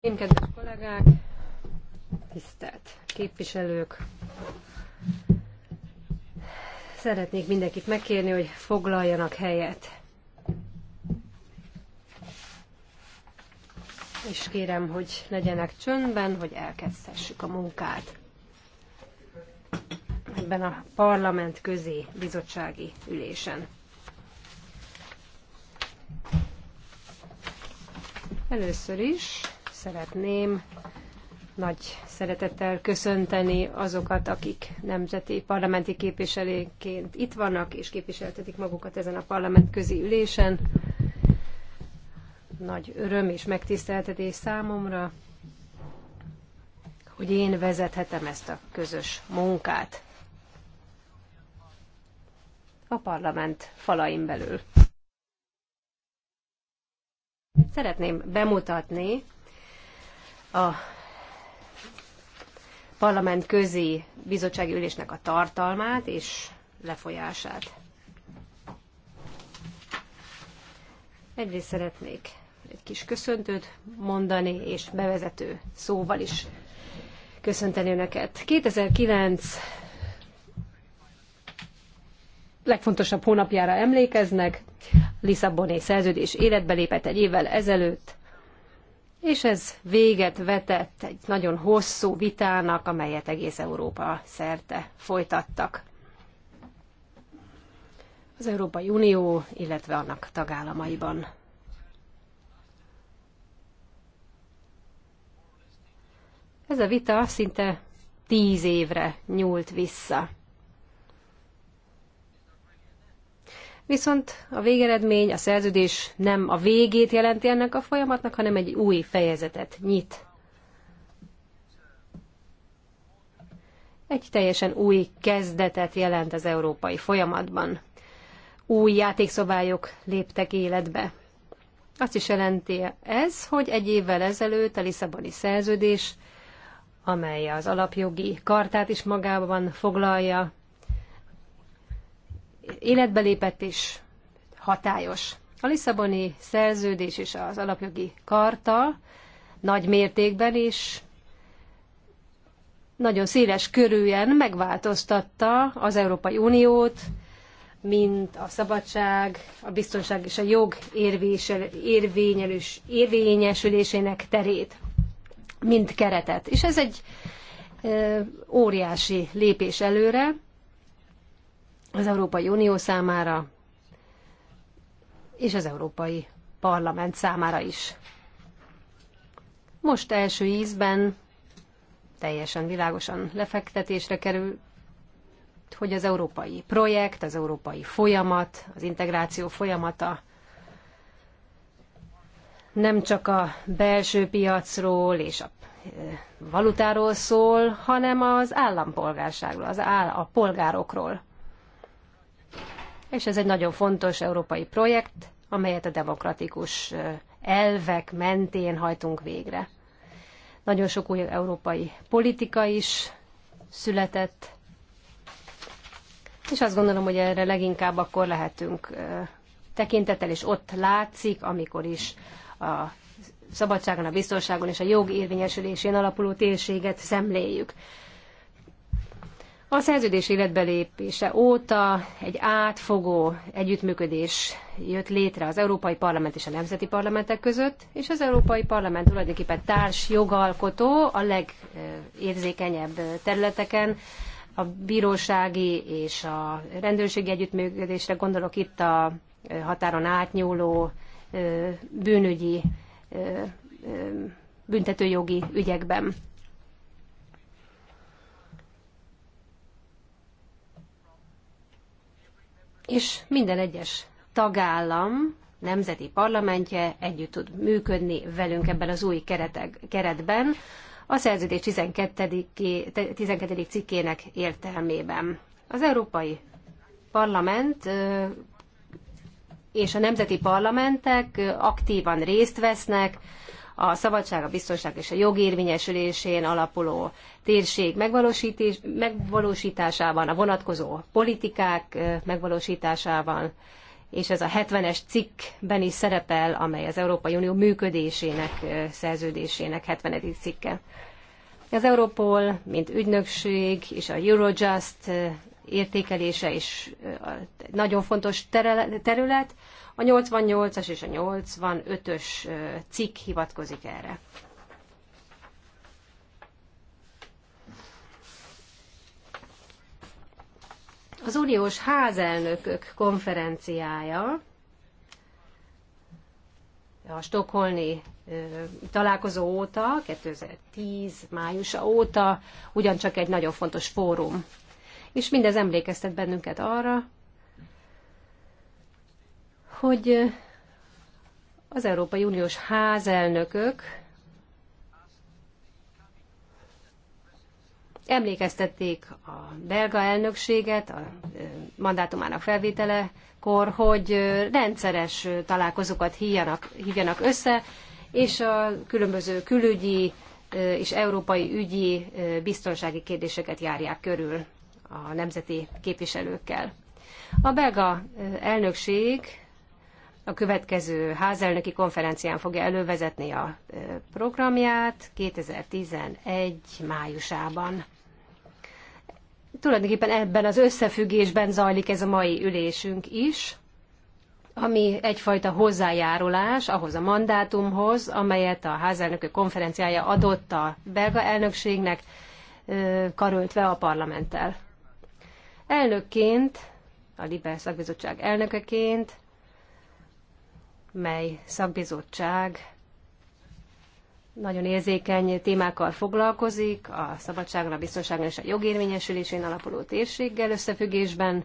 Én kedves kollégák, tisztelt képviselők, szeretnék mindenkit megkérni, hogy foglaljanak helyet. És kérem, hogy legyenek csöndben, hogy elkezdhessük a munkát ebben a parlament közé bizottsági ülésen. Először is szeretném nagy szeretettel köszönteni azokat, akik nemzeti parlamenti képviselőként itt vannak, és képviseltetik magukat ezen a parlament közi ülésen. Nagy öröm és megtiszteltetés számomra, hogy én vezethetem ezt a közös munkát a parlament falain belül. Szeretném bemutatni a parlament közi bizottsági ülésnek a tartalmát és lefolyását. Egyrészt szeretnék egy kis köszöntőt mondani, és bevezető szóval is köszönteni Önöket. 2009 legfontosabb hónapjára emlékeznek, Lisszaboni szerződés életbe lépett egy évvel ezelőtt, és ez véget vetett egy nagyon hosszú vitának, amelyet egész Európa szerte folytattak. Az Európai Unió, illetve annak tagállamaiban. Ez a vita szinte tíz évre nyúlt vissza. Viszont a végeredmény, a szerződés nem a végét jelenti ennek a folyamatnak, hanem egy új fejezetet nyit. Egy teljesen új kezdetet jelent az európai folyamatban. Új játékszabályok léptek életbe. Azt is jelenti ez, hogy egy évvel ezelőtt a Lisszaboni szerződés, amely az alapjogi kartát is magában foglalja, életbe lépett és hatályos. A Lisszaboni szerződés és az alapjogi karta nagy mértékben is nagyon széles körűen megváltoztatta az Európai Uniót, mint a szabadság, a biztonság és a jog érvényelős, érvényesülésének terét, mint keretet. És ez egy óriási lépés előre, az Európai Unió számára, és az Európai Parlament számára is. Most első ízben teljesen világosan lefektetésre kerül, hogy az európai projekt, az európai folyamat, az integráció folyamata nem csak a belső piacról és a eh, valutáról szól, hanem az állampolgárságról, az áll, a polgárokról és ez egy nagyon fontos európai projekt, amelyet a demokratikus elvek mentén hajtunk végre. Nagyon sok új európai politika is született, és azt gondolom, hogy erre leginkább akkor lehetünk tekintettel, és ott látszik, amikor is a szabadságon, a biztonságon és a jog érvényesülésén alapuló térséget szemléljük. A szerződés életbelépése óta egy átfogó együttműködés jött létre az Európai Parlament és a Nemzeti Parlamentek között, és az Európai Parlament tulajdonképpen társ jogalkotó a legérzékenyebb területeken, a bírósági és a rendőrségi együttműködésre gondolok itt a határon átnyúló bűnügyi büntetőjogi ügyekben. és minden egyes tagállam nemzeti parlamentje együtt tud működni velünk ebben az új keretek, keretben, a szerződés 12. 12. cikkének értelmében. Az Európai Parlament és a nemzeti parlamentek aktívan részt vesznek a szabadság, a biztonság és a jog érvényesülésén alapuló térség megvalósítés, megvalósításában, a vonatkozó politikák megvalósításában, és ez a 70-es cikkben is szerepel, amely az Európai Unió működésének szerződésének 70. cikke. Az Europol, mint ügynökség és a Eurojust értékelése is nagyon fontos terület, a 88-as és a 85-ös cikk hivatkozik erre. Az uniós házelnökök konferenciája a stokholmi találkozó óta, 2010 májusa óta ugyancsak egy nagyon fontos fórum. És mindez emlékeztet bennünket arra, hogy az Európai Uniós házelnökök emlékeztették a belga elnökséget a mandátumának felvételekor, hogy rendszeres találkozókat hívjanak, hívjanak össze, és a különböző külügyi és európai ügyi biztonsági kérdéseket járják körül a nemzeti képviselőkkel. A belga elnökség a következő házelnöki konferencián fogja elővezetni a programját 2011 májusában. Tulajdonképpen ebben az összefüggésben zajlik ez a mai ülésünk is, ami egyfajta hozzájárulás ahhoz a mandátumhoz, amelyet a házelnökő konferenciája adott a belga elnökségnek, karöltve a parlamenttel. Elnökként, a Liber szakbizottság elnökeként mely szakbizottság nagyon érzékeny témákkal foglalkozik, a szabadságon, a biztonságon és a jogérvényesülésén alapuló térséggel összefüggésben.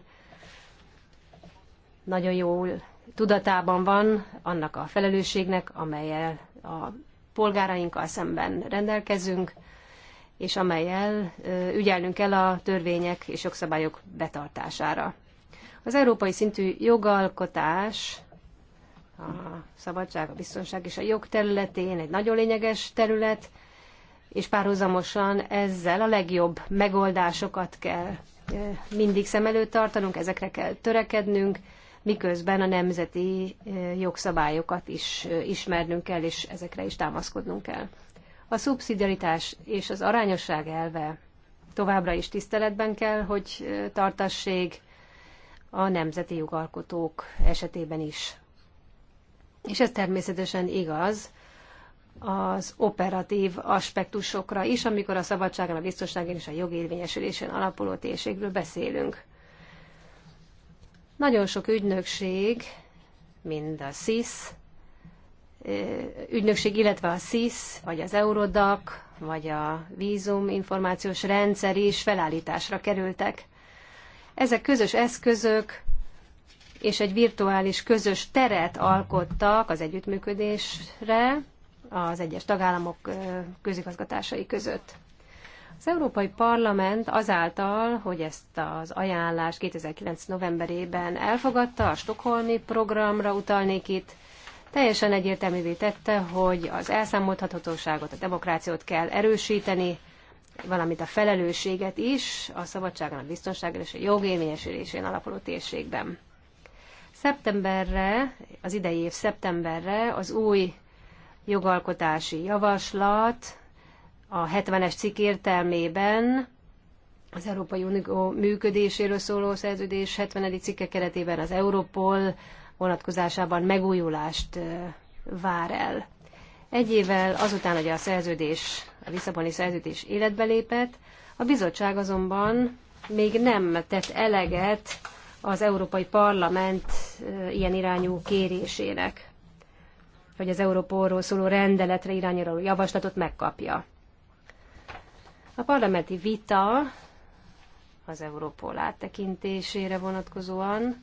Nagyon jól tudatában van annak a felelősségnek, amelyel a polgárainkkal szemben rendelkezünk, és amelyel ügyelnünk kell a törvények és jogszabályok betartására. Az európai szintű jogalkotás a szabadság, a biztonság és a jog területén, egy nagyon lényeges terület, és párhuzamosan ezzel a legjobb megoldásokat kell mindig szem előtt tartanunk, ezekre kell törekednünk, miközben a nemzeti jogszabályokat is ismernünk kell, és ezekre is támaszkodnunk kell. A szubszidiaritás és az arányosság elve továbbra is tiszteletben kell, hogy tartassék a nemzeti jogalkotók esetében is. És ez természetesen igaz az operatív aspektusokra is, amikor a szabadságon, a biztonságon és a jogérvényesülésen alapuló térségről beszélünk. Nagyon sok ügynökség, mind a SIS, ügynökség, illetve a SIS, vagy az Eurodac, vagy a vízum információs rendszer is felállításra kerültek. Ezek közös eszközök, és egy virtuális közös teret alkottak az együttműködésre az egyes tagállamok közigazgatásai között. Az Európai Parlament azáltal, hogy ezt az ajánlást 2009. novemberében elfogadta, a Stockholmi programra utalnék itt, teljesen egyértelművé tette, hogy az elszámoltathatóságot, a demokrációt kell erősíteni, valamint a felelősséget is a szabadságon, a biztonságon és a jogérvényesülésén alapuló térségben. Szeptemberre, az idei év szeptemberre az új jogalkotási javaslat a 70-es cikk értelmében az Európai Unió működéséről szóló szerződés 70. cikke keretében az Europol vonatkozásában megújulást vár el. Egy évvel azután, hogy a szerződés, a Lisszaboni szerződés életbe lépett, a bizottság azonban még nem tett eleget az Európai Parlament ilyen irányú kérésének, hogy az Európóról szóló rendeletre irányuló javaslatot megkapja. A parlamenti vita az Európól áttekintésére vonatkozóan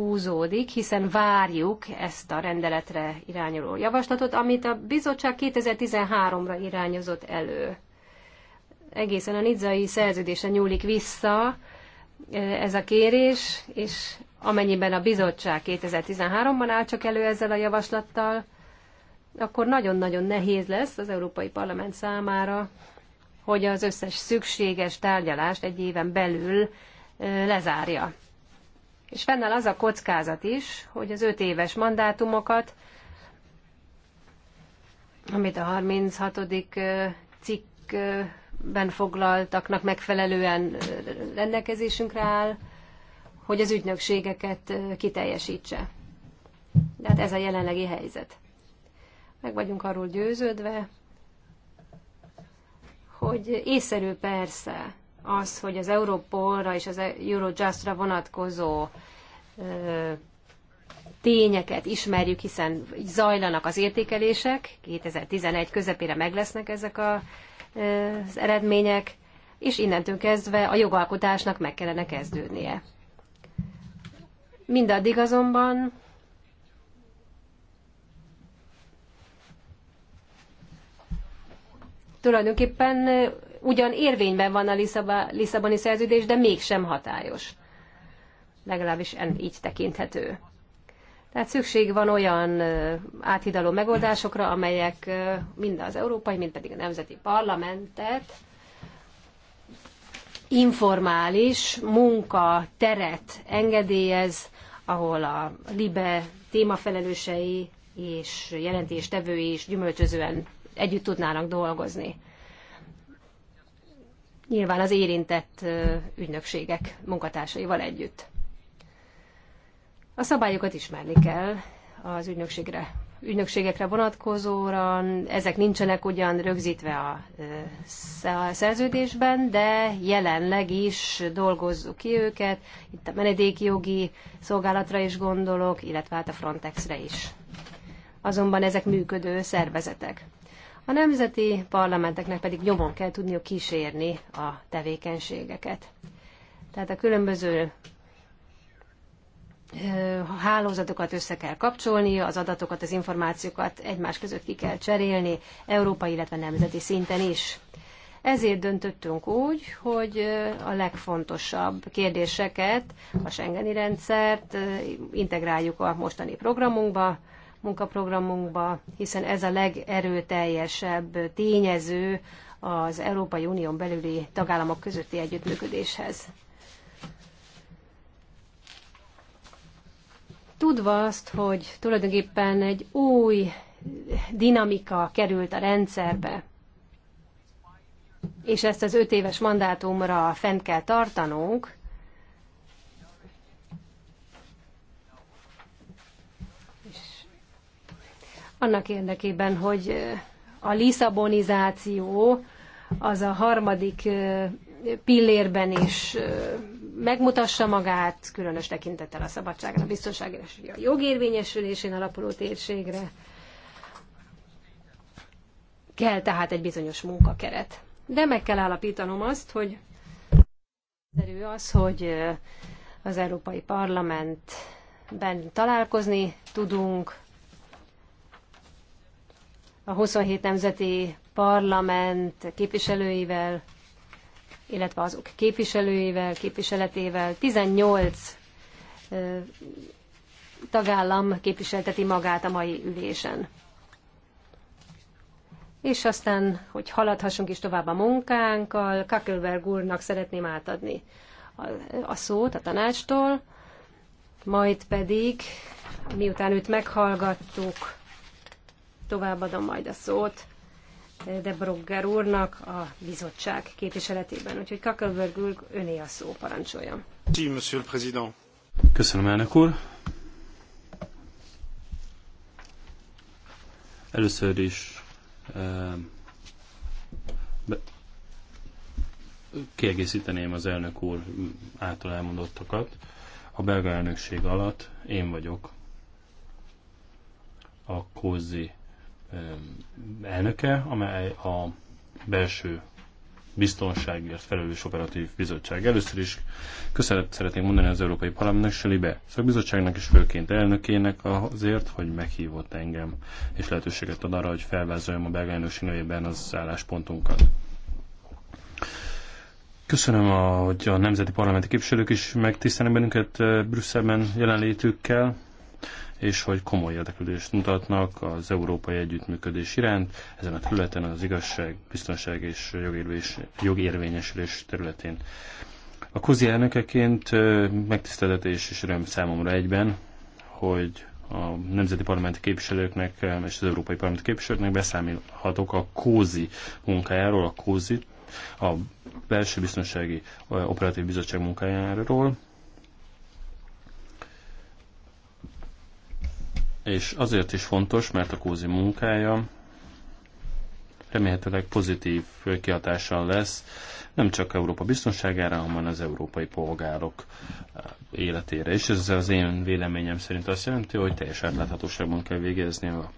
húzódik, hiszen várjuk ezt a rendeletre irányuló javaslatot, amit a bizottság 2013-ra irányozott elő. Egészen a nizzai szerződése nyúlik vissza e, ez a kérés, és amennyiben a bizottság 2013-ban áll csak elő ezzel a javaslattal, akkor nagyon-nagyon nehéz lesz az Európai Parlament számára, hogy az összes szükséges tárgyalást egy éven belül e, lezárja. És fennáll az a kockázat is, hogy az öt éves mandátumokat, amit a 36. cikkben foglaltaknak megfelelően rendelkezésünkre áll, hogy az ügynökségeket kiteljesítse. De hát ez a jelenlegi helyzet. Meg vagyunk arról győződve, hogy észszerű persze az, hogy az Európolra és az Eurojustra vonatkozó tényeket ismerjük, hiszen zajlanak az értékelések, 2011 közepére meglesznek ezek a, az eredmények, és innentől kezdve a jogalkotásnak meg kellene kezdődnie. Mindaddig azonban tulajdonképpen ugyan érvényben van a Lisszaboni szerződés, de mégsem hatályos. Legalábbis így tekinthető. Tehát szükség van olyan áthidaló megoldásokra, amelyek mind az európai, mind pedig a nemzeti parlamentet informális munka teret engedélyez, ahol a LIBE témafelelősei és jelentéstevői is gyümölcsözően együtt tudnának dolgozni nyilván az érintett ügynökségek munkatársaival együtt. A szabályokat ismerni kell az ügynökségre, ügynökségekre vonatkozóan. Ezek nincsenek ugyan rögzítve a szerződésben, de jelenleg is dolgozzuk ki őket. Itt a menedékjogi szolgálatra is gondolok, illetve hát a Frontexre is. Azonban ezek működő szervezetek. A nemzeti parlamenteknek pedig nyomon kell tudniuk kísérni a tevékenységeket. Tehát a különböző hálózatokat össze kell kapcsolni, az adatokat, az információkat egymás között ki kell cserélni, európai, illetve nemzeti szinten is. Ezért döntöttünk úgy, hogy a legfontosabb kérdéseket, a Schengeni rendszert integráljuk a mostani programunkba, munkaprogramunkba, hiszen ez a legerőteljesebb tényező az Európai Unión belüli tagállamok közötti együttműködéshez. Tudva azt, hogy tulajdonképpen egy új dinamika került a rendszerbe, és ezt az öt éves mandátumra fent kell tartanunk, annak érdekében, hogy a liszabonizáció az a harmadik pillérben is megmutassa magát, különös tekintettel a szabadságra, a biztonságra és a jogérvényesülésén alapuló térségre. Kell tehát egy bizonyos munkakeret. De meg kell állapítanom azt, hogy szerű az, hogy az Európai Parlamentben találkozni tudunk, a 27 nemzeti parlament képviselőivel, illetve azok képviselőivel, képviseletével, 18 tagállam képviselteti magát a mai ülésen. És aztán, hogy haladhassunk is tovább a munkánkkal, Kakelberg úrnak szeretném átadni a, a szót a tanácstól, majd pedig, miután őt meghallgattuk, továbbadom majd a szót eh, de Brogger úrnak a bizottság képviseletében. Úgyhogy Kakelberg úr, öné a szó, parancsoljon. Köszönöm, elnök úr. Először is uh, be, kiegészíteném az elnök úr által elmondottakat. A belga elnökség alatt én vagyok a Kozi elnöke, amely a belső biztonságért felelős operatív bizottság. Először is köszönet szeretnék mondani az Európai Parlamentnek, és a Libe szakbizottságnak és főként elnökének azért, hogy meghívott engem, és lehetőséget ad arra, hogy felvázoljam a belga elnökség nevében az álláspontunkat. Köszönöm, hogy a nemzeti parlamenti képviselők is megtisztelnek bennünket eh, Brüsszelben jelenlétükkel, és hogy komoly érdeklődést mutatnak az európai együttműködés iránt, ezen a területen az igazság, biztonság és jogérvényesülés területén. A kozi elnökeként megtiszteltetés és öröm számomra egyben, hogy a nemzeti parlamenti képviselőknek és az európai parlamenti képviselőknek beszámolhatok a kózi munkájáról, a kózi, a belső biztonsági operatív bizottság munkájáról, és azért is fontos, mert a Kózi munkája remélhetőleg pozitív kihatással lesz nem csak Európa biztonságára, hanem az európai polgárok eh, életére. És ez az én véleményem szerint azt jelenti, hogy teljes átláthatóságban kell végezni a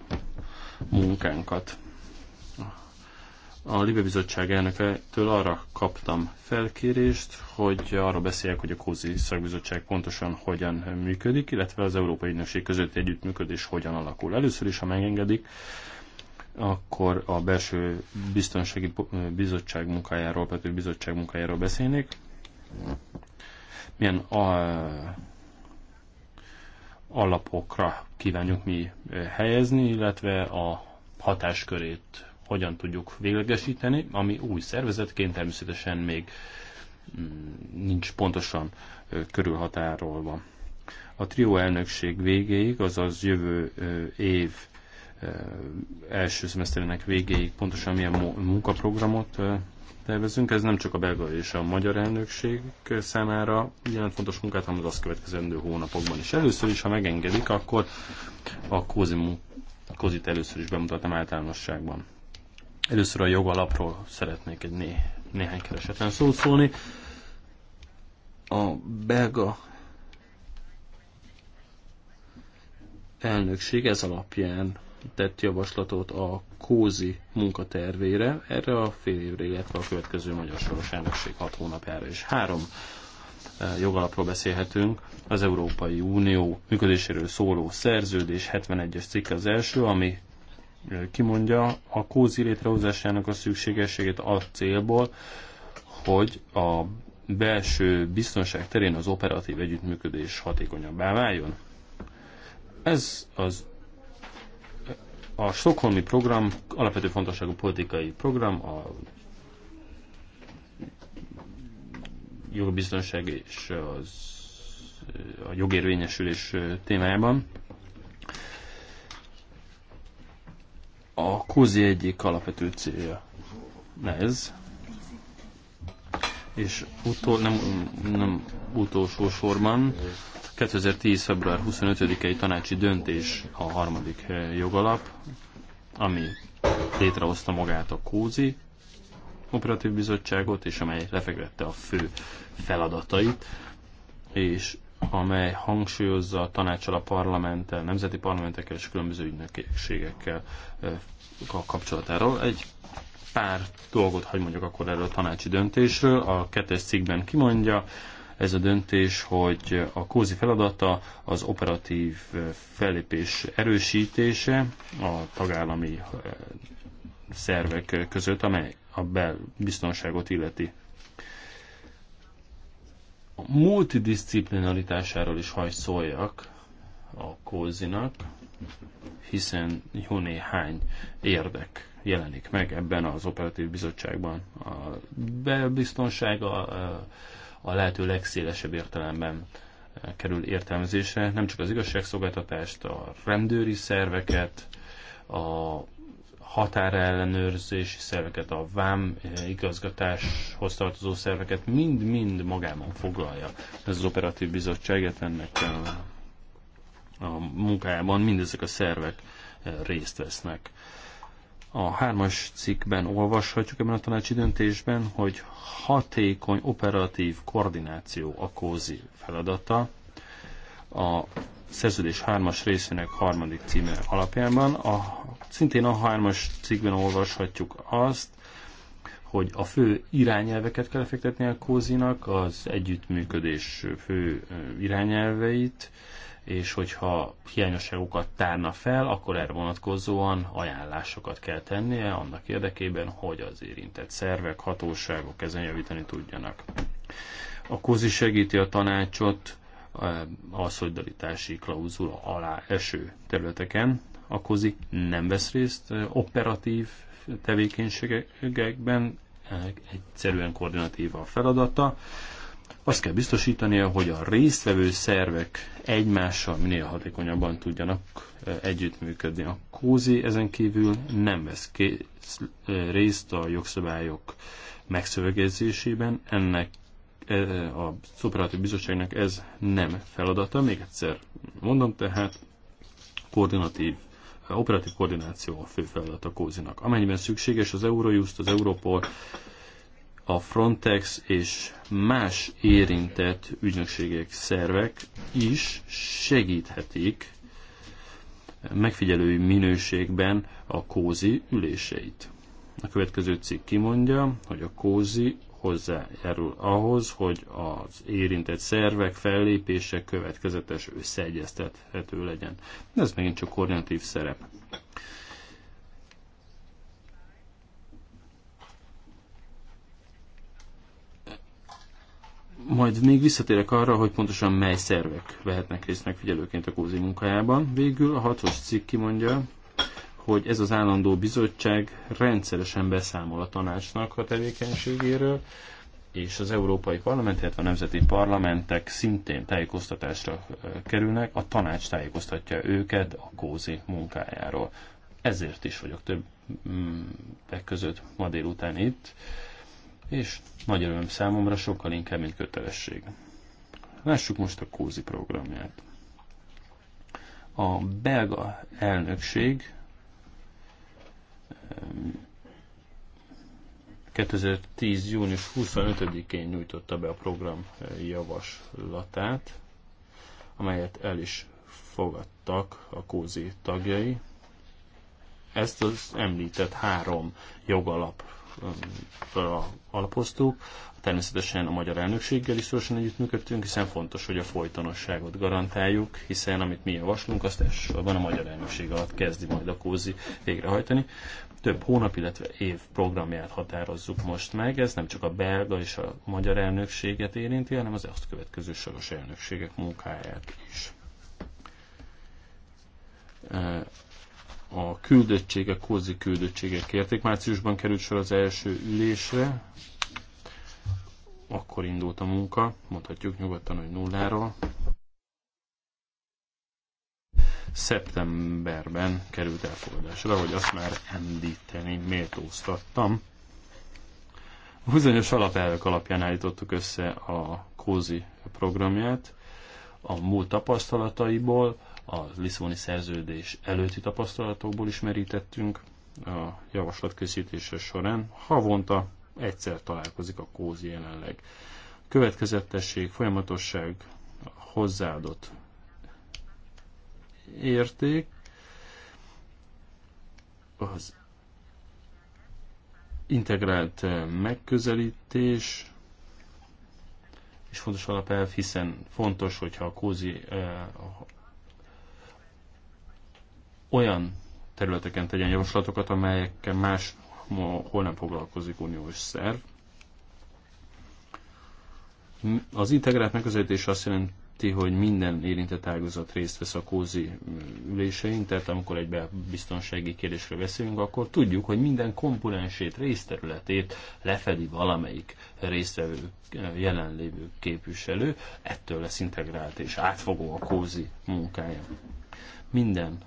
munkánkat a Libe Bizottság elnöketől arra kaptam felkérést, hogy arra beszéljek, hogy a Kózi Szakbizottság pontosan hogyan működik, illetve az Európai Ügynökség közötti együttműködés hogyan alakul. Először is, ha megengedik, akkor a belső biztonsági bizottság munkájáról, Pető Bizottság munkájáról beszélnék. Milyen a, alapokra kívánjuk mi helyezni, illetve a hatáskörét hogyan tudjuk véglegesíteni, ami új szervezetként természetesen még mm, nincs pontosan körülhatárolva. A trió elnökség végéig, azaz jövő év első szemeszterének végéig pontosan milyen munkaprogramot tervezünk. Ez nem csak a belga és a magyar elnökség számára jelent fontos munkát, hanem az azt következendő hónapokban is. Először is, ha megengedik, akkor a kózi, kozit először is bemutatom általánosságban. Először a jogalapról szeretnék egy né néhány keresetlen szót szólni. A belga elnökség ez alapján tett javaslatot a kózi munkatervére, erre a fél évre, illetve a következő magyar soros elnökség hat hónapjára és három e, jogalapról beszélhetünk. Az Európai Unió működéséről szóló szerződés 71-es cikk az első, ami kimondja a kózi létrehozásának a szükségességét a célból, hogy a belső biztonság terén az operatív együttműködés hatékonyabbá váljon. Ez az a Stockholmi program alapvető fontosságú politikai program a jogbiztonság és az, a jogérvényesülés témájában. a kozi egyik alapvető célja ez, és utol, nem, nem utolsó sorban 2010. február 25-i tanácsi döntés a harmadik jogalap, ami létrehozta magát a Kózi operatív bizottságot, és amely lefegette a fő feladatait, és amely hangsúlyozza a tanácsal, a parlamenttel, nemzeti parlamentekkel és különböző ügynökségekkel a kapcsolatáról. Egy pár dolgot hagy mondjuk akkor erről a tanácsi döntésről. A kettes cikkben kimondja, ez a döntés, hogy a kózi feladata az operatív fellépés erősítése a tagállami szervek között, amely a belbiztonságot illeti multidisciplinaritásáról is hagy szóljak a kózinak, hiszen jó néhány érdek jelenik meg ebben az operatív bizottságban. A belbiztonság a, a lehető legszélesebb értelemben kerül értelmezésre, nem csak az igazságszolgáltatást, a rendőri szerveket, a határellenőrzési szerveket, a vám eh, igazgatáshoz tartozó szerveket mind-mind magában foglalja. Ez az operatív bizottság, hát ennek a, a munkájában mindezek a szervek eh, részt vesznek. A hármas cikkben olvashatjuk ebben a tanácsi döntésben, hogy hatékony operatív koordináció a kózi feladata. A szerződés hármas részének harmadik címe alapjában a Szintén a hármas cikkben olvashatjuk azt, hogy a fő irányelveket kell fektetni a kózinak, az együttműködés fő irányelveit, és hogyha hiányosságokat tárna fel, akkor erre vonatkozóan ajánlásokat kell tennie annak érdekében, hogy az érintett szervek, hatóságok ezen javítani tudjanak. A kózi segíti a tanácsot a szolidaritási klauzula alá eső területeken, a kozi nem vesz részt operatív tevékenységekben, egyszerűen koordinatív a feladata. Azt kell biztosítania, hogy a résztvevő szervek egymással minél hatékonyabban tudjanak együttműködni. A kózi ezen kívül nem vesz kész, részt a jogszabályok megszövegezésében, ennek a szuperatív Bizottságnak ez nem feladata. Még egyszer mondom, tehát koordinatív operatív koordináció a fő feladat a kózinak. Amennyiben szükséges az Eurojust, az Europol, a Frontex és más érintett ügynökségek, szervek is segíthetik megfigyelői minőségben a kózi üléseit. A következő cikk kimondja, hogy a kózi hozzájárul ahhoz, hogy az érintett szervek fellépése következetes összeegyeztethető legyen. ez megint csak koordinatív szerep. Majd még visszatérek arra, hogy pontosan mely szervek vehetnek részt megfigyelőként a kózi munkájában. Végül a hatos cikk kimondja, hogy ez az állandó bizottság rendszeresen beszámol a tanácsnak a tevékenységéről, és az Európai Parlament, illetve a nemzeti parlamentek szintén tájékoztatásra kerülnek, a tanács tájékoztatja őket a kózi munkájáról. Ezért is vagyok többek mm, között ma délután itt, és nagy öröm számomra sokkal inkább, mint kötelesség. Lássuk most a kózi programját. A belga elnökség 2010. június 25-én nyújtotta be a program javaslatát, amelyet el is fogadtak a kózi tagjai. Ezt az említett három jogalap alapoztuk. Természetesen a magyar elnökséggel is szorosan együttműködtünk, hiszen fontos, hogy a folytonosságot garantáljuk, hiszen amit mi javaslunk, azt elsősorban a magyar elnökség alatt kezdi majd a kózi végrehajtani. Több hónap, illetve év programját határozzuk most meg, ez nem csak a belga és a magyar elnökséget érinti, hanem az azt következő soros elnökségek munkáját is. A küldöttségek, kózi küldöttségek kérték. Márciusban került sor az első ülésre, akkor indult a munka, mondhatjuk nyugodtan, hogy nulláról. Szeptemberben került elfogadásra, hogy azt már említeni méltóztattam. Bizonyos alapelvek alapján állítottuk össze a Kózi programját, a múlt tapasztalataiból, a Lisszaboni szerződés előtti tapasztalatokból ismerítettünk a javaslatkészítése során. Havonta egyszer találkozik a kózi jelenleg. Következetesség, folyamatosság, hozzáadott érték, az integrált eh, megközelítés, és fontos alapelv, hiszen fontos, hogyha a kózi eh, olyan területeken tegyen javaslatokat, amelyekkel más ma, hol nem foglalkozik uniós szerv. Az integrált megközelítés azt jelenti, hogy minden érintett ágazat részt vesz a kózi mm, ülésein, tehát amikor egy biztonsági kérdésről beszélünk, akkor tudjuk, hogy minden komponensét, részterületét lefedi valamelyik résztvevő, eh, jelenlévő képviselő, ettől lesz integrált és átfogó a kózi munkája. Minden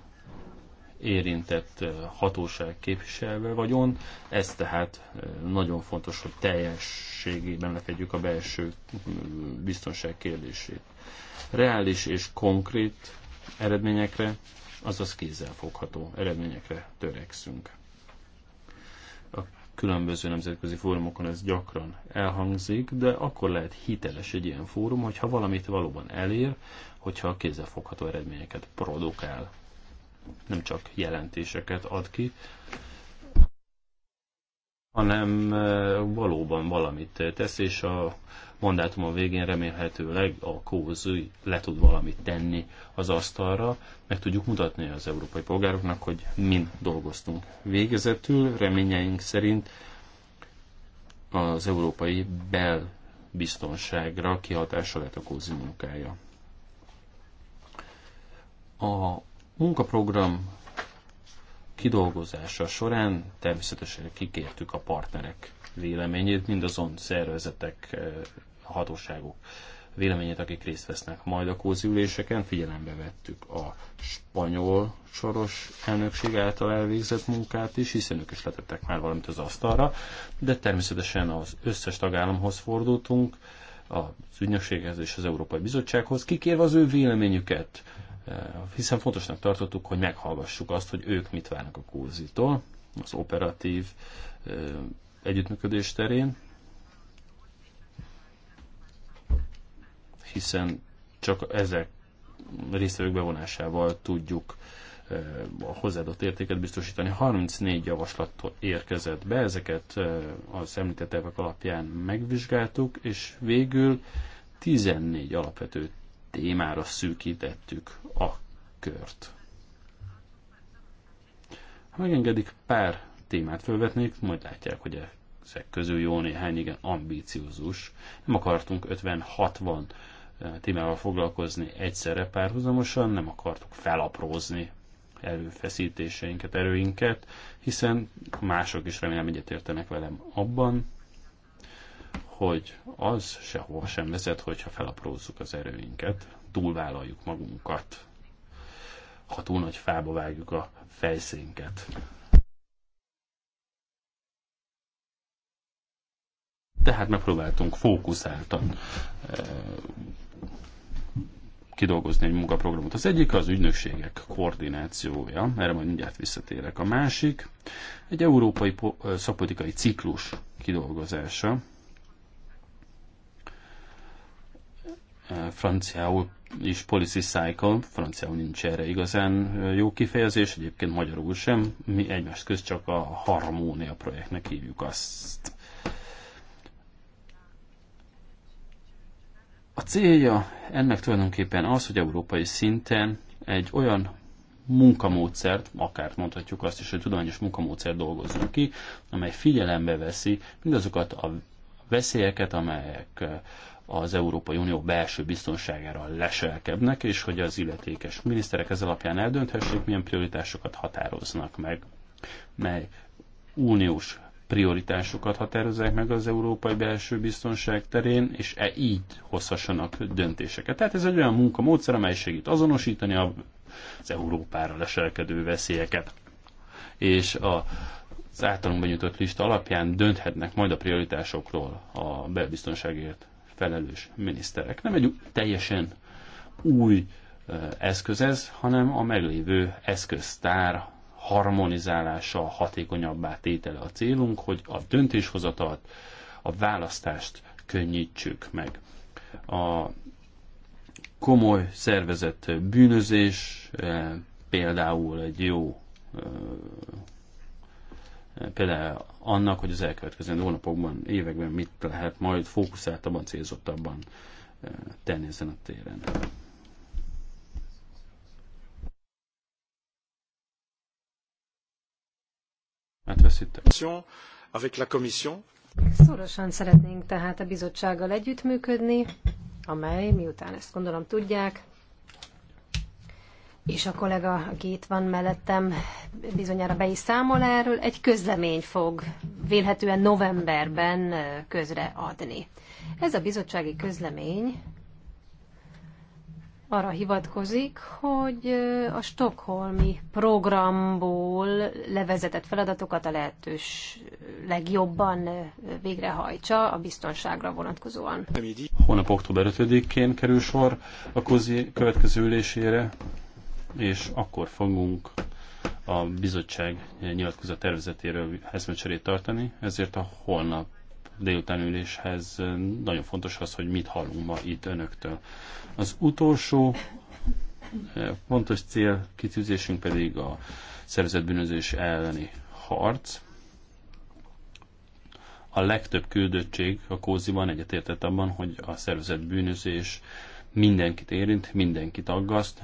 érintett hatóság képviselve vagyon. Ez tehát nagyon fontos, hogy teljességében lefedjük a belső biztonság kérdését. Reális és konkrét eredményekre, azaz kézzelfogható eredményekre törekszünk. A különböző nemzetközi fórumokon ez gyakran elhangzik, de akkor lehet hiteles egy ilyen fórum, hogyha valamit valóban elér, hogyha a kézzelfogható eredményeket produkál nem csak jelentéseket ad ki, hanem valóban valamit tesz, és a a végén remélhetőleg a kóz le tud valamit tenni az asztalra, meg tudjuk mutatni az európai polgároknak, hogy min dolgoztunk. Végezetül reményeink szerint az európai belbiztonságra kihatása lett a kózi munkája. A munkaprogram kidolgozása során természetesen kikértük a partnerek véleményét, mindazon szervezetek, eh, hatóságok véleményét, akik részt vesznek majd a kózüléseken. Figyelembe vettük a spanyol soros elnökség által elvégzett munkát is, hiszen ők is letettek már valamit az asztalra, de természetesen az összes tagállamhoz fordultunk, az ügynökséghez és az Európai Bizottsághoz, kikérve az ő véleményüket Eh, hiszen fontosnak tartottuk, hogy meghallgassuk azt, hogy ők mit várnak a kurzitól, az operatív eh, együttműködés terén, hiszen csak ezek résztvevők bevonásával tudjuk eh, a hozzáadott értéket biztosítani. 34 javaslat érkezett be, ezeket az említett alapján megvizsgáltuk, és végül 14 alapvető témára szűkítettük a kört. Ha megengedik, pár témát felvetnék, majd látják, hogy ezek közül jó néhány igen ambíciózus. Nem akartunk 50-60 eh, témával foglalkozni egyszerre párhuzamosan, nem akartuk felaprózni erőfeszítéseinket, erőinket, hiszen mások is remélem egyetértenek velem abban, hogy az sehova sem vezet, hogyha felaprózzuk az erőinket, túlvállaljuk magunkat, ha túl nagy fába vágjuk a fejszénket. Tehát megpróbáltunk fókuszáltan eh, kidolgozni egy munkaprogramot. Az egyik az ügynökségek koordinációja, erre majd mindjárt visszatérek. A másik egy európai eh, szakpolitikai ciklus kidolgozása, franciául is policy cycle, franciául nincs erre igazán jó kifejezés, egyébként magyarul sem, mi egymás köz csak a harmónia projektnek hívjuk azt. A célja ennek tulajdonképpen az, hogy európai szinten egy olyan munkamódszert, akár mondhatjuk azt is, hogy tudományos munkamódszert dolgozunk ki, amely figyelembe veszi mindazokat a veszélyeket, amelyek az Európai Unió belső biztonságára leselkednek, és hogy az illetékes miniszterek ez alapján eldönthessék, milyen prioritásokat határoznak meg, mely uniós prioritásokat határozzák meg az európai belső biztonság terén, és e így hozhassanak döntéseket. Tehát ez egy olyan munkamódszer, amely segít azonosítani az Európára leselkedő veszélyeket. És a, az általunk benyújtott lista alapján dönthetnek majd a prioritásokról a belbiztonságért felelős miniszterek. Nem egy teljesen új eszköz ez, hanem a meglévő eszköztár harmonizálása, hatékonyabbá tétele a célunk, hogy a döntéshozatalt, a választást könnyítsük meg. A komoly szervezett bűnözés például egy jó például annak, hogy az elkövetkező hónapokban, években mit lehet majd fókuszáltabban, célzottabban eh, tenni ezen a téren. Hát, Avec la commission. Szorosan szeretnénk tehát a bizottsággal együttműködni, amely, miután ezt gondolom tudják, és a kollega, aki itt van mellettem, bizonyára be is számol erről, egy közlemény fog vélhetően novemberben adni Ez a bizottsági közlemény arra hivatkozik, hogy a stokholmi programból levezetett feladatokat a lehetős legjobban végrehajtsa a biztonságra vonatkozóan. Hónap október 5-én kerül sor a kozi következő ülésére és akkor fogunk a bizottság nyilatkozat tervezetéről eszmecserét tartani, ezért a holnap délután üléshez nagyon fontos az, hogy mit hallunk ma itt önöktől. Az utolsó eh, fontos cél kitűzésünk pedig a szervezetbűnözés elleni harc. A legtöbb küldöttség a Kóziban egyetértett abban, hogy a szervezetbűnözés mindenkit érint, mindenkit aggaszt,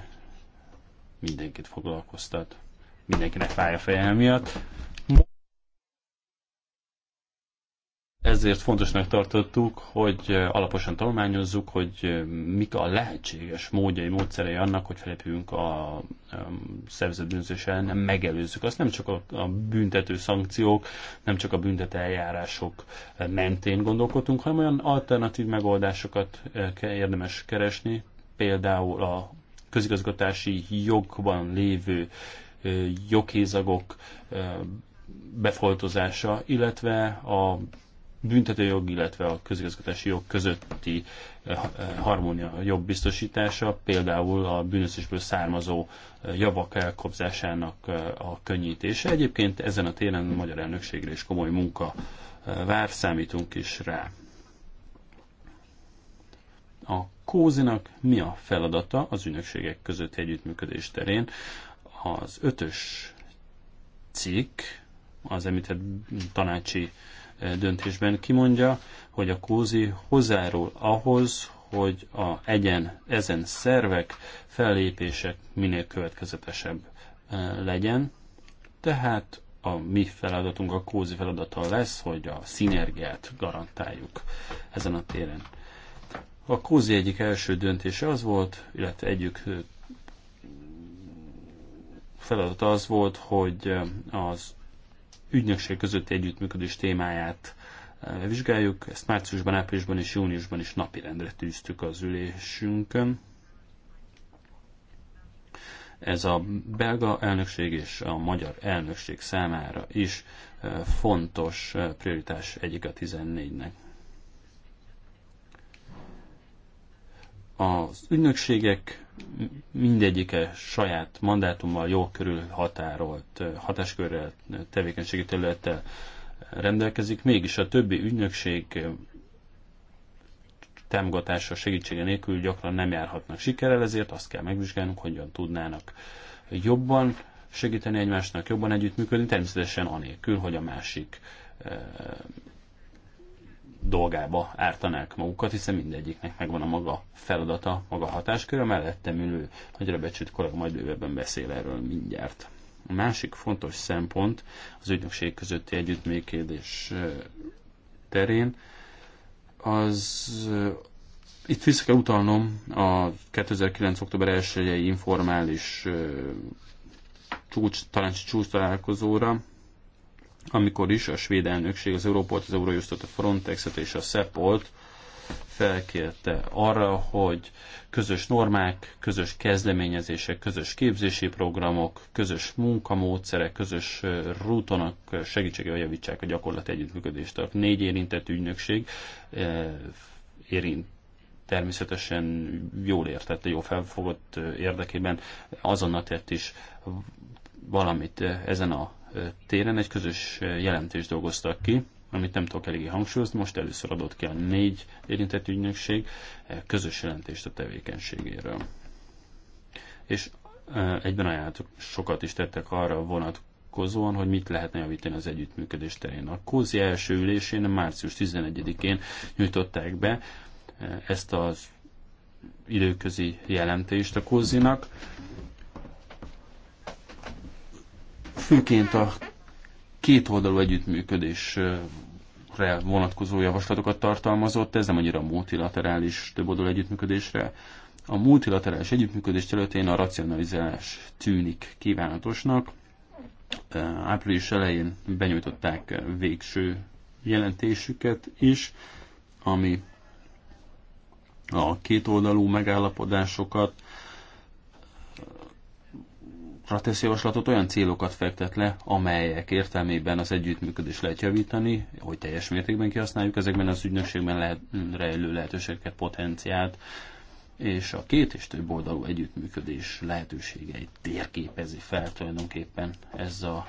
mindenkit foglalkoztat, mindenkinek fáj a feje miatt. Ezért fontosnak tartottuk, hogy alaposan tanulmányozzuk, hogy mik a lehetséges módjai, módszerei annak, hogy felépüljünk a szervezetbűnözés ellen, megelőzzük. Azt nem csak a, a büntető szankciók, nem csak a büntető eljárások mentén gondolkodtunk, hanem olyan alternatív megoldásokat eh, érdemes keresni, például a közigazgatási jogban lévő joghézagok befoltozása, illetve a büntetőjog, illetve a közigazgatási jog közötti harmónia jobb biztosítása, például a bűnözésből származó javak elkobzásának a könnyítése. Egyébként ezen a téren a magyar elnökségre is komoly munka vár, számítunk is rá. Kózinak mi a feladata az ügynökségek közötti együttműködés terén? Az ötös cikk az említett tanácsi eh, döntésben kimondja, hogy a Kózi hozzáról ahhoz, hogy a egyen, ezen szervek fellépések minél következetesebb eh, legyen. Tehát a mi feladatunk, a Kózi feladata lesz, hogy a szinergiát garantáljuk ezen a téren. A Kózi egyik első döntése az volt, illetve egyik feladat az volt, hogy az ügynökség közötti együttműködés témáját vizsgáljuk. Ezt márciusban, áprilisban és júniusban is napirendre tűztük az ülésünkön. Ez a belga elnökség és a magyar elnökség számára is fontos prioritás egyik a 14-nek. Az ügynökségek mindegyike saját mandátummal, körül határolt, hatáskörrel, tevékenységi területtel rendelkezik, mégis a többi ügynökség támogatása, segítsége nélkül gyakran nem járhatnak sikerrel, ezért azt kell megvizsgálnunk, hogyan tudnának jobban segíteni egymásnak, jobban együttműködni, természetesen anélkül, hogy a másik dolgába ártanák magukat, hiszen mindegyiknek megvan a maga feladata, maga hatásköre, mellettem ülő nagyra becsült kollega majd bővebben beszél erről mindjárt. A másik fontos szempont az ügynökség közötti együttműködés terén az itt vissza kell utalnom a 2009. október 1 informális csúcs, talán csúcs találkozóra, amikor is a svéd elnökség az Európolt, az Eurojustot, a Frontexet és a Szepolt felkérte arra, hogy közös normák, közös kezdeményezések, közös képzési programok, közös munkamódszerek, közös rútonak segítségével javítsák a gyakorlat együttműködést. A négy érintett ügynökség érint természetesen jól értette, jó felfogott érdekében azonnal tett is valamit ezen a téren egy közös jelentést dolgoztak ki, amit nem tudok eléggé hangsúlyozni, most először adott ki a négy érintett ügynökség közös jelentést a tevékenységéről. És egyben ajánlatok sokat is tettek arra vonatkozóan, hogy mit lehetne javítani az együttműködés terén. A Kózi első ülésén március 11-én nyújtották be ezt az időközi jelentést a Kózinak, főként a kétoldalú együttműködésre vonatkozó javaslatokat tartalmazott, ez nem annyira a multilaterális oldalú együttműködésre. A multilaterális együttműködés területén a racionalizálás tűnik kívánatosnak. Április elején benyújtották végső jelentésüket is, ami a kétoldalú megállapodásokat, Fratesz javaslatot, olyan célokat fektet le, amelyek értelmében az együttműködés lehet javítani, hogy teljes mértékben kihasználjuk ezekben az ügynökségben lehet, rejlő lehetőségeket, potenciált, és a két és több oldalú együttműködés lehetőségeit térképezi fel tulajdonképpen ez a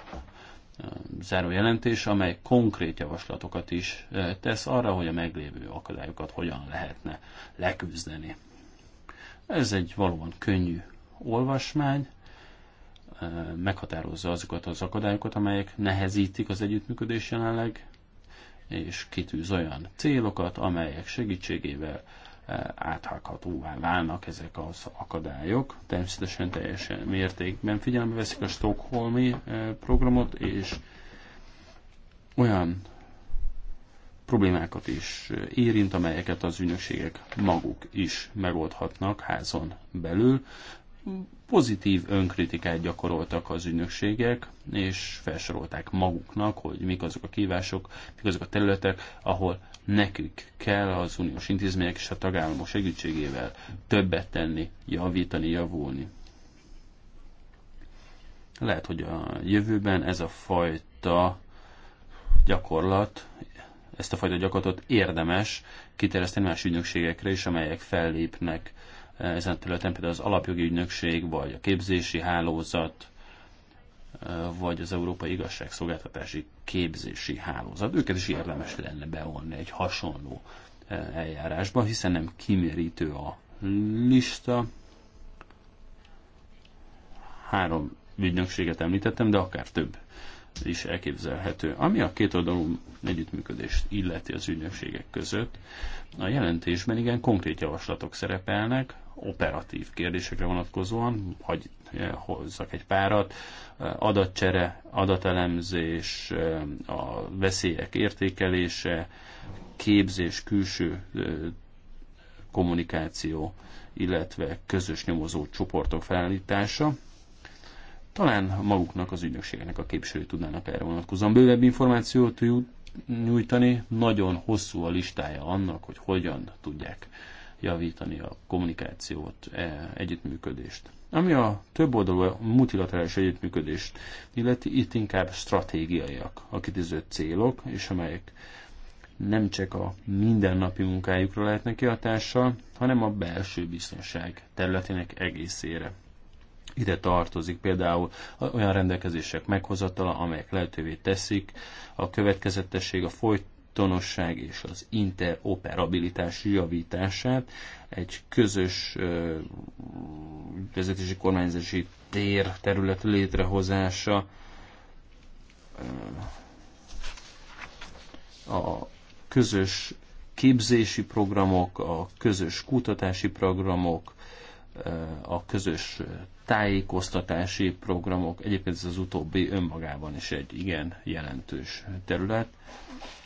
záró jelentés, amely konkrét javaslatokat is tesz arra, hogy a meglévő akadályokat hogyan lehetne leküzdeni. Ez egy valóban könnyű olvasmány, meghatározza azokat az akadályokat, amelyek nehezítik az együttműködés jelenleg, és kitűz olyan célokat, amelyek segítségével áthághatóvá válnak ezek az akadályok. Természetesen teljes mértékben figyelembe veszik a Stockholmi programot, és olyan problémákat is érint, amelyeket az ügynökségek maguk is megoldhatnak házon belül pozitív önkritikát gyakoroltak az ügynökségek, és felsorolták maguknak, hogy mik azok a kívások, mik azok a területek, ahol nekük kell az uniós intézmények és a tagállamok segítségével többet tenni, javítani, javulni. Lehet, hogy a jövőben ez a fajta gyakorlat, ezt a fajta gyakorlatot érdemes kiterjeszteni más ügynökségekre is, amelyek fellépnek Eh, ezen a területen, például az alapjogi ügynökség, vagy a képzési hálózat, eh, vagy az Európai Igazságszolgáltatási Képzési Hálózat. Őket is érdemes lenne beolni egy hasonló eh, eljárásba, hiszen nem kimérítő a lista. Három ügynökséget említettem, de akár több is elképzelhető. Ami a két oldalú együttműködést illeti az ügynökségek között, a jelentésben igen konkrét javaslatok szerepelnek, operatív kérdésekre vonatkozóan, hogy eh, hozzak egy párat, eh, adatcsere, adatelemzés, eh, a veszélyek értékelése, képzés, külső kommunikáció, illetve közös nyomozó csoportok felállítása. Talán maguknak az ügynökségeknek a képviselői tudnának erre vonatkozóan bővebb információt nyújtani. Nagyon hosszú a listája annak, hogy hogyan tudják javítani a kommunikációt, e, együttműködést. Ami a több oldalú multilaterális együttműködést illeti, itt inkább stratégiaiak a kitűző célok, és amelyek nem csak a mindennapi munkájukra lehetnek kihatással, hanem a belső biztonság területének egészére. Ide tartozik például olyan rendelkezések meghozatala, amelyek lehetővé teszik a következetesség, a folyt folytonosság és az interoperabilitás javítását, egy közös vezetési kormányzási tér terület létrehozása, a közös képzési programok, a közös kutatási programok, a közös tájékoztatási programok, egyébként ez az utóbbi önmagában is egy igen jelentős terület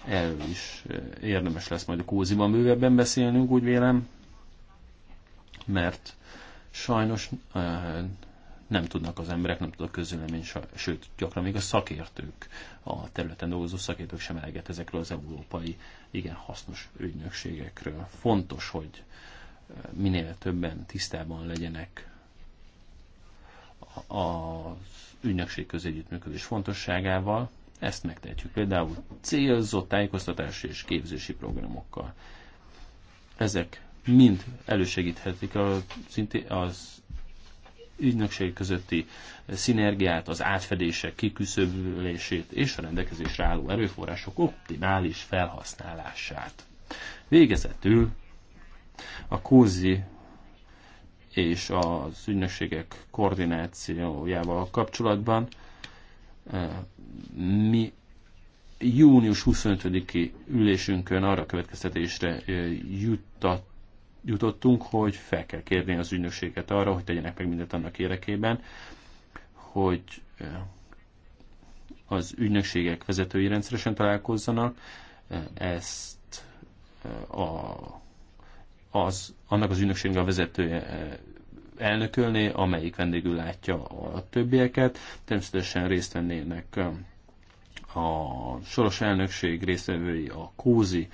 erről is eh, érdemes lesz majd a kóziban bővebben beszélnünk, úgy vélem, mert sajnos eh, nem tudnak az emberek, nem tud a közülemény, sőt, gyakran még a szakértők, a területen dolgozó szakértők sem eleget ezekről az európai igen hasznos ügynökségekről. Fontos, hogy eh, minél többen tisztában legyenek az ügynökség közégyűjtműködés fontosságával, ezt megtehetjük például célzott tájékoztatási és képzési programokkal. Ezek mind elősegíthetik az, az ügynökség közötti szinergiát, az átfedések kiküszöbölését és a rendelkezésre álló erőforrások optimális felhasználását. Végezetül a kózi és az ügynökségek koordinációjával kapcsolatban Eh, mi június 25-i ülésünkön arra következtetésre eh, juttat, jutottunk, hogy fel kell kérni az ügynökséget arra, hogy tegyenek meg mindent annak érdekében, hogy eh, az ügynökségek vezetői rendszeresen találkozzanak, ezt a, az, annak az ügynökségnek a vezetője elnökölné, amelyik vendégül látja a többieket. Természetesen részt vennének um, a soros elnökség résztvevői, a Kózi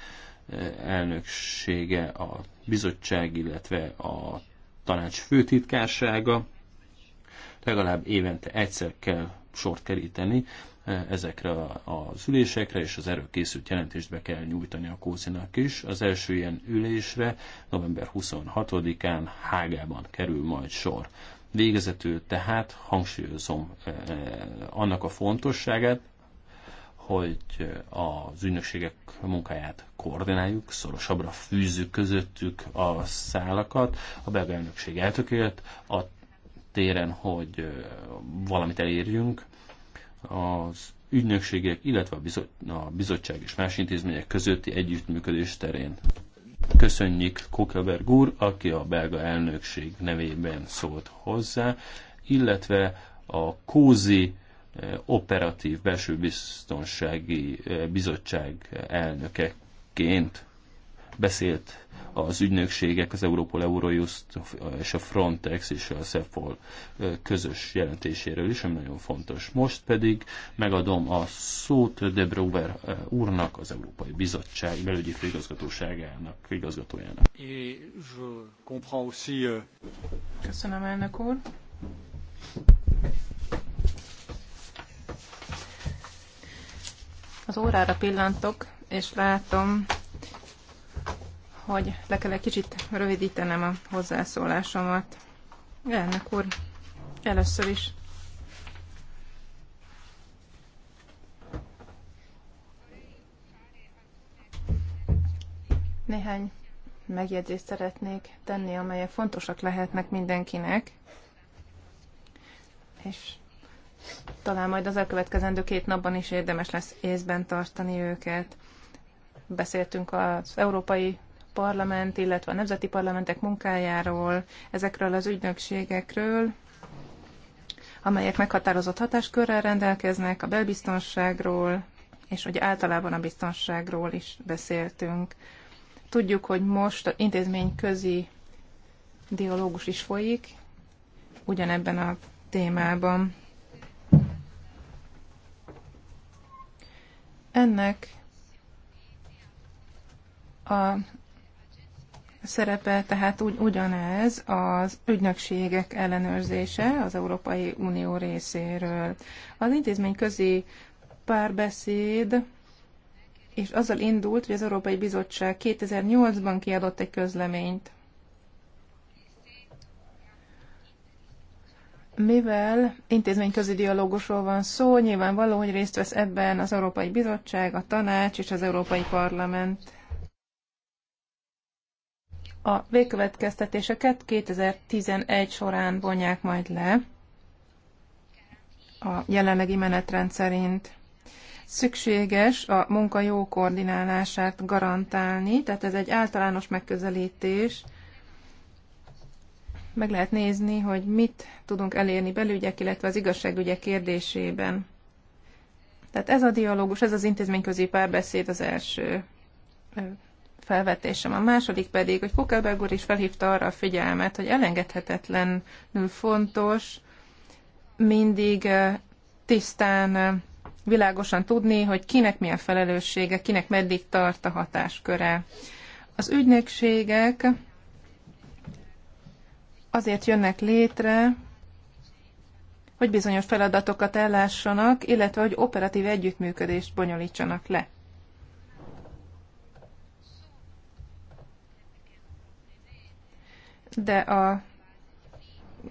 eh, elnöksége, a bizottság, illetve a tanács főtitkársága. Legalább évente egyszer kell sort keríteni ezekre az ülésekre, és az erről készült jelentést be kell nyújtani a Kózinak is. Az első ilyen ülésre november 26-án Hágában kerül majd sor. Végezetül tehát hangsúlyozom eh, eh, annak a fontosságát, hogy az ügynökségek munkáját koordináljuk, szorosabbra fűzzük közöttük a szálakat. A belga elnökség eltökélt a téren, hogy eh, valamit elérjünk, az ügynökségek, illetve a, bizot, a bizottság és más intézmények közötti együttműködés terén. Köszönjük Kokeberg úr, aki a belga elnökség nevében szólt hozzá, illetve a Kózi eh, operatív belső biztonsági eh, bizottság elnökeként beszélt az ügynökségek, az Európol Eurojust és a Frontex és a CEPOL közös jelentéséről is, ami nagyon fontos. Most pedig megadom a szót De úrnak, az Európai Bizottság belügyi főigazgatóságának igazgatójának. Euh, Köszönöm, elnök úr. Az órára pillantok, és látom, hogy le kell egy kicsit rövidítenem a hozzászólásomat. Elnök úr, először is néhány megjegyzést szeretnék tenni, amelyek fontosak lehetnek mindenkinek, és talán majd az elkövetkezendő két napban is érdemes lesz észben tartani őket. Beszéltünk az európai parlament, illetve a nemzeti parlamentek munkájáról, ezekről az ügynökségekről, amelyek meghatározott hatáskörrel rendelkeznek, a belbiztonságról, és hogy általában a biztonságról is beszéltünk. Tudjuk, hogy most intézmény közi dialógus is folyik, ugyanebben a témában. Ennek a szerepe tehát ugy, ugyanez az ügynökségek ellenőrzése az Európai Unió részéről. Az intézmény közi párbeszéd és azzal indult, hogy az Európai Bizottság 2008-ban kiadott egy közleményt. Mivel intézményközi dialógusról van szó, nyilvánvaló, hogy részt vesz ebben az Európai Bizottság, a Tanács és az Európai Parlament a végkövetkeztetéseket 2011 során vonják majd le a jelenlegi menetrend szerint. Szükséges a munka jó koordinálását garantálni, tehát ez egy általános megközelítés. Meg lehet nézni, hogy mit tudunk elérni belügyek, illetve az igazságügyek kérdésében. Tehát ez a dialógus, ez az intézményközi párbeszéd az első felvetésem. A második pedig, hogy Kukelberg úr is felhívta arra a figyelmet, hogy elengedhetetlenül fontos mindig eh, tisztán, eh, világosan tudni, hogy kinek milyen felelőssége, kinek meddig tart a hatásköre. Az ügynökségek azért jönnek létre, hogy bizonyos feladatokat ellássanak, illetve hogy operatív együttműködést bonyolítsanak le de a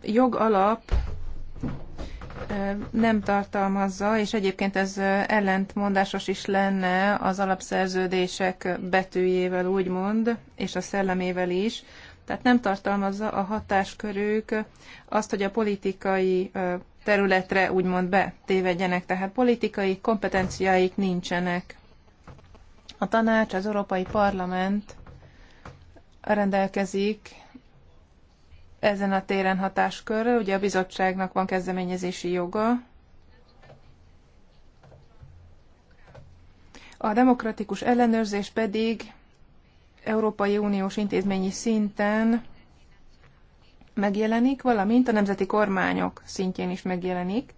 jogalap nem tartalmazza, és egyébként ez ellentmondásos is lenne az alapszerződések betűjével, úgymond, és a szellemével is. Tehát nem tartalmazza a hatáskörük azt, hogy a politikai területre úgymond betévedjenek, tehát politikai kompetenciáik nincsenek. A tanács, az Európai Parlament rendelkezik ezen a téren hatáskörre. Ugye a bizottságnak van kezdeményezési joga. A demokratikus ellenőrzés pedig Európai Uniós intézményi szinten megjelenik, valamint a nemzeti kormányok szintjén is megjelenik,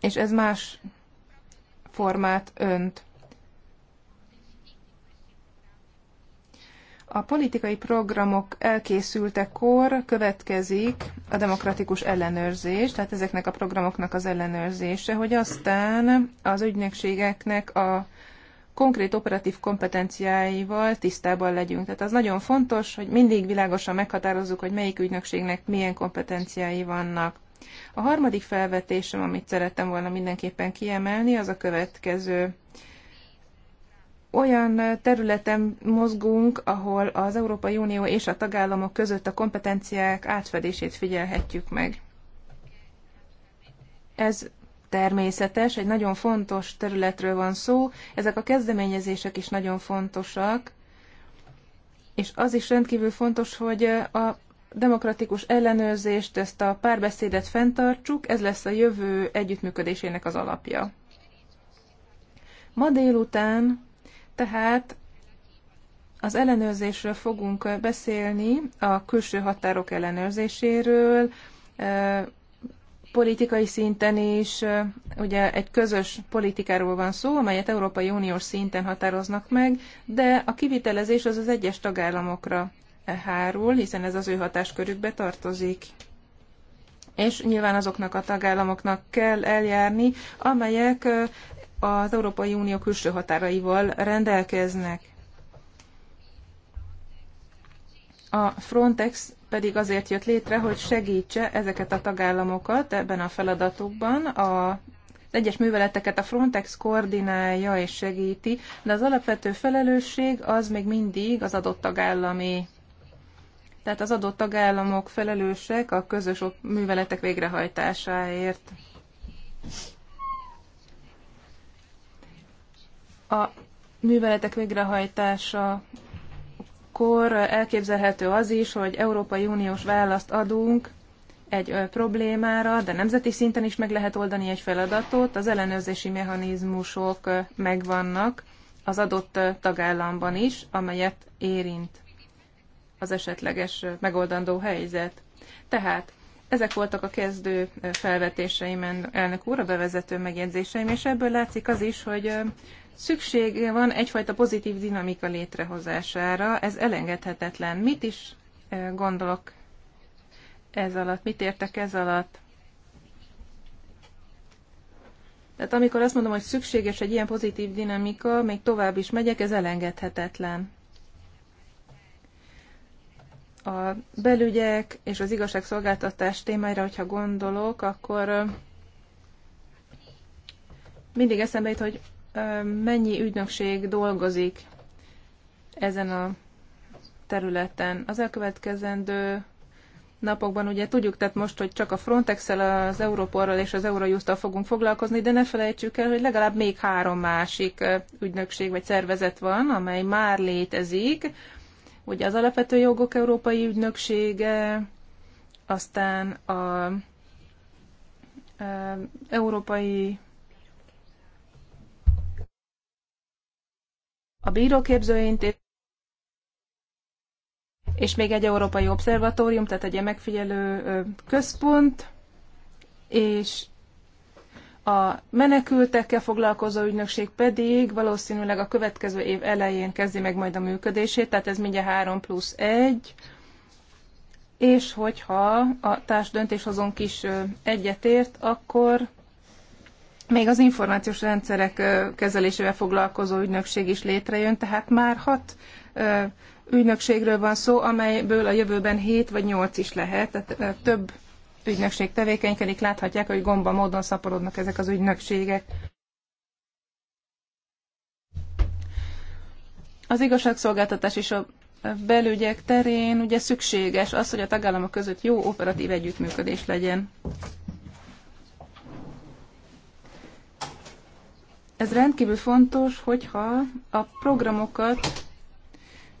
és ez más formát önt. A politikai programok elkészültekor következik a demokratikus ellenőrzés, tehát ezeknek a programoknak az ellenőrzése, hogy aztán az ügynökségeknek a konkrét operatív kompetenciáival tisztában legyünk. Tehát az nagyon fontos, hogy mindig világosan meghatározzuk, hogy melyik ügynökségnek milyen kompetenciái vannak. A harmadik felvetésem, amit szerettem volna mindenképpen kiemelni, az a következő olyan területen mozgunk, ahol az Európai Unió és a tagállamok között a kompetenciák átfedését figyelhetjük meg. Ez természetes, egy nagyon fontos területről van szó, ezek a kezdeményezések is nagyon fontosak, és az is rendkívül fontos, hogy a demokratikus ellenőrzést, ezt a párbeszédet fenntartsuk, ez lesz a jövő együttműködésének az alapja. Ma délután tehát az ellenőrzésről fogunk beszélni, a külső határok ellenőrzéséről, politikai szinten is, ugye egy közös politikáról van szó, amelyet Európai Uniós szinten határoznak meg, de a kivitelezés az az egyes tagállamokra hárul, hiszen ez az ő hatáskörükbe tartozik. És nyilván azoknak a tagállamoknak kell eljárni, amelyek az Európai Unió külső határaival rendelkeznek. A Frontex pedig azért jött létre, hogy segítse ezeket a tagállamokat ebben a feladatukban. A egyes műveleteket a Frontex koordinálja és segíti, de az alapvető felelősség az még mindig az adott tagállami. Tehát az adott tagállamok felelősek a közös műveletek végrehajtásáért. A műveletek végrehajtása kor elképzelhető az is, hogy Európai Uniós választ adunk egy problémára, de nemzeti szinten is meg lehet oldani egy feladatot, az ellenőrzési mechanizmusok megvannak az adott tagállamban is, amelyet érint az esetleges megoldandó helyzet. Tehát ezek voltak a kezdő felvetéseim, elnök úr, a bevezető megjegyzéseim, és ebből látszik az is, hogy Szükség van egyfajta pozitív dinamika létrehozására, ez elengedhetetlen. Mit is eh, gondolok ez alatt, mit értek ez alatt? Tehát amikor azt mondom, hogy szükséges egy ilyen pozitív dinamika, még tovább is megyek, ez elengedhetetlen. A belügyek és az igazságszolgáltatás témáira, hogyha gondolok, akkor eh, mindig eszembe jut, hogy mennyi ügynökség dolgozik ezen a területen. Az elkövetkezendő napokban ugye tudjuk, tehát most, hogy csak a frontex az Európorral és az eurojust fogunk foglalkozni, de ne felejtsük el, hogy legalább még három másik ügynökség vagy szervezet van, amely már létezik. Ugye az Alapvető Jogok Európai Ügynöksége, aztán a Európai a bíróképzőintézet, és még egy európai obszervatórium, tehát egy megfigyelő központ, és a menekültekkel foglalkozó ügynökség pedig valószínűleg a következő év elején kezdi meg majd a működését, tehát ez mindjárt 3 plusz 1, és hogyha a társ döntéshozónk is egyetért, akkor még az információs rendszerek kezelésével foglalkozó ügynökség is létrejön, tehát már hat ügynökségről van szó, amelyből a jövőben hét vagy nyolc is lehet, tehát több ügynökség tevékenykedik, láthatják, hogy gomba módon szaporodnak ezek az ügynökségek. Az igazságszolgáltatás és a belügyek terén ugye szükséges az, hogy a tagállamok között jó operatív együttműködés legyen. Ez rendkívül fontos, hogyha a programokat,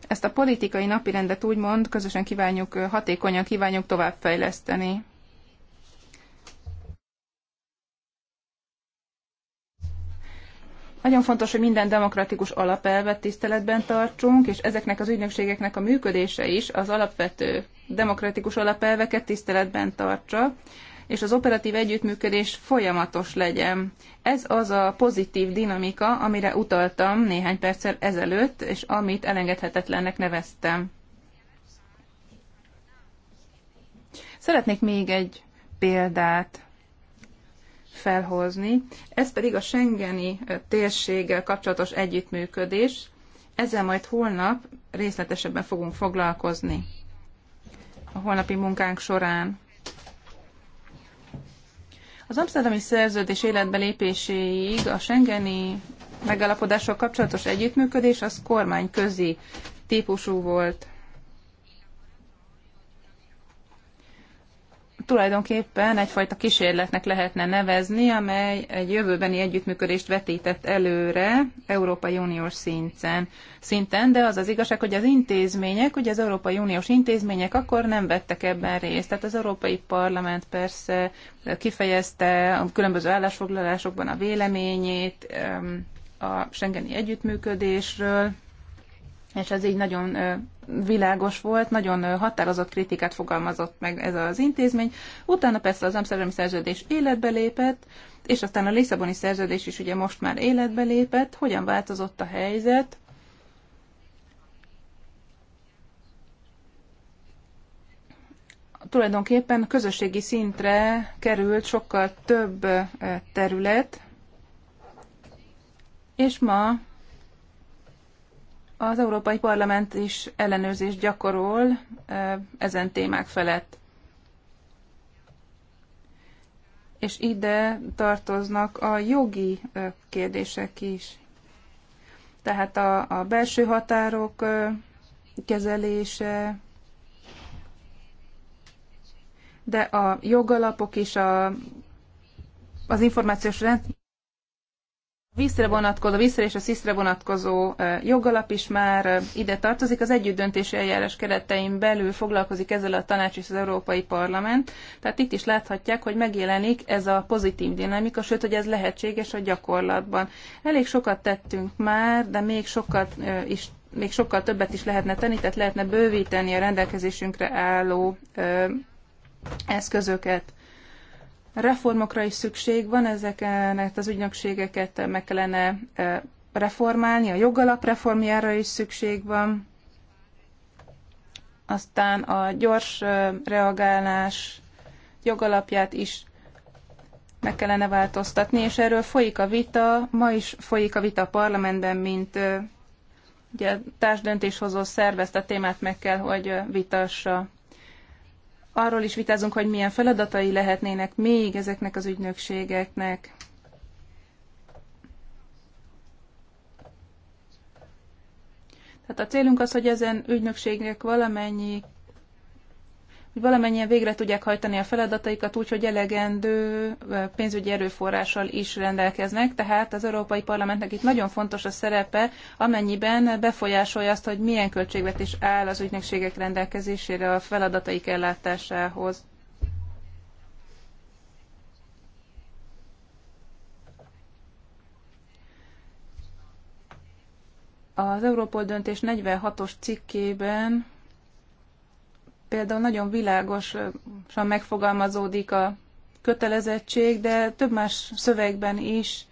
ezt a politikai napirendet úgymond közösen kívánjuk, hatékonyan kívánjuk továbbfejleszteni. Nagyon fontos, hogy minden demokratikus alapelvet tiszteletben tartsunk, és ezeknek az ügynökségeknek a működése is az alapvető demokratikus alapelveket tiszteletben tartsa és az operatív együttműködés folyamatos legyen. Ez az a pozitív dinamika, amire utaltam néhány perccel ezelőtt, és amit elengedhetetlennek neveztem. Szeretnék még egy példát felhozni, ez pedig a Schengeni térséggel kapcsolatos együttműködés. Ezzel majd holnap részletesebben fogunk foglalkozni a holnapi munkánk során. Az Amsterdami szerződés életbe lépéséig a Schengeni megállapodással kapcsolatos együttműködés az kormányközi típusú volt. tulajdonképpen egyfajta kísérletnek lehetne nevezni, amely egy jövőbeni együttműködést vetített előre Európai Uniós szinten. szinten de az az igazság, hogy az intézmények, ugye az Európai Uniós intézmények akkor nem vettek ebben részt. Tehát az Európai Parlament persze kifejezte a különböző állásfoglalásokban a véleményét a Schengeni együttműködésről, és ez így nagyon világos volt, nagyon határozott kritikát fogalmazott meg ez az intézmény. Utána persze az Amsterdami Szerződés életbe lépett, és aztán a Lisszaboni Szerződés is ugye most már életbe lépett. Hogyan változott a helyzet? Tulajdonképpen közösségi szintre került sokkal több terület, és ma az Európai Parlament is ellenőrzést gyakorol ezen témák felett. És ide tartoznak a jogi kérdések is. Tehát a, a belső határok kezelése, de a jogalapok is a, az információs rendszer vízre vonatkozó, vízre és a sziszre vonatkozó jogalap is már ide tartozik. Az együttdöntési eljárás keretein belül foglalkozik ezzel a tanács és az Európai Parlament. Tehát itt is láthatják, hogy megjelenik ez a pozitív dinamika, sőt, hogy ez lehetséges a gyakorlatban. Elég sokat tettünk már, de még sokat is még sokkal többet is lehetne tenni, tehát lehetne bővíteni a rendelkezésünkre álló ö, eszközöket. Reformokra is szükség van, ezeket az ügynökségeket meg kellene e, reformálni, a jogalap reformjára is szükség van, aztán a gyors e, reagálás jogalapját is meg kellene változtatni, és erről folyik a vita, ma is folyik a vita a parlamentben, mint e, ugye, társdöntéshozó szervezt a témát meg kell, hogy vitassa arról is vitázunk, hogy milyen feladatai lehetnének még ezeknek az ügynökségeknek. Tehát a célunk az, hogy ezen ügynökségek valamennyi hogy valamennyien végre tudják hajtani a feladataikat úgy, hogy elegendő pénzügyi erőforrással is rendelkeznek, tehát az Európai Parlamentnek itt nagyon fontos a szerepe, amennyiben befolyásolja azt, hogy milyen költségvetés áll az ügynökségek rendelkezésére a feladataik ellátásához. Az Európol döntés 46-os cikkében például nagyon világosan megfogalmazódik a kötelezettség, de több más szövegben is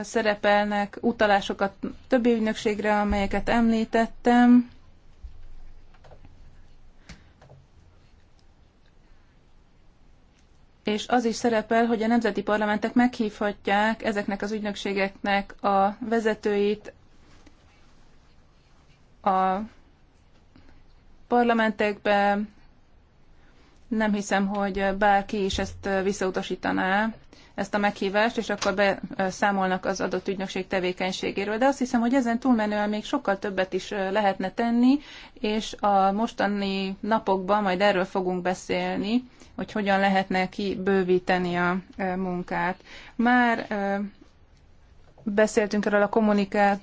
szerepelnek utalásokat többi ügynökségre, amelyeket említettem. És az is szerepel, hogy a nemzeti parlamentek meghívhatják ezeknek az ügynökségeknek a vezetőit a parlamentekbe. Nem hiszem, hogy bárki is ezt visszautasítaná, ezt a meghívást, és akkor beszámolnak az adott ügynökség tevékenységéről. De azt hiszem, hogy ezen túlmenően még sokkal többet is lehetne tenni, és a mostani napokban majd erről fogunk beszélni, hogy hogyan lehetne kibővíteni a munkát. Már beszéltünk erről a kommunikát,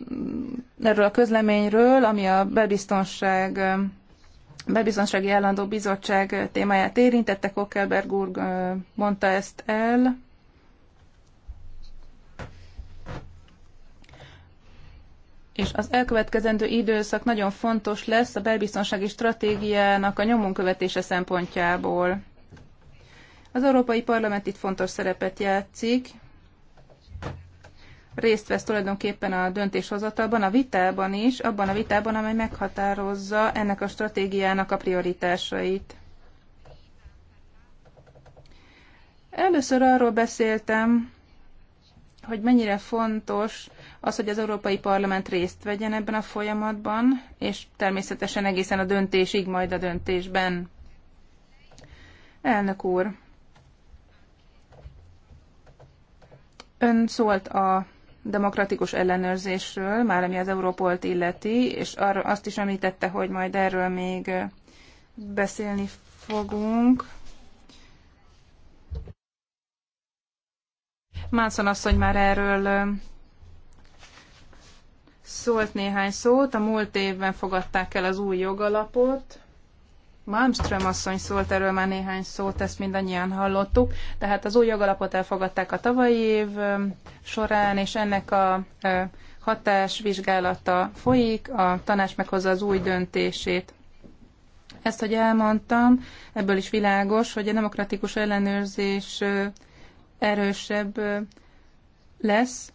erről a közleményről, ami a bebiztonság bebizonsági állandó bizottság témáját érintette, Kokkelberg úr mondta ezt el. És az elkövetkezendő időszak nagyon fontos lesz a belbiztonsági stratégiának a nyomon követése szempontjából. Az Európai Parlament itt fontos szerepet játszik, részt vesz tulajdonképpen a döntéshozatalban, a vitában is, abban a vitában, amely meghatározza ennek a stratégiának a prioritásait. Először arról beszéltem, hogy mennyire fontos az, hogy az Európai Parlament részt vegyen ebben a folyamatban, és természetesen egészen a döntésig, majd a döntésben. Elnök úr, ön szólt a demokratikus ellenőrzésről, már ami az Európolt illeti, és arra azt is említette, hogy majd erről még beszélni fogunk. Mánszon hogy már erről szólt néhány szót. A múlt évben fogadták el az új jogalapot, Malmström asszony szólt, erről már néhány szót, ezt mindannyian hallottuk. Tehát az új jogalapot elfogadták a tavalyi év során, és ennek a hatásvizsgálata folyik, a tanács meghozza az új döntését. Ezt, hogy elmondtam, ebből is világos, hogy a demokratikus ellenőrzés erősebb lesz.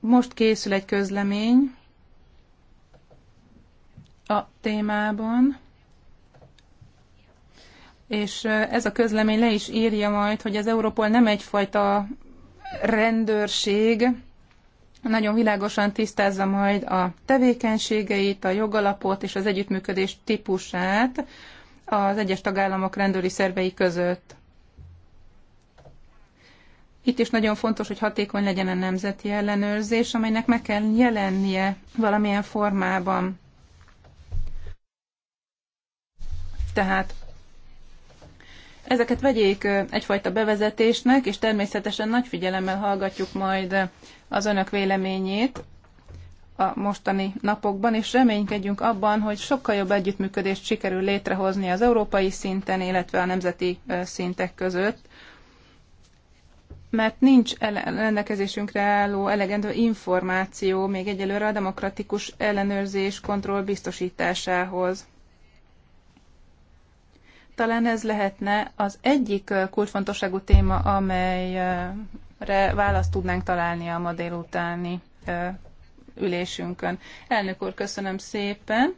Most készül egy közlemény a témában és ez a közlemény le is írja majd, hogy az Európol nem egyfajta rendőrség, nagyon világosan tisztázza majd a tevékenységeit, a jogalapot és az együttműködés típusát az egyes tagállamok rendőri szervei között. Itt is nagyon fontos, hogy hatékony legyen a nemzeti ellenőrzés, amelynek meg kell jelennie valamilyen formában. Tehát Ezeket vegyék egyfajta bevezetésnek, és természetesen nagy figyelemmel hallgatjuk majd az önök véleményét a mostani napokban, és reménykedjünk abban, hogy sokkal jobb együttműködést sikerül létrehozni az európai szinten, illetve a nemzeti szintek között, mert nincs rendelkezésünkre álló elegendő információ még egyelőre a demokratikus ellenőrzés kontroll biztosításához talán ez lehetne az egyik kulcsfontosságú téma, amelyre választ tudnánk találni a ma délutáni ülésünkön. Elnök úr, köszönöm szépen.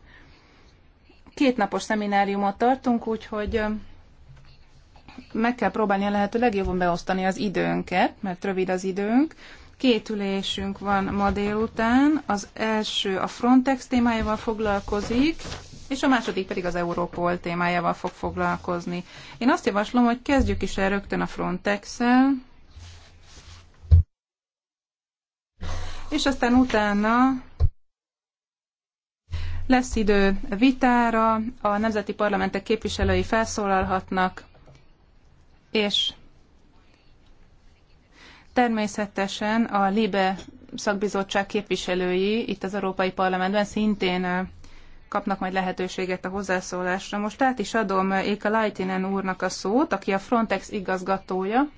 Két napos szemináriumot tartunk, úgyhogy meg kell próbálni a lehető legjobban beosztani az időnket, mert rövid az időnk. Két ülésünk van ma délután. Az első a Frontex témájával foglalkozik, és a második pedig az Európol témájával fog foglalkozni. Én azt javaslom, hogy kezdjük is el rögtön a Frontex-el, és aztán utána lesz idő vitára, a nemzeti parlamentek képviselői felszólalhatnak, és természetesen a LIBE szakbizottság képviselői itt az Európai Parlamentben szintén kapnak majd lehetőséget a hozzászólásra. Most át is adom Éka Lajtinen úrnak a szót, aki a Frontex igazgatója,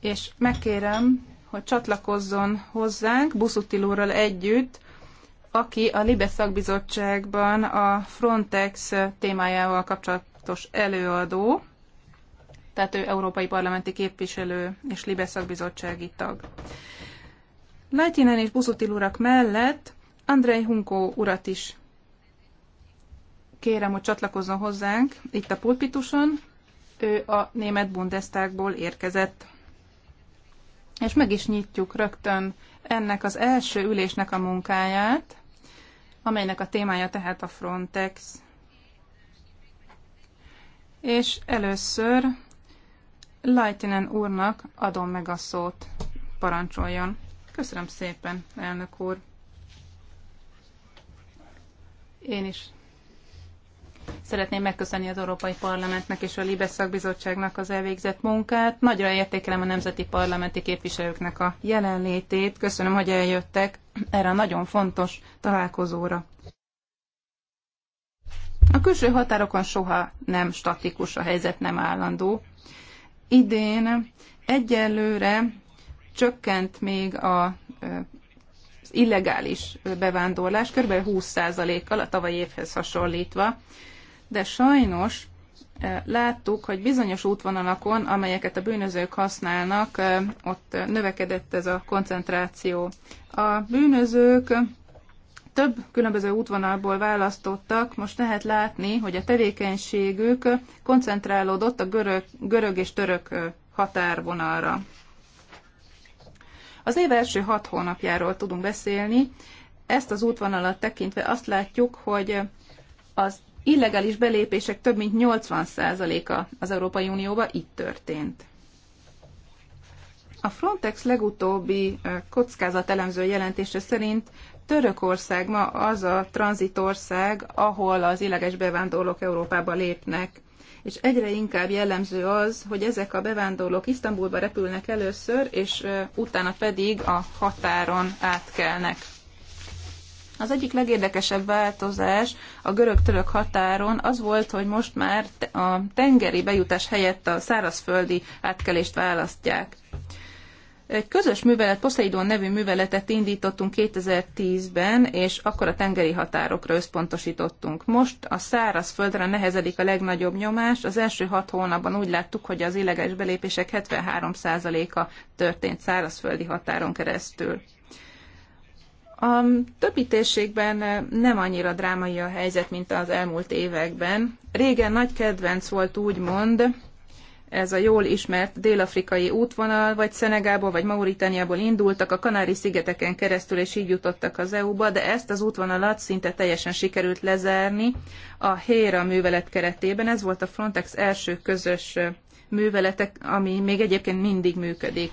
és megkérem, hogy csatlakozzon hozzánk úrral együtt, aki a Libe szakbizottságban a Frontex témájával kapcsolatos előadó, tehát ő európai parlamenti képviselő és Libe szakbizottsági tag. Lajtinen és Buszutil urak mellett Andrei Hunkó urat is kérem, hogy csatlakozzon hozzánk itt a pulpituson. Ő a német Bundestagból érkezett. És meg is nyitjuk rögtön ennek az első ülésnek a munkáját, amelynek a témája tehát a Frontex. És először Lajtinen úrnak adom meg a szót. Parancsoljon. Köszönöm szépen, elnök úr. Én is Szeretném megköszönni az Európai Parlamentnek és a Libes szakbizottságnak az elvégzett munkát. Nagyra értékelem a nemzeti parlamenti képviselőknek a jelenlétét. Köszönöm, hogy eljöttek erre a nagyon fontos találkozóra. A külső határokon soha nem statikus a helyzet, nem állandó. Idén egyelőre csökkent még a, illegális bevándorlás kb. 20%-kal a tavalyi évhez hasonlítva, de sajnos láttuk, hogy bizonyos útvonalakon, amelyeket a bűnözők használnak, ott növekedett ez a koncentráció. A bűnözők több különböző útvonalból választottak, most lehet látni, hogy a tevékenységük koncentrálódott a görög, görög és török határvonalra. Az év első hat hónapjáról tudunk beszélni. Ezt az útvonalat tekintve azt látjuk, hogy az illegális belépések több mint 80%-a az Európai Unióba itt történt. A Frontex legutóbbi kockázatelemző jelentése szerint Törökország ma az a tranzitország, ahol az illegális bevándorlók Európába lépnek. És egyre inkább jellemző az, hogy ezek a bevándorlók Isztambulba repülnek először, és utána pedig a határon átkelnek az egyik legérdekesebb változás a görög-török határon az volt, hogy most már a tengeri bejutás helyett a szárazföldi átkelést választják. Egy közös művelet, Poseidon nevű műveletet indítottunk 2010-ben, és akkor a tengeri határokra összpontosítottunk. Most a szárazföldre nehezedik a legnagyobb nyomás. Az első hat hónapban úgy láttuk, hogy az illegális belépések 73%-a történt szárazföldi határon keresztül. A többi térségben eh, nem annyira drámai a helyzet, mint az elmúlt években. Régen nagy kedvenc volt úgymond ez a jól ismert dél-afrikai útvonal, vagy Szenegából, vagy Mauritániából indultak a Kanári-szigeteken keresztül, és így jutottak az EU-ba, de ezt az útvonalat szinte teljesen sikerült lezárni a Héra művelet keretében. Ez volt a Frontex első közös eh, műveletek, ami még egyébként mindig működik.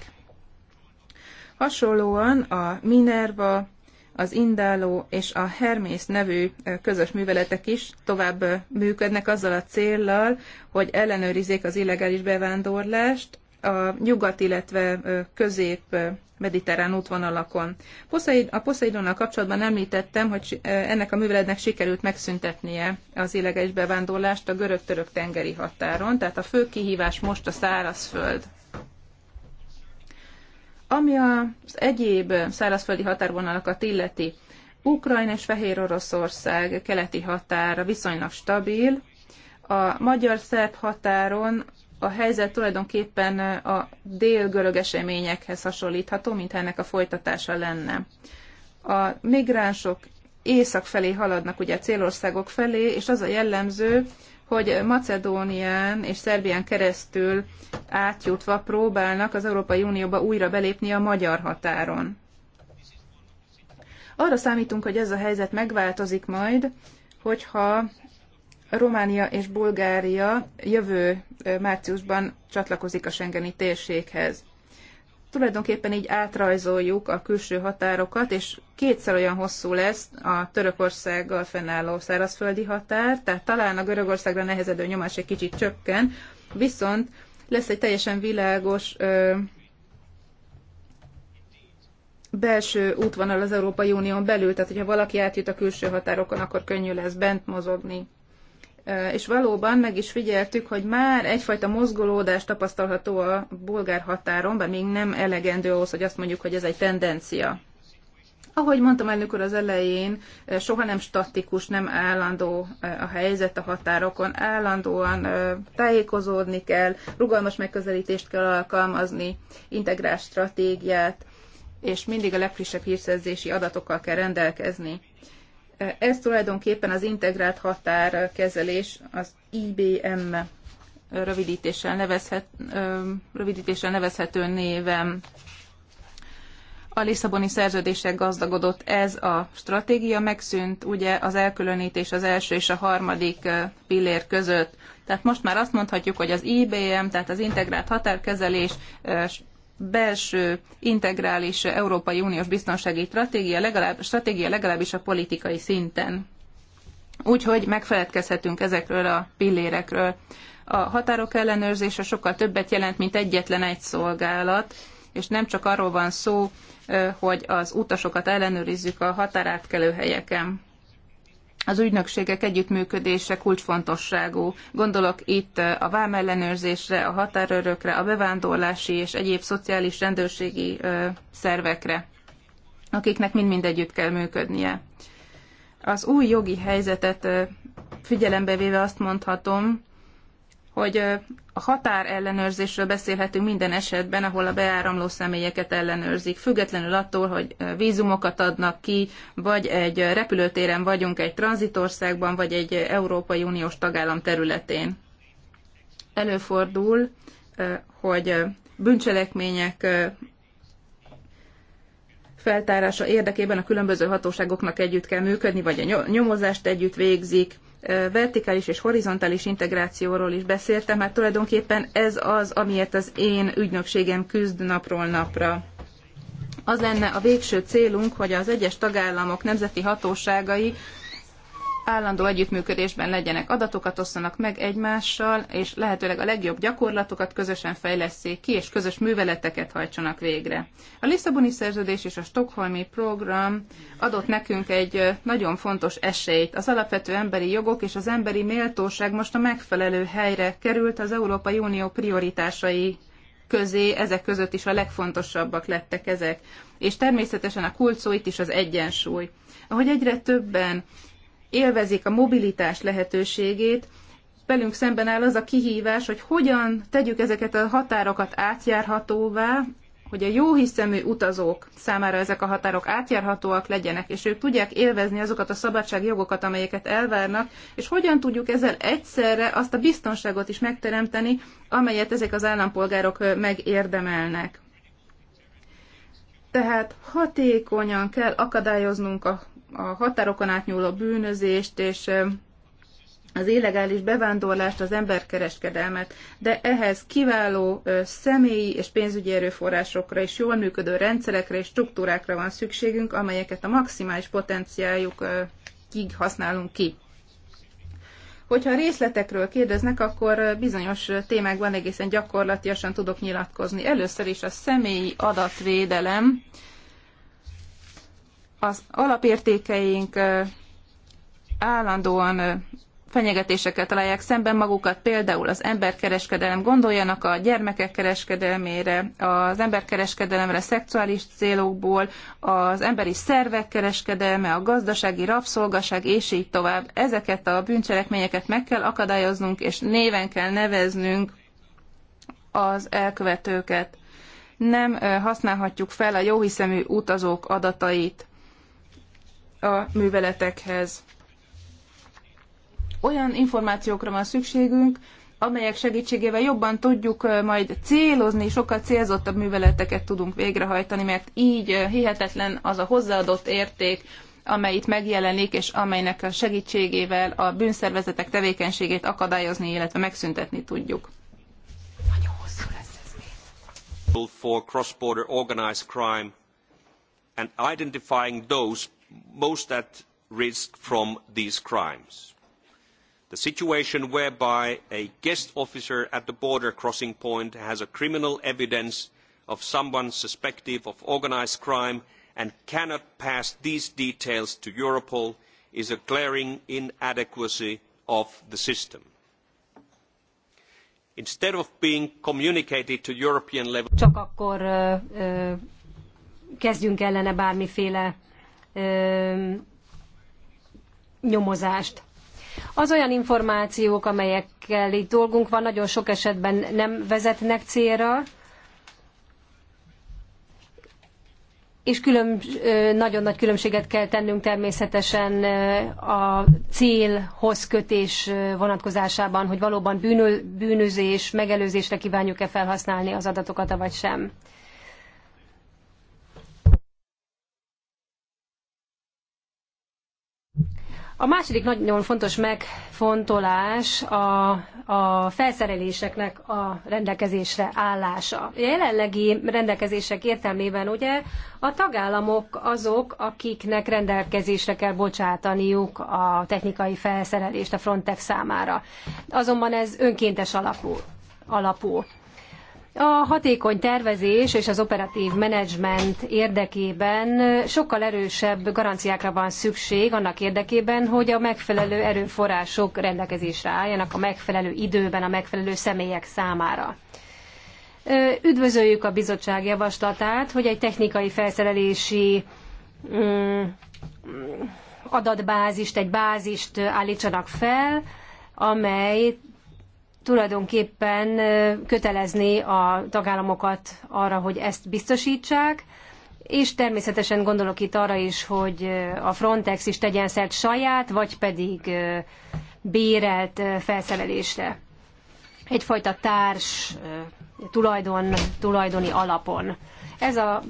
Hasonlóan a Minerva az Indáló és a Hermész nevű közös műveletek is tovább működnek azzal a céllal, hogy ellenőrizzék az illegális bevándorlást a nyugat, illetve közép mediterrán útvonalakon. A Poseidonnal kapcsolatban említettem, hogy ennek a műveletnek sikerült megszüntetnie az illegális bevándorlást a görög-török tengeri határon, tehát a fő kihívás most a szárazföld ami az egyéb szárazföldi határvonalakat illeti, Ukrajna és Fehér Oroszország keleti határa viszonylag stabil. A magyar-szerb határon a helyzet tulajdonképpen a dél-görög eseményekhez hasonlítható, mint ennek a folytatása lenne. A migránsok észak felé haladnak, ugye a célországok felé, és az a jellemző, hogy Macedónián és Szerbián keresztül átjutva próbálnak az Európai Unióba újra belépni a magyar határon. Arra számítunk, hogy ez a helyzet megváltozik majd, hogyha Románia és Bulgária jövő márciusban csatlakozik a Schengeni térséghez tulajdonképpen így átrajzoljuk a külső határokat, és kétszer olyan hosszú lesz a Törökországgal fennálló szárazföldi határ, tehát talán a Görögországra nehezedő nyomás egy kicsit csökken, viszont lesz egy teljesen világos ö, belső útvonal az Európai Unión belül, tehát hogyha valaki átjut a külső határokon, akkor könnyű lesz bent mozogni és valóban meg is figyeltük, hogy már egyfajta mozgolódás tapasztalható a bolgár határon, de még nem elegendő ahhoz, hogy azt mondjuk, hogy ez egy tendencia. Ahogy mondtam elnök az elején, soha nem statikus, nem állandó a helyzet a határokon, állandóan tájékozódni kell, rugalmas megközelítést kell alkalmazni, integrált stratégiát, és mindig a legfrissebb hírszerzési adatokkal kell rendelkezni. Ez tulajdonképpen az integrált határkezelés, az IBM rövidítéssel, nevezhet, rövidítéssel nevezhető névem. A Lisszaboni szerződések gazdagodott ez a stratégia, megszűnt ugye az elkülönítés az első és a harmadik pillér között. Tehát most már azt mondhatjuk, hogy az IBM, tehát az integrált határkezelés belső integrális Európai Uniós biztonsági stratégia, legalább, stratégia legalábbis a politikai szinten. Úgyhogy megfeledkezhetünk ezekről a pillérekről. A határok ellenőrzése sokkal többet jelent, mint egyetlen egy szolgálat, és nem csak arról van szó, hogy az utasokat ellenőrizzük a határátkelő helyeken az ügynökségek együttműködése kulcsfontosságú. Gondolok itt a vámellenőrzésre, a határőrökre, a bevándorlási és egyéb szociális rendőrségi szervekre, akiknek mind-mind együtt kell működnie. Az új jogi helyzetet figyelembe véve azt mondhatom, hogy a határellenőrzésről beszélhetünk minden esetben, ahol a beáramló személyeket ellenőrzik, függetlenül attól, hogy vízumokat adnak ki, vagy egy repülőtéren vagyunk egy tranzitországban, vagy egy Európai Uniós tagállam területén. Előfordul, hogy bűncselekmények feltárása érdekében a különböző hatóságoknak együtt kell működni, vagy a nyomozást együtt végzik, vertikális és horizontális integrációról is beszéltem, mert tulajdonképpen ez az, amiért az én ügynökségem küzd napról napra. Az lenne a végső célunk, hogy az egyes tagállamok nemzeti hatóságai állandó együttműködésben legyenek, adatokat osszanak meg egymással, és lehetőleg a legjobb gyakorlatokat közösen fejleszék ki, és közös műveleteket hajtsanak végre. A Lisszaboni szerződés és a Stockholmi program adott nekünk egy nagyon fontos esélyt. Az alapvető emberi jogok és az emberi méltóság most a megfelelő helyre került az Európai Unió prioritásai közé, ezek között is a legfontosabbak lettek ezek. És természetesen a kulcs itt is az egyensúly. Ahogy egyre többen élvezik a mobilitás lehetőségét, velünk szemben áll az a kihívás, hogy hogyan tegyük ezeket a határokat átjárhatóvá, hogy a jó hiszemű utazók számára ezek a határok átjárhatóak legyenek, és ők tudják élvezni azokat a szabadságjogokat, amelyeket elvárnak, és hogyan tudjuk ezzel egyszerre azt a biztonságot is megteremteni, amelyet ezek az állampolgárok megérdemelnek. Tehát hatékonyan kell akadályoznunk a a határokon átnyúló bűnözést és az illegális bevándorlást, az emberkereskedelmet, de ehhez kiváló személyi és pénzügyi erőforrásokra és jól működő rendszerekre és struktúrákra van szükségünk, amelyeket a maximális potenciáljuk kig használunk ki. Hogyha részletekről kérdeznek, akkor bizonyos témákban egészen gyakorlatilag tudok nyilatkozni. Először is a személyi adatvédelem, az alapértékeink állandóan fenyegetésekkel találják szemben magukat, például az emberkereskedelem, gondoljanak a gyermekek kereskedelmére, az emberkereskedelemre szexuális célokból, az emberi szervek kereskedelme, a gazdasági rabszolgaság, és így tovább. Ezeket a bűncselekményeket meg kell akadályoznunk, és néven kell neveznünk az elkövetőket. Nem használhatjuk fel a jóhiszemű utazók adatait a műveletekhez. Olyan információkra van szükségünk, amelyek segítségével jobban tudjuk majd célozni, sokkal célzottabb műveleteket tudunk végrehajtani, mert így hihetetlen az a hozzáadott érték, amely itt megjelenik, és amelynek a segítségével a bűnszervezetek tevékenységét akadályozni, illetve megszüntetni tudjuk. Nagyon hosszú lesz ez még. For cross-border organized crime and identifying those most at risk from these crimes. The situation whereby a guest officer at the border crossing point has a criminal evidence of someone suspected of organised crime and cannot pass these details to Europol is a glaring inadequacy of the system. Instead of being communicated to European level... Csak akkor ö, ö, kezdjünk ellene bármiféle nyomozást. Az olyan információk, amelyekkel itt dolgunk van, nagyon sok esetben nem vezetnek célra, és külön, nagyon nagy különbséget kell tennünk természetesen a célhoz kötés vonatkozásában, hogy valóban bűnözés, megelőzésre kívánjuk-e felhasználni az adatokat, vagy sem. A második nagyon fontos megfontolás a, a felszereléseknek a rendelkezésre állása. A jelenlegi rendelkezések értelmében ugye a tagállamok azok, akiknek rendelkezésre kell bocsátaniuk a technikai felszerelést a Frontex számára. Azonban ez önkéntes alapú. alapú a hatékony tervezés és az operatív menedzsment érdekében sokkal erősebb garanciákra van szükség annak érdekében, hogy a megfelelő erőforrások rendelkezésre álljanak a megfelelő időben a megfelelő személyek számára. Üdvözöljük a bizottság javaslatát, hogy egy technikai felszerelési mm, adatbázist, egy bázist állítsanak fel, amely tulajdonképpen kötelezni a tagállamokat arra, hogy ezt biztosítsák, és természetesen gondolok itt arra is, hogy a Frontex is tegyen szert saját, vagy pedig bérelt felszerelésre. Egyfajta társ tulajdon, tulajdoni alapon. Ez a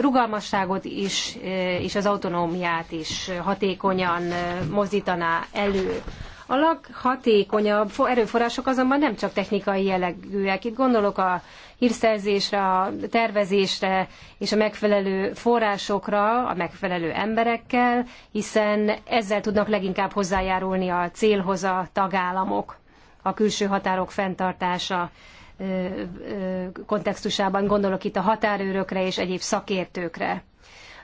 rugalmasságot is, és az autonómiát is hatékonyan mozdítaná elő. A leghatékonyabb erőforrások azonban nem csak technikai jellegűek. Itt gondolok a hírszerzésre, a tervezésre és a megfelelő forrásokra, a megfelelő emberekkel, hiszen ezzel tudnak leginkább hozzájárulni a célhoz a tagállamok, a külső határok fenntartása kontextusában gondolok itt a határőrökre és egyéb szakértőkre.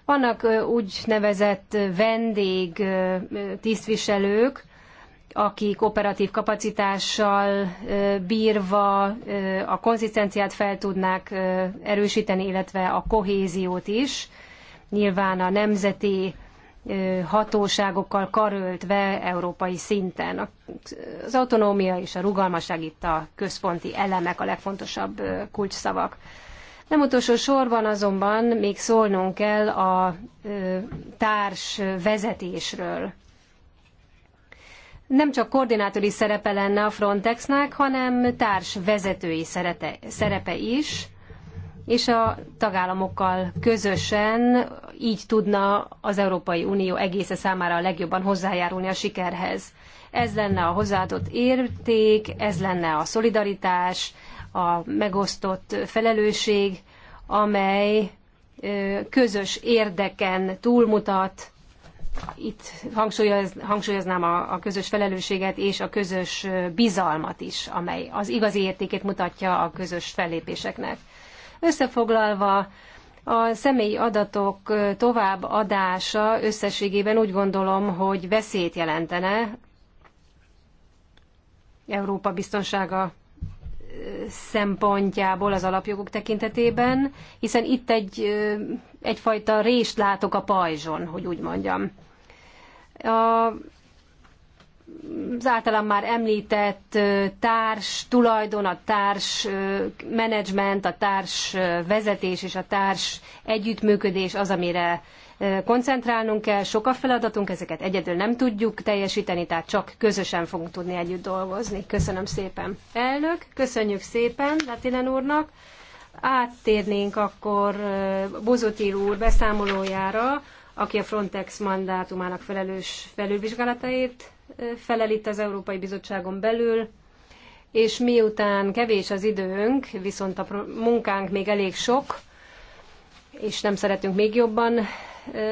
Vannak úgynevezett vendég tisztviselők, akik operatív kapacitással bírva a konzisztenciát fel tudnák erősíteni, illetve a kohéziót is. Nyilván a nemzeti hatóságokkal karöltve európai szinten. Az autonómia és a rugalmasság itt a központi elemek, a legfontosabb kulcsszavak. Nem utolsó sorban azonban még szólnunk kell a társ vezetésről nem csak koordinátori szerepe lenne a Frontexnek, hanem társ vezetői szerepe is, és a tagállamokkal közösen így tudna az Európai Unió egésze számára a legjobban hozzájárulni a sikerhez. Ez lenne a hozzáadott érték, ez lenne a szolidaritás, a megosztott felelősség, amely közös érdeken túlmutat, itt hangsúlyoz, hangsúlyoznám a, a közös felelősséget és a közös bizalmat is, amely az igazi értékét mutatja a közös fellépéseknek. Összefoglalva, a személyi adatok továbbadása összességében úgy gondolom, hogy veszélyt jelentene Európa biztonsága szempontjából az alapjogok tekintetében, hiszen itt egy, egyfajta rést látok a pajzson, hogy úgy mondjam. A, az általam már említett társ tulajdon, a társ menedzsment, a társ vezetés és a társ együttműködés az, amire koncentrálnunk kell, sok a feladatunk, ezeket egyedül nem tudjuk teljesíteni, tehát csak közösen fogunk tudni együtt dolgozni. Köszönöm szépen. Elnök, köszönjük szépen Latinen úrnak. Áttérnénk akkor Bozotil úr beszámolójára aki a Frontex mandátumának felelős felülvizsgálatait felel itt az Európai Bizottságon belül, és miután kevés az időnk, viszont a munkánk még elég sok, és nem szeretünk még jobban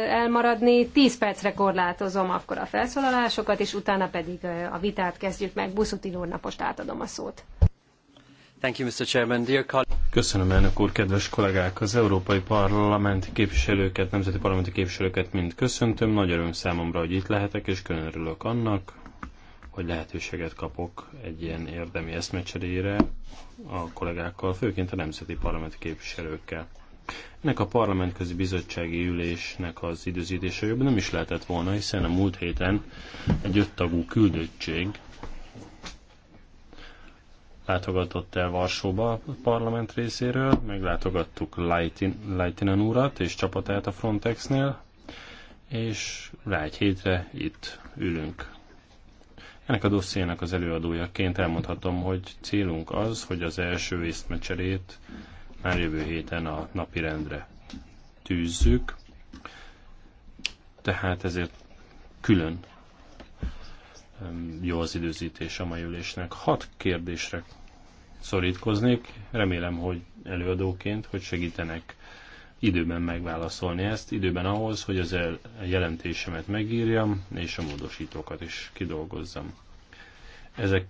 elmaradni. 10 percre korlátozom akkor a felszólalásokat, és utána pedig a vitát kezdjük meg. Buszutin úrnak most átadom a szót. Thank you, Mr. Chairman. Dear Köszönöm, elnök úr, kedves kollégák! Az európai parlamenti képviselőket, nemzeti parlamenti képviselőket mind köszöntöm. Nagy öröm számomra, hogy itt lehetek, és külön örülök annak, hogy lehetőséget kapok egy ilyen érdemi eszmecserére a kollégákkal, főként a nemzeti parlamenti képviselőkkel. Ennek a parlamentközi bizottsági ülésnek az időzítése jobb nem is lehetett volna, hiszen a múlt héten egy öttagú küldöttség látogatott el Varsóba a parlament részéről, meglátogattuk Leitinen urat és csapatát a Frontexnél, és rá egy hétre itt ülünk. Ennek a dossziének az előadójaként elmondhatom, hogy célunk az, hogy az első észmecserét már jövő héten a napirendre tűzzük, tehát ezért külön jó az időzítés a mai ülésnek. Hat kérdésre szorítkoznék, remélem, hogy előadóként, hogy segítenek időben megválaszolni ezt, időben ahhoz, hogy az el, jelentésemet megírjam, és a módosítókat is kidolgozzam. Ezek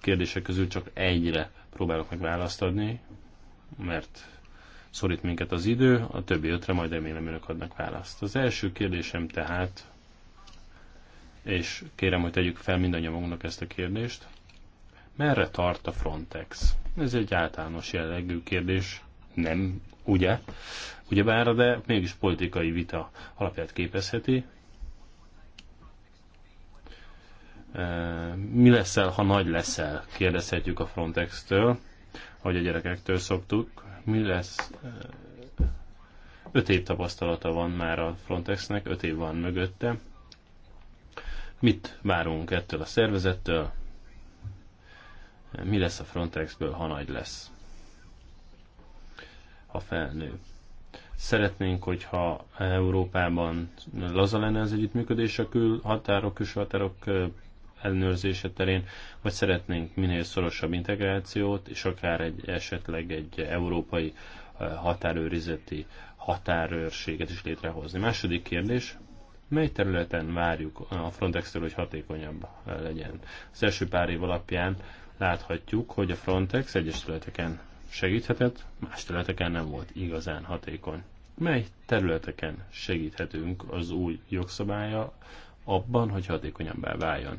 kérdések közül csak egyre próbálok meg választ adni, mert szorít minket az idő, a többi ötre majd remélem önök adnak választ. Az első kérdésem tehát és kérem, hogy tegyük fel mindannyiunknak ezt a kérdést. Merre tart a Frontex? Ez egy általános jellegű kérdés, nem, ugye? Ugyebár, de mégis politikai vita alapját képezheti. Mi leszel, ha nagy leszel? Kérdezhetjük a Frontex-től, ahogy a gyerekektől szoktuk. Mi lesz, öt év tapasztalata van már a Frontexnek, öt év van mögötte. Mit várunk ettől a szervezettől? Mi lesz a Frontexből, ha nagy lesz? Ha felnő. Szeretnénk, hogyha Európában laza lenne az együttműködés a külhatárok, külső határok ellenőrzése terén, vagy szeretnénk minél szorosabb integrációt, és akár egy esetleg egy európai határőrizeti határőrséget is létrehozni. Második kérdés, mely területen várjuk a Frontex-től, hogy hatékonyabb legyen. Az első pár év alapján láthatjuk, hogy a Frontex egyes területeken segíthetett, más területeken nem volt igazán hatékony. Mely területeken segíthetünk az új jogszabálya abban, hogy hatékonyabbá váljon?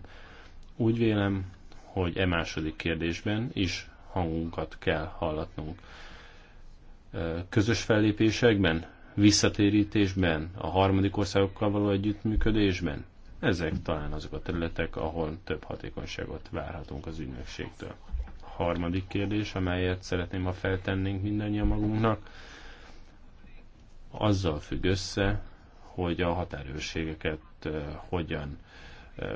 Úgy vélem, hogy e második kérdésben is hangunkat kell hallatnunk. Közös fellépésekben visszatérítésben, a harmadik országokkal való együttműködésben. Ezek talán azok a területek, ahol több hatékonyságot várhatunk az ügynökségtől. A harmadik kérdés, amelyet szeretném, ha feltennénk mindannyian magunknak, azzal függ össze, hogy a határőrségeket eh, hogyan eh,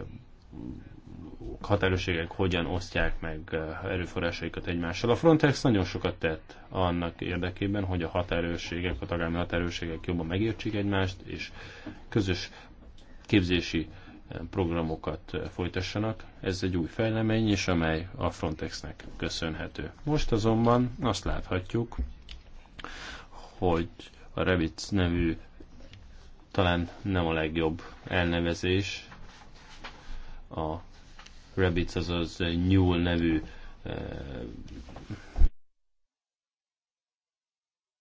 határőrségek hogyan osztják meg erőforrásaikat egymással. A Frontex nagyon sokat tett annak érdekében, hogy a határőrségek, a tagállami határőrségek jobban megértsék egymást, és közös képzési programokat folytassanak. Ez egy új fejlemény is, amely a Frontexnek köszönhető. Most azonban azt láthatjuk, hogy a Revit nevű talán nem a legjobb elnevezés a Rabbits, azaz nyúl nevű eh,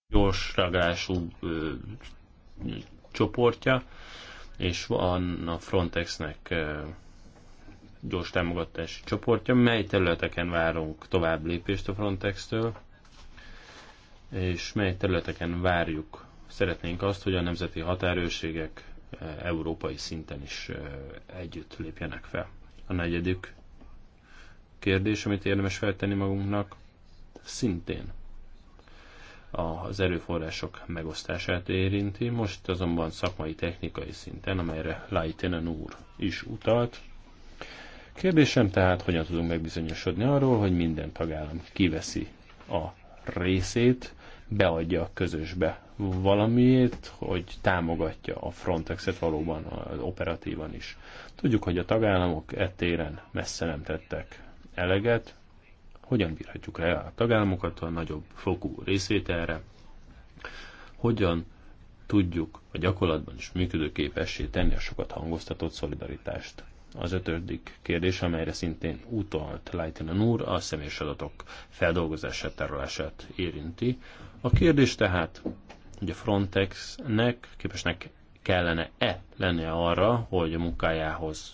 gyors ragású eh, csoportja, és van a Frontexnek eh, gyors támogatási csoportja, mely területeken várunk tovább lépést a Frontex-től, és mely területeken várjuk, szeretnénk azt, hogy a nemzeti határőrségek európai szinten is együtt lépjenek fel. A negyedik kérdés, amit érdemes feltenni magunknak, szintén az erőforrások megosztását érinti, most azonban szakmai technikai szinten, amelyre Leitenen úr is utalt. Kérdésem tehát, hogyan tudunk megbizonyosodni arról, hogy minden tagállam kiveszi a részét, beadja a közösbe valamiért, hogy támogatja a Frontexet valóban az operatívan is. Tudjuk, hogy a tagállamok ettéren messze nem tettek eleget. Hogyan bírhatjuk le a tagállamokat a nagyobb fokú részvételre? Hogyan tudjuk a gyakorlatban is működőképessé tenni a sokat hangoztatott szolidaritást? Az ötödik kérdés, amelyre szintén utalt Leitinen úr, a személyes adatok feldolgozását, tárolását érinti. A kérdés tehát hogy a Frontexnek képesnek kellene-e lennie arra, hogy a munkájához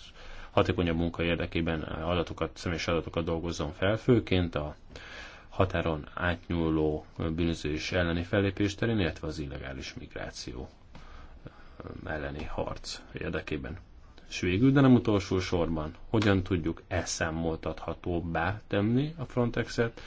hatékonyabb munka érdekében adatokat, személyes adatokat dolgozzon fel, főként a határon átnyúló bűnözés elleni fellépés terén, illetve az illegális migráció elleni harc érdekében. És végül, de nem utolsó sorban, hogyan tudjuk elszámoltathatóbbá tenni a Frontexet,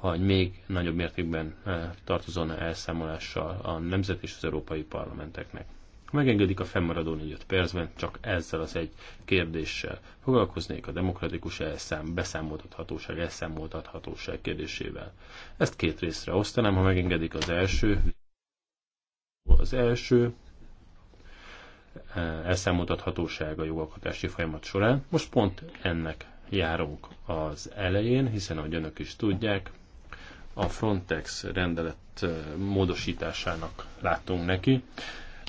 hogy még nagyobb mértékben eh, tartozon elszámolással a nemzet és az európai parlamenteknek. Ha megengedik a fennmaradó négy percben, csak ezzel az egy kérdéssel foglalkoznék a demokratikus elszám, beszámoltathatóság, elszámoltathatóság kérdésével. Ezt két részre osztanám, ha megengedik az első. Az első eh, elszámoltathatóság a jogalkotási folyamat során. Most pont ennek járunk az elején, hiszen ahogy önök is tudják, a Frontex rendelet módosításának láttunk neki.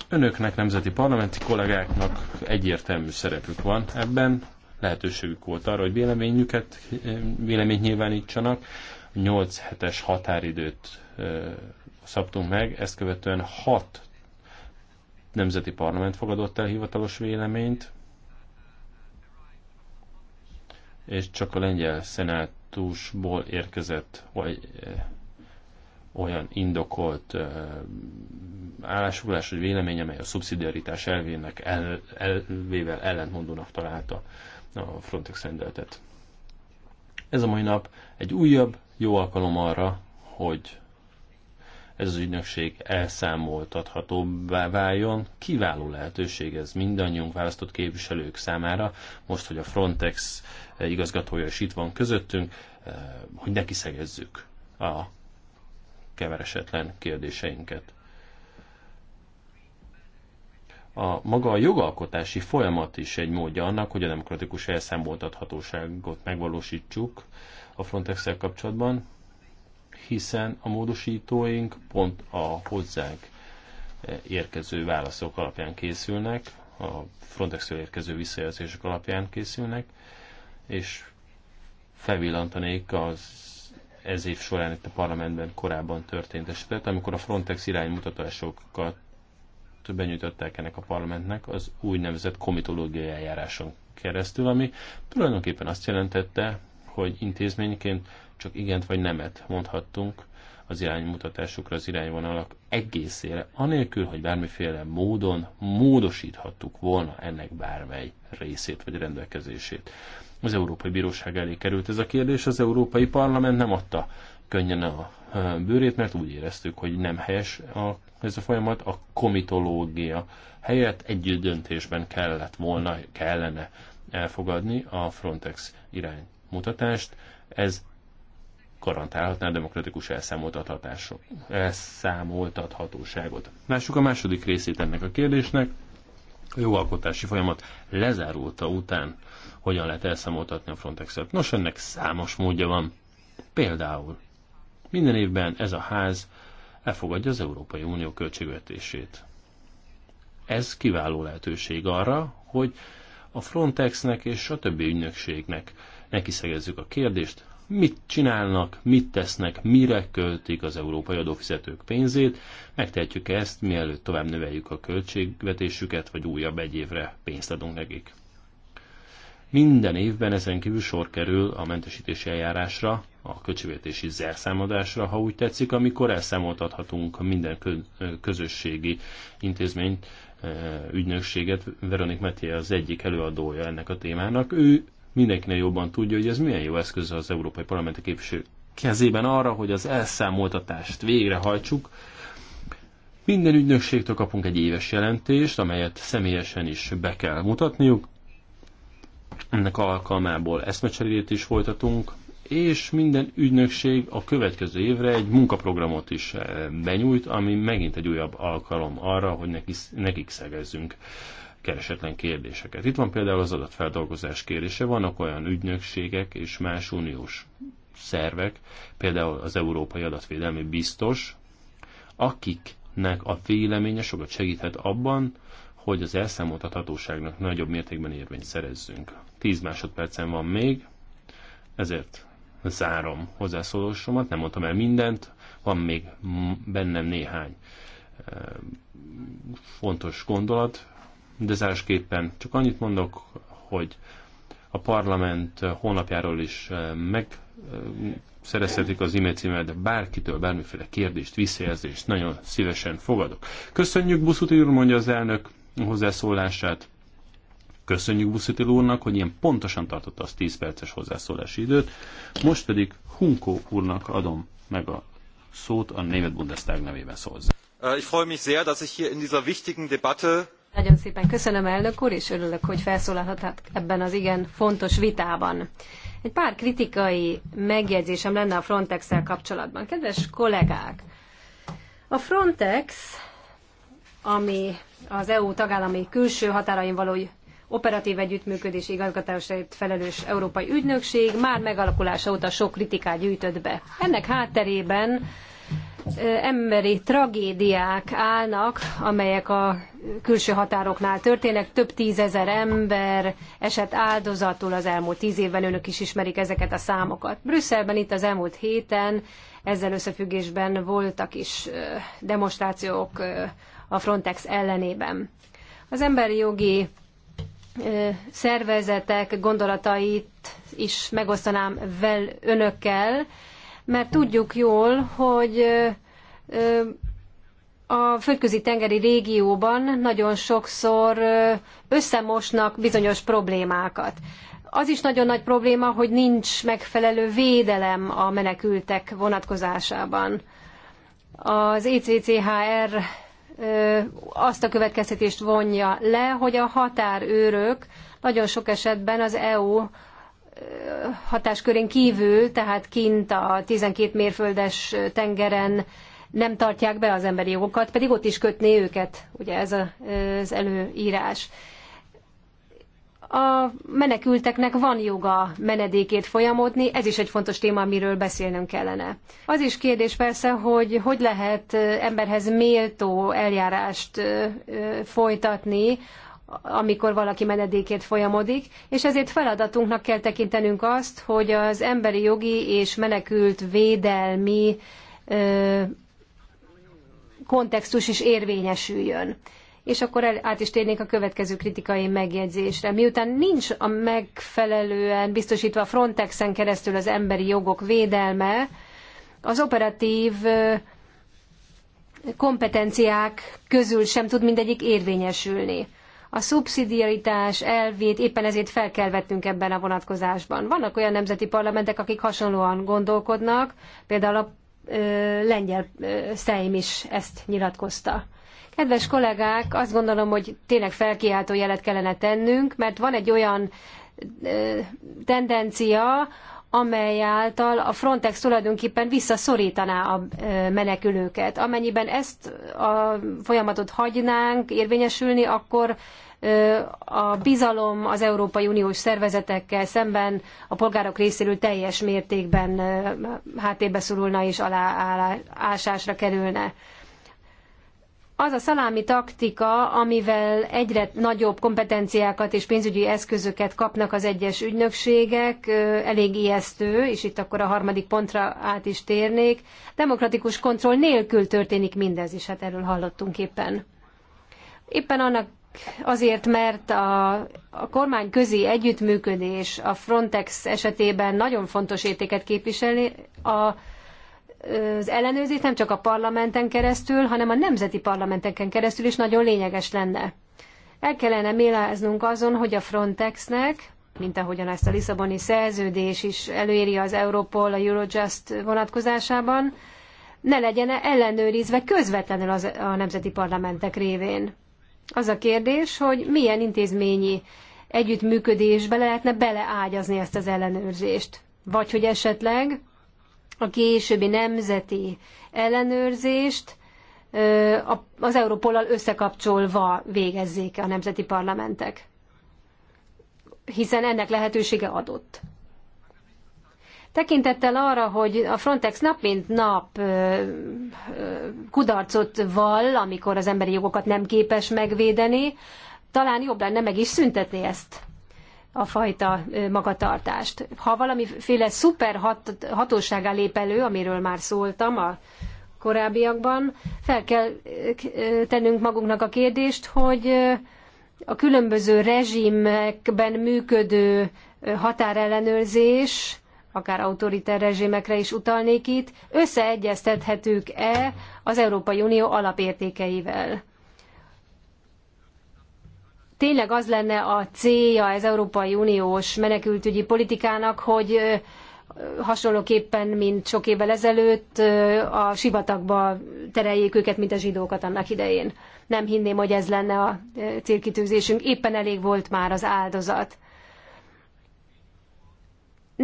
Önöknek, nemzeti parlamenti kollégáknak egyértelmű szerepük van ebben, lehetőségük volt arra, hogy véleményüket, véleményt nyilvánítsanak. 8 hetes határidőt szabtunk meg, ezt követően 6 nemzeti parlament fogadott el hivatalos véleményt, és csak a lengyel szenát konfliktusból érkezett vagy eh, olyan indokolt eh, állásfoglalás vagy vélemény, amely a szubszidiaritás elvének el, elvével ellentmondónak találta a Frontex rendeletet. Ez a mai nap egy újabb jó alkalom arra, hogy ez az ügynökség elszámoltathatóbbá váljon. Kiváló lehetőség ez mindannyiunk választott képviselők számára, most, hogy a Frontex igazgatója is itt van közöttünk, eh, hogy neki szegezzük a keveresetlen kérdéseinket. A maga a jogalkotási folyamat is egy módja annak, hogy a demokratikus elszámoltathatóságot megvalósítsuk a frontex kapcsolatban hiszen a módosítóink pont a hozzánk eh, érkező válaszok alapján készülnek, a frontex érkező visszajelzések alapján készülnek, és felvillantanék az ez év során itt a parlamentben korábban történt esetet, amikor a Frontex iránymutatásokat benyújtották ennek a parlamentnek az úgynevezett komitológiai eljáráson keresztül, ami tulajdonképpen azt jelentette, hogy intézményként csak igent vagy nemet mondhattunk az iránymutatásukra, az irányvonalak egészére, anélkül, hogy bármiféle módon módosíthattuk volna ennek bármely részét vagy rendelkezését. Az Európai Bíróság elé került ez a kérdés, az Európai Parlament nem adta könnyen a bőrét, mert úgy éreztük, hogy nem helyes a, ez a folyamat, a komitológia helyett együtt döntésben kellett volna, kellene elfogadni a Frontex iránymutatást. Ez garantálhatná a demokratikus elszámoltathatóságot. Lássuk a második részét ennek a kérdésnek. A jogalkotási folyamat lezárulta után hogyan lehet elszámoltatni a Frontex-et. Nos, ennek számos módja van. Például minden évben ez a ház elfogadja az Európai Unió költségvetését. Ez kiváló lehetőség arra, hogy a Frontexnek és a többi ügynökségnek nekiszegezzük a kérdést, mit csinálnak, mit tesznek, mire költik az európai adófizetők pénzét. Megtehetjük ezt, mielőtt tovább növeljük a költségvetésüket, vagy újabb egy évre pénzt adunk nekik. Minden évben ezen kívül sor kerül a mentesítési eljárásra, a költségvetési zerszámadásra, ha úgy tetszik, amikor elszámoltathatunk minden közösségi intézményt, eh, ügynökséget. Veronik Metje az egyik előadója ennek a témának. Ő mindenkinek jobban tudja, hogy ez milyen jó eszköz az Európai Parlamenti képviselő kezében arra, hogy az elszámoltatást végrehajtsuk. Minden ügynökségtől kapunk egy éves jelentést, amelyet személyesen is be kell mutatniuk. Ennek alkalmából eszmecserét is folytatunk, és minden ügynökség a következő évre egy munkaprogramot is eh, benyújt, ami megint egy újabb alkalom arra, hogy nekik, nekik szegezzünk keresetlen kérdéseket. Itt van például az adatfeldolgozás kérdése, vannak olyan ügynökségek és más uniós szervek, például az Európai Adatvédelmi Biztos, akiknek a véleménye sokat segíthet abban, hogy az elszámoltathatóságnak nagyobb mértékben érvényt szerezzünk. 10 másodpercen van még, ezért zárom hozzászólásomat, nem mondtam el mindent, van még bennem néhány eh, fontos gondolat, de zárásképpen csak annyit mondok, hogy a parlament honlapjáról is eh, meg eh, szerezhetik az e-mail címet, bárkitől bármiféle kérdést, visszajelzést nagyon szívesen fogadok. Köszönjük Buszuti úr, mondja az elnök hozzászólását. Köszönjük Buszuti úrnak, hogy ilyen pontosan tartotta az 10 perces hozzászólási időt. Most pedig Hunkó úrnak adom meg a szót a német Bundestag nevében szólsz. Äh, ich freue mich sehr, dass ich hier in dieser wichtigen Debatte nagyon szépen köszönöm, elnök úr, és örülök, hogy felszólalhatat ebben az igen fontos vitában. Egy pár kritikai megjegyzésem lenne a frontex kapcsolatban. Kedves kollégák, a Frontex, ami az EU tagállami külső határain való operatív együttműködés igazgatásért felelős európai ügynökség már megalakulása óta sok kritikát gyűjtött be. Ennek hátterében emberi tragédiák állnak, amelyek a külső határoknál történnek. Több tízezer ember esett áldozatul az elmúlt tíz évben, önök is ismerik ezeket a számokat. Brüsszelben itt az elmúlt héten ezzel összefüggésben voltak is demonstrációk a Frontex ellenében. Az emberi jogi szervezetek gondolatait is megosztanám vel önökkel, mert tudjuk jól, hogy a földközi tengeri régióban nagyon sokszor összemosnak bizonyos problémákat. Az is nagyon nagy probléma, hogy nincs megfelelő védelem a menekültek vonatkozásában. Az ECCHR azt a következtetést vonja le, hogy a határőrök nagyon sok esetben az EU hatáskörén kívül, tehát kint a 12 mérföldes tengeren nem tartják be az emberi jogokat, pedig ott is kötné őket, ugye ez a, az előírás. A menekülteknek van joga menedékét folyamodni, ez is egy fontos téma, amiről beszélnünk kellene. Az is kérdés persze, hogy hogy lehet emberhez méltó eljárást folytatni amikor valaki menedékét folyamodik, és ezért feladatunknak kell tekintenünk azt, hogy az emberi jogi és menekült védelmi ö, kontextus is érvényesüljön. És akkor el, át is térnék a következő kritikai megjegyzésre. Miután nincs a megfelelően biztosítva a Frontexen keresztül az emberi jogok védelme, az operatív kompetenciák közül sem tud mindegyik érvényesülni a szubszidiaritás elvét éppen ezért fel kell vetnünk ebben a vonatkozásban. Vannak olyan nemzeti parlamentek, akik hasonlóan gondolkodnak, például a ö, lengyel ö, Szeim is ezt nyilatkozta. Kedves kollégák, azt gondolom, hogy tényleg felkiáltó jelet kellene tennünk, mert van egy olyan tendencia, amely által a Frontex tulajdonképpen visszaszorítaná a menekülőket. Amennyiben ezt a folyamatot hagynánk érvényesülni, akkor a bizalom az Európai Uniós szervezetekkel szemben a polgárok részéről teljes mértékben háttérbe szorulna és aláásásra kerülne az a szalámi taktika, amivel egyre nagyobb kompetenciákat és pénzügyi eszközöket kapnak az egyes ügynökségek, elég ijesztő, és itt akkor a harmadik pontra át is térnék. Demokratikus kontroll nélkül történik mindez, és hát erről hallottunk éppen. Éppen annak azért, mert a, a kormány közi együttműködés a Frontex esetében nagyon fontos értéket képviseli, a az ellenőrzés nem csak a parlamenten keresztül, hanem a nemzeti parlamenteken keresztül is nagyon lényeges lenne. El kellene méláznunk azon, hogy a Frontexnek, mint ahogyan ezt a Lisszaboni szerződés is előírja az Europol, a Eurojust vonatkozásában, ne legyen ellenőrizve közvetlenül az, a nemzeti parlamentek révén. Az a kérdés, hogy milyen intézményi együttműködésbe lehetne beleágyazni ezt az ellenőrzést. Vagy hogy esetleg a későbbi nemzeti ellenőrzést az Európollal összekapcsolva végezzék a nemzeti parlamentek, hiszen ennek lehetősége adott. Tekintettel arra, hogy a Frontex nap mint nap kudarcot vall, amikor az emberi jogokat nem képes megvédeni, talán jobb lenne meg is szüntetni ezt a fajta magatartást. Ha valamiféle szuper hat, hatóságá lép elő, amiről már szóltam a korábbiakban, fel kell tennünk magunknak a kérdést, hogy a különböző rezsimekben működő határellenőrzés, akár autoriter rezsimekre is utalnék itt, összeegyeztethetők-e az Európai Unió alapértékeivel? tényleg az lenne a célja az Európai Uniós menekültügyi politikának, hogy hasonlóképpen, mint sok évvel ezelőtt, a sivatagba tereljék őket, mint a zsidókat annak idején. Nem hinném, hogy ez lenne a célkitűzésünk. Éppen elég volt már az áldozat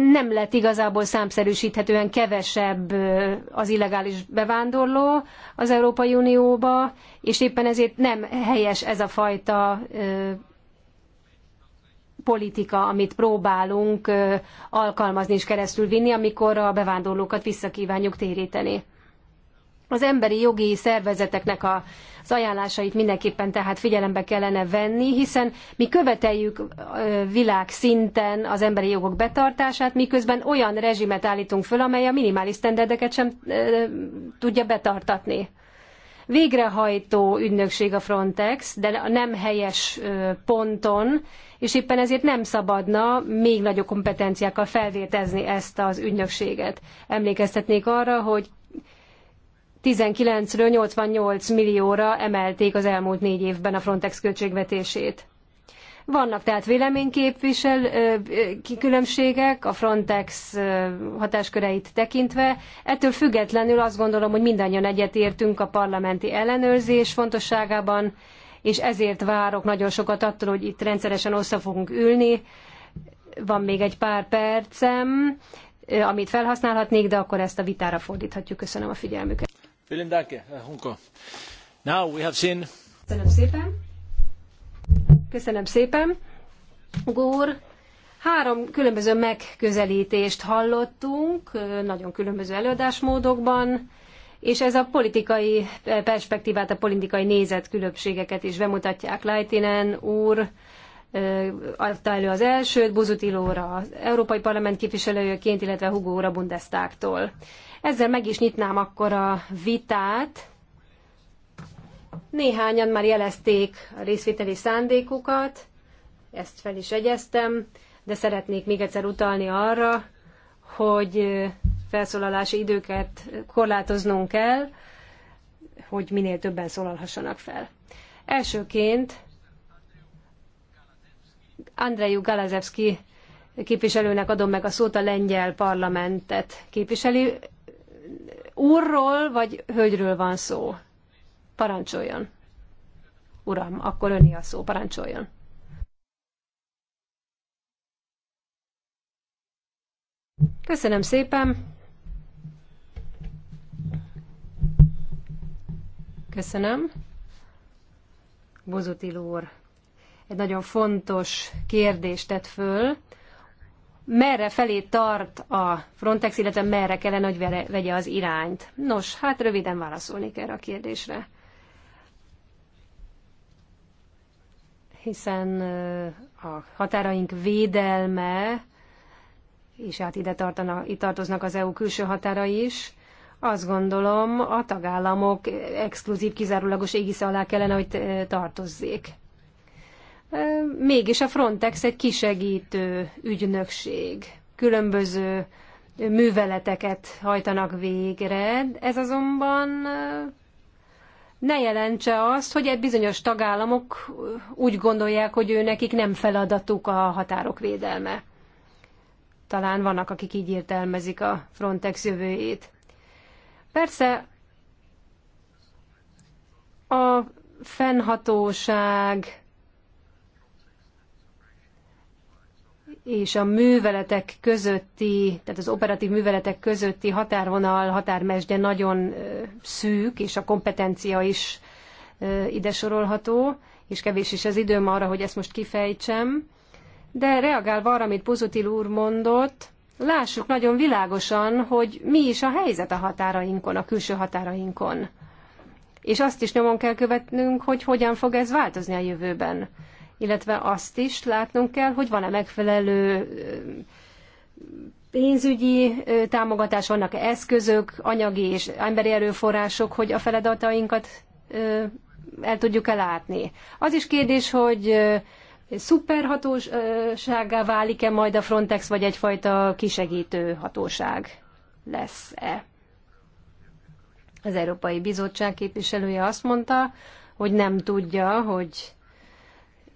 nem lett igazából számszerűsíthetően kevesebb az illegális bevándorló az Európai Unióba, és éppen ezért nem helyes ez a fajta politika, amit próbálunk alkalmazni és keresztül vinni, amikor a bevándorlókat visszakívánjuk téríteni. Az emberi jogi szervezeteknek a, az ajánlásait mindenképpen tehát figyelembe kellene venni, hiszen mi követeljük világszinten az emberi jogok betartását, miközben olyan rezsimet állítunk föl, amely a minimális sztenderdeket sem tudja betartatni végrehajtó ügynökség a Frontex, de nem helyes ponton, és éppen ezért nem szabadna még nagyobb kompetenciákkal felvértezni ezt az ügynökséget. Emlékeztetnék arra, hogy 19-ről 88 millióra emelték az elmúlt négy évben a Frontex költségvetését. Vannak tehát véleményképvisel különbségek a Frontex hatásköreit tekintve. Ettől függetlenül azt gondolom, hogy mindannyian egyetértünk a parlamenti ellenőrzés fontosságában, és ezért várok nagyon sokat attól, hogy itt rendszeresen össze fogunk ülni. Van még egy pár percem, amit felhasználhatnék, de akkor ezt a vitára fordíthatjuk. Köszönöm a figyelmüket. Köszönöm Gór, három különböző megközelítést hallottunk, nagyon különböző előadásmódokban, és ez a politikai perspektívát, a politikai nézetkülönbségeket is bemutatják. Leitinen úr adta elő az elsőt, Buzutilóra az Európai Parlament képviselőjeként, illetve Hugo Ura Bundestagtól. Ezzel meg is nyitnám akkor a vitát. Néhányan már jelezték a részvételi szándékukat, ezt fel is egyeztem, de szeretnék még egyszer utalni arra, hogy felszólalási időket korlátoznunk kell, hogy minél többen szólalhassanak fel. Elsőként Andreju Galazewski képviselőnek adom meg a szót, a lengyel parlamentet képviseli úrról vagy hölgyről van szó? Parancsoljon. Uram, akkor öni a szó, parancsoljon. Köszönöm szépen. Köszönöm. Bozotil úr egy nagyon fontos kérdést tett föl, merre felé tart a Frontex, illetve merre kellene, hogy vegye az irányt. Nos, hát röviden válaszolni kell a kérdésre. Hiszen a határaink védelme, és hát ide tartanak, itt tartoznak az EU külső határa is, azt gondolom a tagállamok exkluzív, kizárólagos égisze alá kellene, hogy tartozzék mégis a Frontex egy kisegítő ügynökség. Különböző műveleteket hajtanak végre. Ez azonban ne jelentse azt, hogy egy bizonyos tagállamok úgy gondolják, hogy ő nekik nem feladatuk a határok védelme. Talán vannak, akik így értelmezik a Frontex jövőjét. Persze a fennhatóság és a műveletek közötti, tehát az operatív műveletek közötti határvonal, határmesdje nagyon szűk, és a kompetencia is ide sorolható, és kevés is az időm arra, hogy ezt most kifejtsem. De reagálva arra, amit Pozutil úr mondott, lássuk nagyon világosan, hogy mi is a helyzet a határainkon, a külső határainkon. És azt is nyomon kell követnünk, hogy hogyan fog ez változni a jövőben illetve azt is látnunk kell, hogy van-e megfelelő pénzügyi támogatás, vannak -e eszközök, anyagi és emberi erőforrások, hogy a feladatainkat el tudjuk-e látni. Az is kérdés, hogy szuperhatósággá válik-e majd a Frontex, vagy egyfajta kisegítő hatóság lesz-e. Az Európai Bizottság képviselője azt mondta, hogy nem tudja, hogy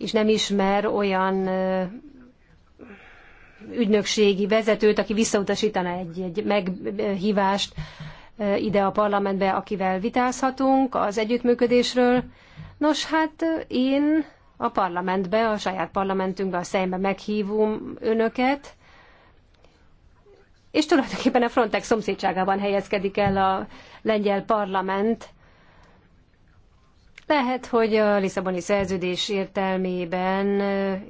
és nem ismer olyan ügynökségi vezetőt, aki visszautasítana egy, egy meghívást ide a parlamentbe, akivel vitázhatunk az együttműködésről. Nos, hát én a parlamentbe, a saját parlamentünkbe, a szembe meghívom önöket, és tulajdonképpen a Frontex szomszédságában helyezkedik el a lengyel parlament, lehet, hogy a Lisszaboni szerződés értelmében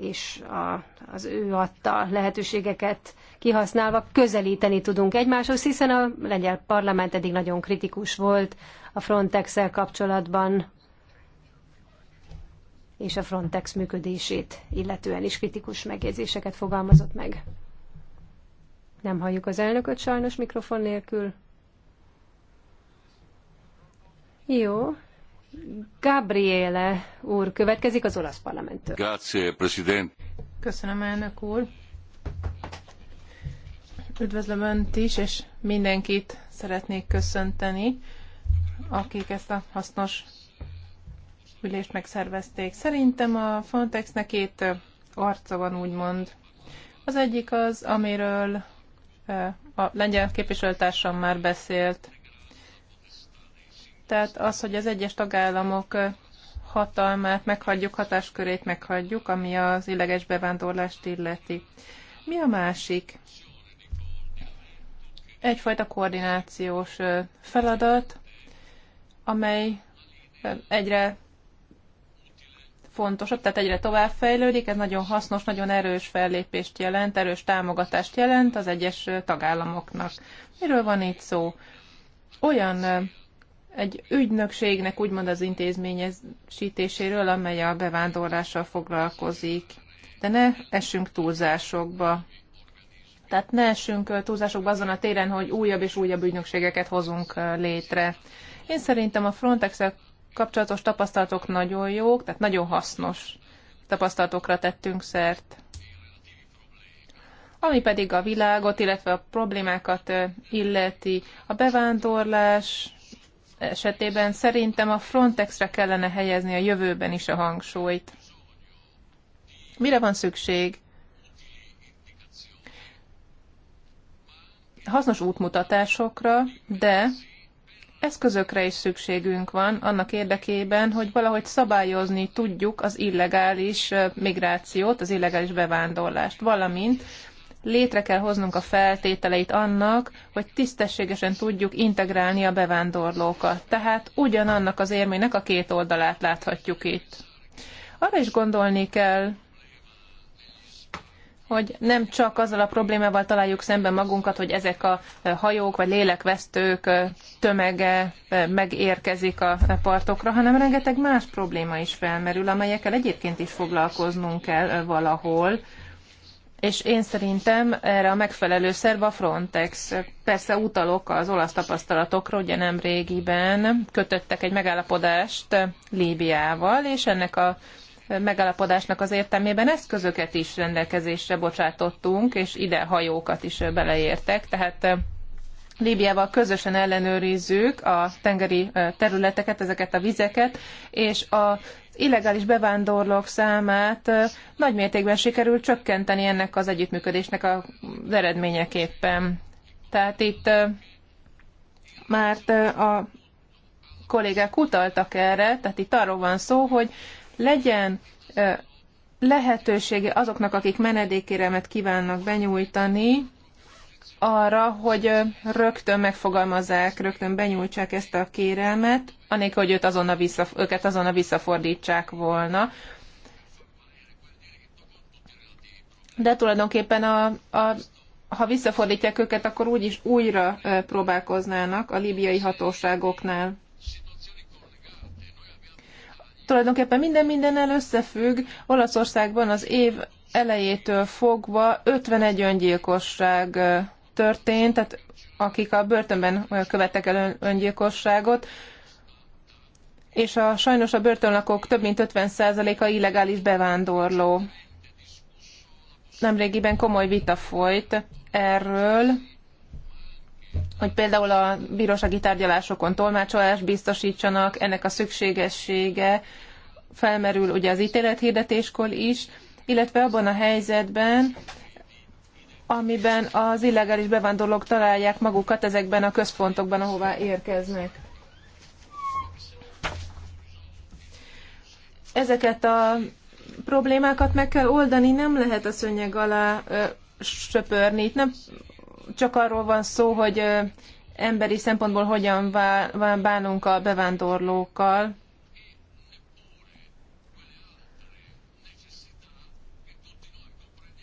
és a, az ő adta lehetőségeket kihasználva közelíteni tudunk egymáshoz, hiszen a lengyel parlament eddig nagyon kritikus volt a frontex kapcsolatban, és a Frontex működését illetően is kritikus megjegyzéseket fogalmazott meg. Nem halljuk az elnököt sajnos mikrofon nélkül. Jó, Gabriele úr következik az olasz parlamenttől. Grazie, president. Köszönöm, elnök úr. Üdvözlöm Önt is, és mindenkit szeretnék köszönteni, akik ezt a hasznos ülést megszervezték. Szerintem a Frontexnek két arca van, úgymond. Az egyik az, amiről a lengyel képviselőtársam már beszélt, tehát az, hogy az egyes tagállamok hatalmát meghagyjuk, hatáskörét meghagyjuk, ami az illeges bevándorlást illeti. Mi a másik? Egyfajta koordinációs feladat, amely egyre fontosabb, tehát egyre tovább fejlődik, ez nagyon hasznos, nagyon erős fellépést jelent, erős támogatást jelent az egyes tagállamoknak. Miről van itt szó? Olyan egy ügynökségnek úgymond az intézményesítéséről, amely a bevándorlással foglalkozik. De ne essünk túlzásokba. Tehát ne essünk túlzásokba azon a téren, hogy újabb és újabb ügynökségeket hozunk létre. Én szerintem a frontex kapcsolatos tapasztalatok nagyon jók, tehát nagyon hasznos tapasztalatokra tettünk szert. Ami pedig a világot, illetve a problémákat illeti, a bevándorlás, esetében szerintem a Frontexre kellene helyezni a jövőben is a hangsúlyt. Mire van szükség? Hasznos útmutatásokra, de eszközökre is szükségünk van annak érdekében, hogy valahogy szabályozni tudjuk az illegális migrációt, az illegális bevándorlást, valamint létre kell hoznunk a feltételeit annak, hogy tisztességesen tudjuk integrálni a bevándorlókat. Tehát ugyanannak az érmének a két oldalát láthatjuk itt. Arra is gondolni kell, hogy nem csak azzal a problémával találjuk szemben magunkat, hogy ezek a hajók vagy lélekvesztők tömege megérkezik a partokra, hanem rengeteg más probléma is felmerül, amelyekkel egyébként is foglalkoznunk kell valahol és én szerintem erre a megfelelő szerv a Frontex. Persze utalok az olasz tapasztalatokra, ugye nem régiben kötöttek egy megállapodást Líbiával, és ennek a megállapodásnak az értelmében eszközöket is rendelkezésre bocsátottunk, és ide hajókat is beleértek, tehát eh, Líbiával közösen ellenőrizzük a tengeri eh, területeket, ezeket a vizeket, és a illegális bevándorlók számát nagy mértékben sikerült csökkenteni ennek az együttműködésnek az eredményeképpen. Tehát itt már a kollégák utaltak erre, tehát itt arról van szó, hogy legyen lehetősége azoknak, akik menedékkéremet kívánnak benyújtani, arra, hogy rögtön megfogalmazzák, rögtön benyújtsák ezt a kérelmet, anélkül, hogy őt azonnal vissza, őket azonnal visszafordítsák volna. De tulajdonképpen a, a ha visszafordítják őket, akkor úgyis újra próbálkoznának a líbiai hatóságoknál. Tulajdonképpen minden minden el összefügg. Olaszországban az év elejétől fogva 51 öngyilkosság történt, tehát akik a börtönben követtek el öngyilkosságot, és a, sajnos a börtönlakók több mint 50%-a illegális bevándorló. Nemrégiben komoly vita folyt erről, hogy például a bírósági tárgyalásokon tolmácsolást biztosítsanak, ennek a szükségessége felmerül ugye az ítélethirdetéskor is, illetve abban a helyzetben, amiben az illegális bevándorlók találják magukat ezekben a központokban, ahová érkeznek. Ezeket a problémákat meg kell oldani, nem lehet a szönyeg alá ö, söpörni. Itt nem csak arról van szó, hogy ö, emberi szempontból hogyan bánunk a bevándorlókkal,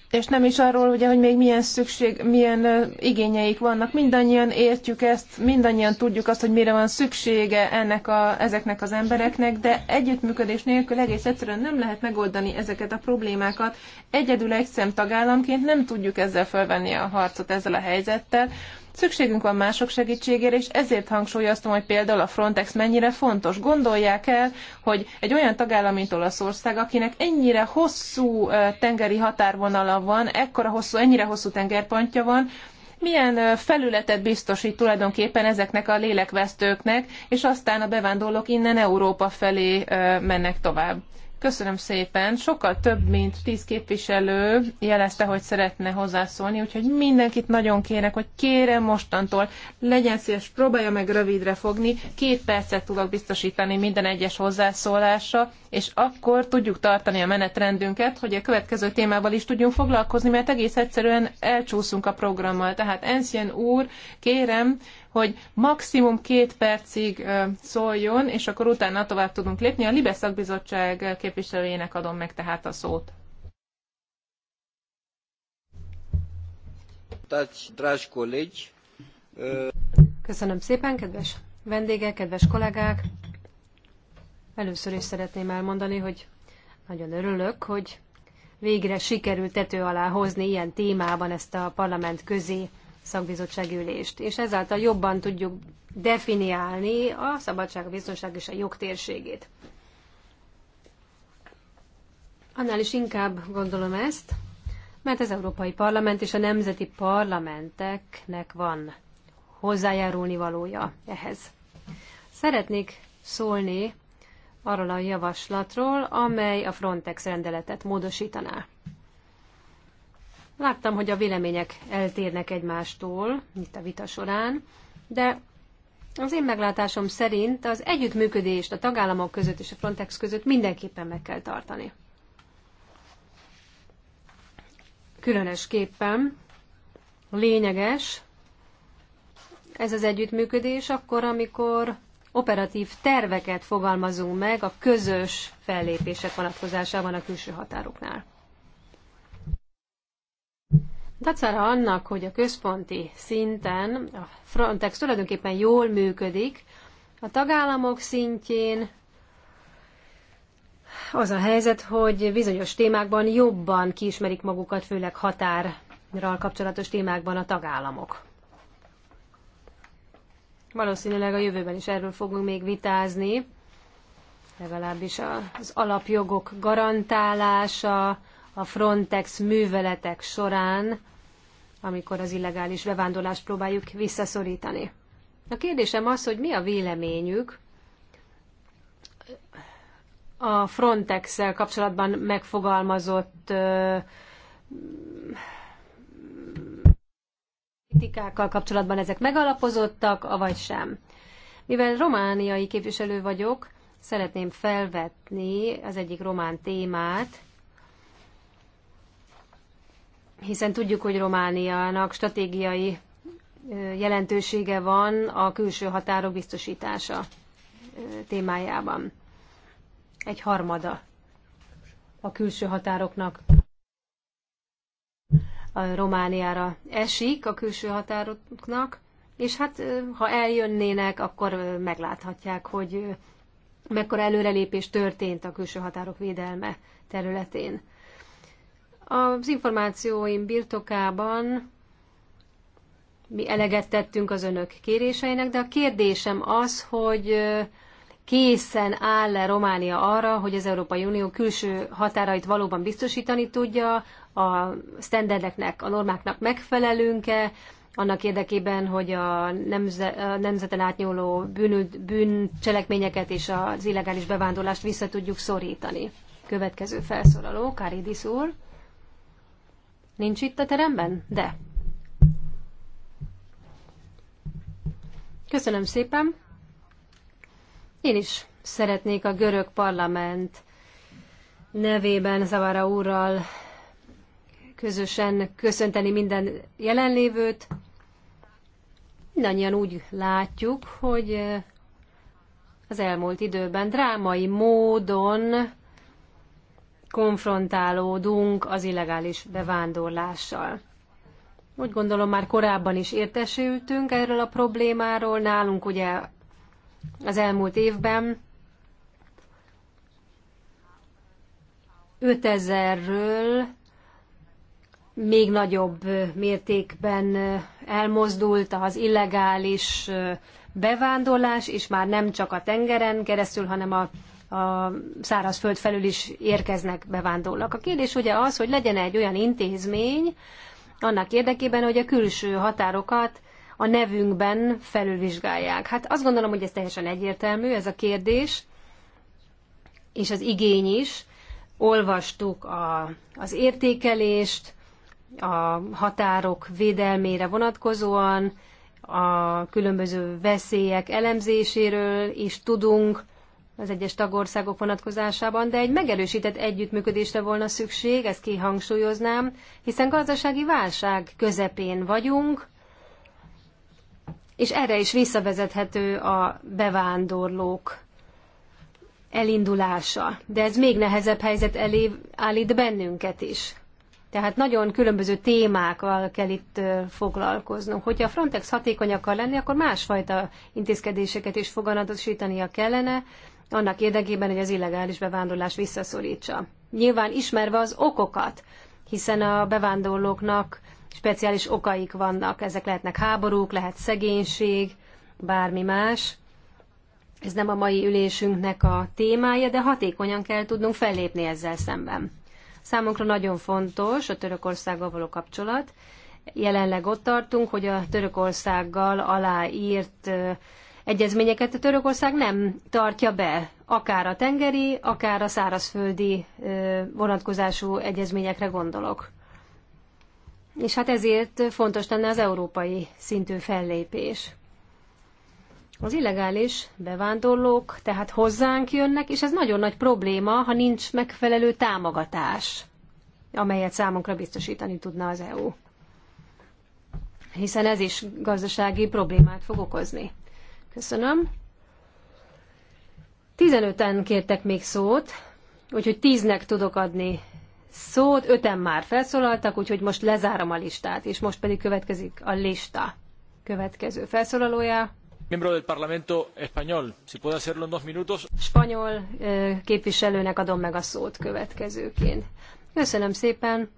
és nem is arról, ugye, hogy még milyen szükség, milyen igényeik vannak. Mindannyian értjük ezt, mindannyian tudjuk azt, hogy mire van szüksége ennek a, ezeknek az embereknek, de együttműködés nélkül egész egyszerűen nem lehet megoldani ezeket a problémákat. Egyedül egy szem tagállamként nem tudjuk ezzel felvenni a harcot ezzel a helyzettel, Szükségünk van mások segítségére, és ezért hangsúlyoztam, hogy például a Frontex mennyire fontos. Gondolják el, hogy egy olyan tagállam, mint Olaszország, akinek ennyire hosszú tengeri határvonala van, ekkora hosszú, ennyire hosszú tengerpontja van, milyen felületet biztosít tulajdonképpen ezeknek a lélekvesztőknek, és aztán a bevándorlók innen Európa felé mennek tovább. Köszönöm szépen. Sokkal több, mint tíz képviselő jelezte, hogy szeretne hozzászólni, úgyhogy mindenkit nagyon kérek, hogy kérem mostantól, legyen szíves, próbálja meg rövidre fogni, két percet tudok biztosítani minden egyes hozzászólásra, és akkor tudjuk tartani a menetrendünket, hogy a következő témával is tudjunk foglalkozni, mert egész egyszerűen elcsúszunk a programmal. Tehát Enszien úr, kérem, hogy maximum két percig szóljon, és akkor utána tovább tudunk lépni. A Libe szakbizottság képviselőjének adom meg tehát a szót. Köszönöm szépen, kedves vendégek, kedves kollégák! Először is szeretném elmondani, hogy nagyon örülök, hogy végre sikerült tető alá hozni ilyen témában ezt a parlament közé szakbizottsági ülést, és ezáltal jobban tudjuk definiálni a szabadság, a biztonság és a jogtérségét. Annál is inkább gondolom ezt, mert az Európai Parlament és a nemzeti parlamenteknek van hozzájárulni valója ehhez. Szeretnék szólni arról a javaslatról, amely a Frontex rendeletet módosítaná. Láttam, hogy a vélemények eltérnek egymástól itt a vita során, de az én meglátásom szerint az együttműködést a tagállamok között és a Frontex között mindenképpen meg kell tartani. Különösképpen lényeges ez az együttműködés akkor, amikor operatív terveket fogalmazunk meg a közös fellépések vonatkozásában a külső határoknál. Dacára annak, hogy a központi szinten a Frontex tulajdonképpen jól működik, a tagállamok szintjén az a helyzet, hogy bizonyos témákban jobban kiismerik magukat, főleg határral kapcsolatos témákban a tagállamok. Valószínűleg a jövőben is erről fogunk még vitázni, legalábbis az alapjogok garantálása a Frontex műveletek során amikor az illegális bevándorlást próbáljuk visszaszorítani. A kérdésem az, hogy mi a véleményük a frontex kapcsolatban megfogalmazott kritikákkal kapcsolatban ezek megalapozottak, avagy sem. Mivel romániai képviselő vagyok, szeretném felvetni az egyik román témát, hiszen tudjuk, hogy Romániának stratégiai jelentősége van a külső határok biztosítása témájában. Egy harmada a külső határoknak a Romániára esik a külső határoknak, és hát ha eljönnének, akkor megláthatják, hogy mekkora előrelépés történt a külső határok védelme területén. Az információim birtokában mi eleget tettünk az önök kéréseinek, de a kérdésem az, hogy készen áll-e Románia arra, hogy az Európai Unió külső határait valóban biztosítani tudja, a standardeknek, a normáknak megfelelünk-e, annak érdekében, hogy a, nemze, a nemzeten átnyúló bűn, bűncselekményeket és az illegális bevándorlást vissza tudjuk szorítani. Következő felszólaló, Karidis úr. Nincs itt a teremben? De. Köszönöm szépen. Én is szeretnék a görög parlament nevében Zavara úrral közösen köszönteni minden jelenlévőt. Mindannyian úgy látjuk, hogy eh, az elmúlt időben drámai módon konfrontálódunk az illegális bevándorlással. Úgy gondolom már korábban is értesültünk erről a problémáról. Nálunk ugye az elmúlt évben 5000-ről még nagyobb mértékben elmozdult az illegális bevándorlás, és már nem csak a tengeren keresztül, hanem a a szárazföld felül is érkeznek bevándorlók. A kérdés ugye az, hogy legyen egy olyan intézmény, annak érdekében, hogy a külső határokat a nevünkben felülvizsgálják. Hát azt gondolom, hogy ez teljesen egyértelmű, ez a kérdés, és az igény is. Olvastuk a, az értékelést, a határok védelmére vonatkozóan, a különböző veszélyek elemzéséről is tudunk, az egyes tagországok vonatkozásában, de egy megerősített együttműködésre volna szükség, ezt kihangsúlyoznám, hiszen gazdasági válság közepén vagyunk, és erre is visszavezethető a bevándorlók elindulása. De ez még nehezebb helyzet elé állít bennünket is. Tehát nagyon különböző témákkal kell itt foglalkoznunk. Hogyha a Frontex hatékony akar lenni, akkor másfajta intézkedéseket is foganatosítania kellene, annak érdekében, hogy az illegális bevándorlás visszaszorítsa. Nyilván ismerve az okokat, hiszen a bevándorlóknak speciális okaik vannak. Ezek lehetnek háborúk, lehet szegénység, bármi más. Ez nem a mai ülésünknek a témája, de hatékonyan kell tudnunk fellépni ezzel szemben. Számunkra nagyon fontos a Törökországgal való kapcsolat. Jelenleg ott tartunk, hogy a Törökországgal aláírt egyezményeket a Törökország nem tartja be, akár a tengeri, akár a szárazföldi vonatkozású egyezményekre gondolok. És hát ezért fontos lenne az európai szintű fellépés. Az illegális bevándorlók tehát hozzánk jönnek, és ez nagyon nagy probléma, ha nincs megfelelő támogatás, amelyet számunkra biztosítani tudna az EU. Hiszen ez is gazdasági problémát fog okozni. Köszönöm. 15 kértek még szót, úgyhogy tíznek tudok adni szót, öten már felszólaltak, úgyhogy most lezárom a listát, és most pedig következik a lista következő felszólalója. Miembro del Parlamento Español, si puede hacerlo en dos minutos. Spanyol képviselőnek adom meg a szót következőként. Köszönöm szépen,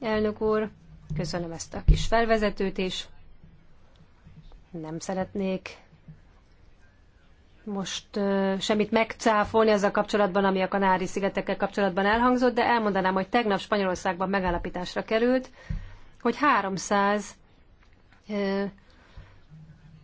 elnök úr, köszönöm ezt a kis felvezetőt is. Nem szeretnék most semmit megcáfolni ezzel kapcsolatban, ami a Kanári-szigetekkel kapcsolatban elhangzott, de elmondanám, hogy tegnap Spanyolországban megállapításra került, hogy 300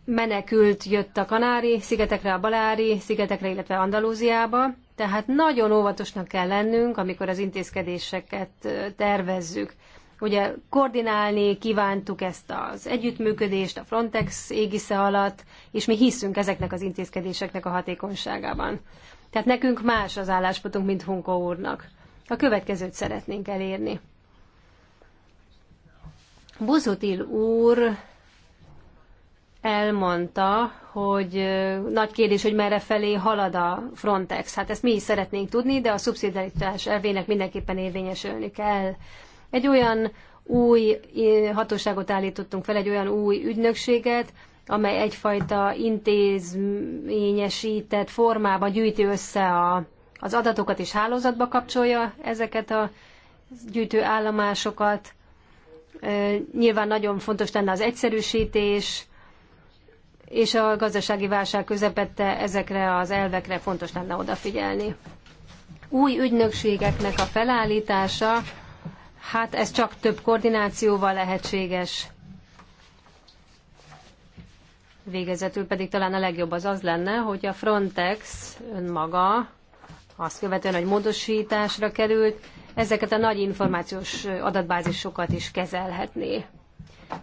menekült jött a Kanári-szigetekre, a Balári-szigetekre, illetve Andalúziába, tehát nagyon óvatosnak kell lennünk, amikor az intézkedéseket tervezzük. Ugye koordinálni kívántuk ezt az együttműködést a Frontex égisze alatt, és mi hiszünk ezeknek az intézkedéseknek a hatékonyságában. Tehát nekünk más az álláspontunk, mint Hunko úrnak. A következőt szeretnénk elérni. Buzutil úr elmondta, hogy nagy kérdés, hogy merre felé halad a Frontex. Hát ezt mi is szeretnénk tudni, de a szubszidiaritás elvének mindenképpen érvényesülni kell. Egy olyan új eh, hatóságot állítottunk fel, egy olyan új ügynökséget, amely egyfajta intézményesített formában gyűjti össze a, az adatokat és hálózatba kapcsolja ezeket a gyűjtő állomásokat. Eh, nyilván nagyon fontos lenne az egyszerűsítés, és a gazdasági válság közepette ezekre az elvekre fontos lenne odafigyelni. Új ügynökségeknek a felállítása Hát ez csak több koordinációval lehetséges. Végezetül pedig talán a legjobb az az lenne, hogy a Frontex önmaga azt követően, hogy módosításra került, ezeket a nagy információs adatbázisokat is kezelhetné.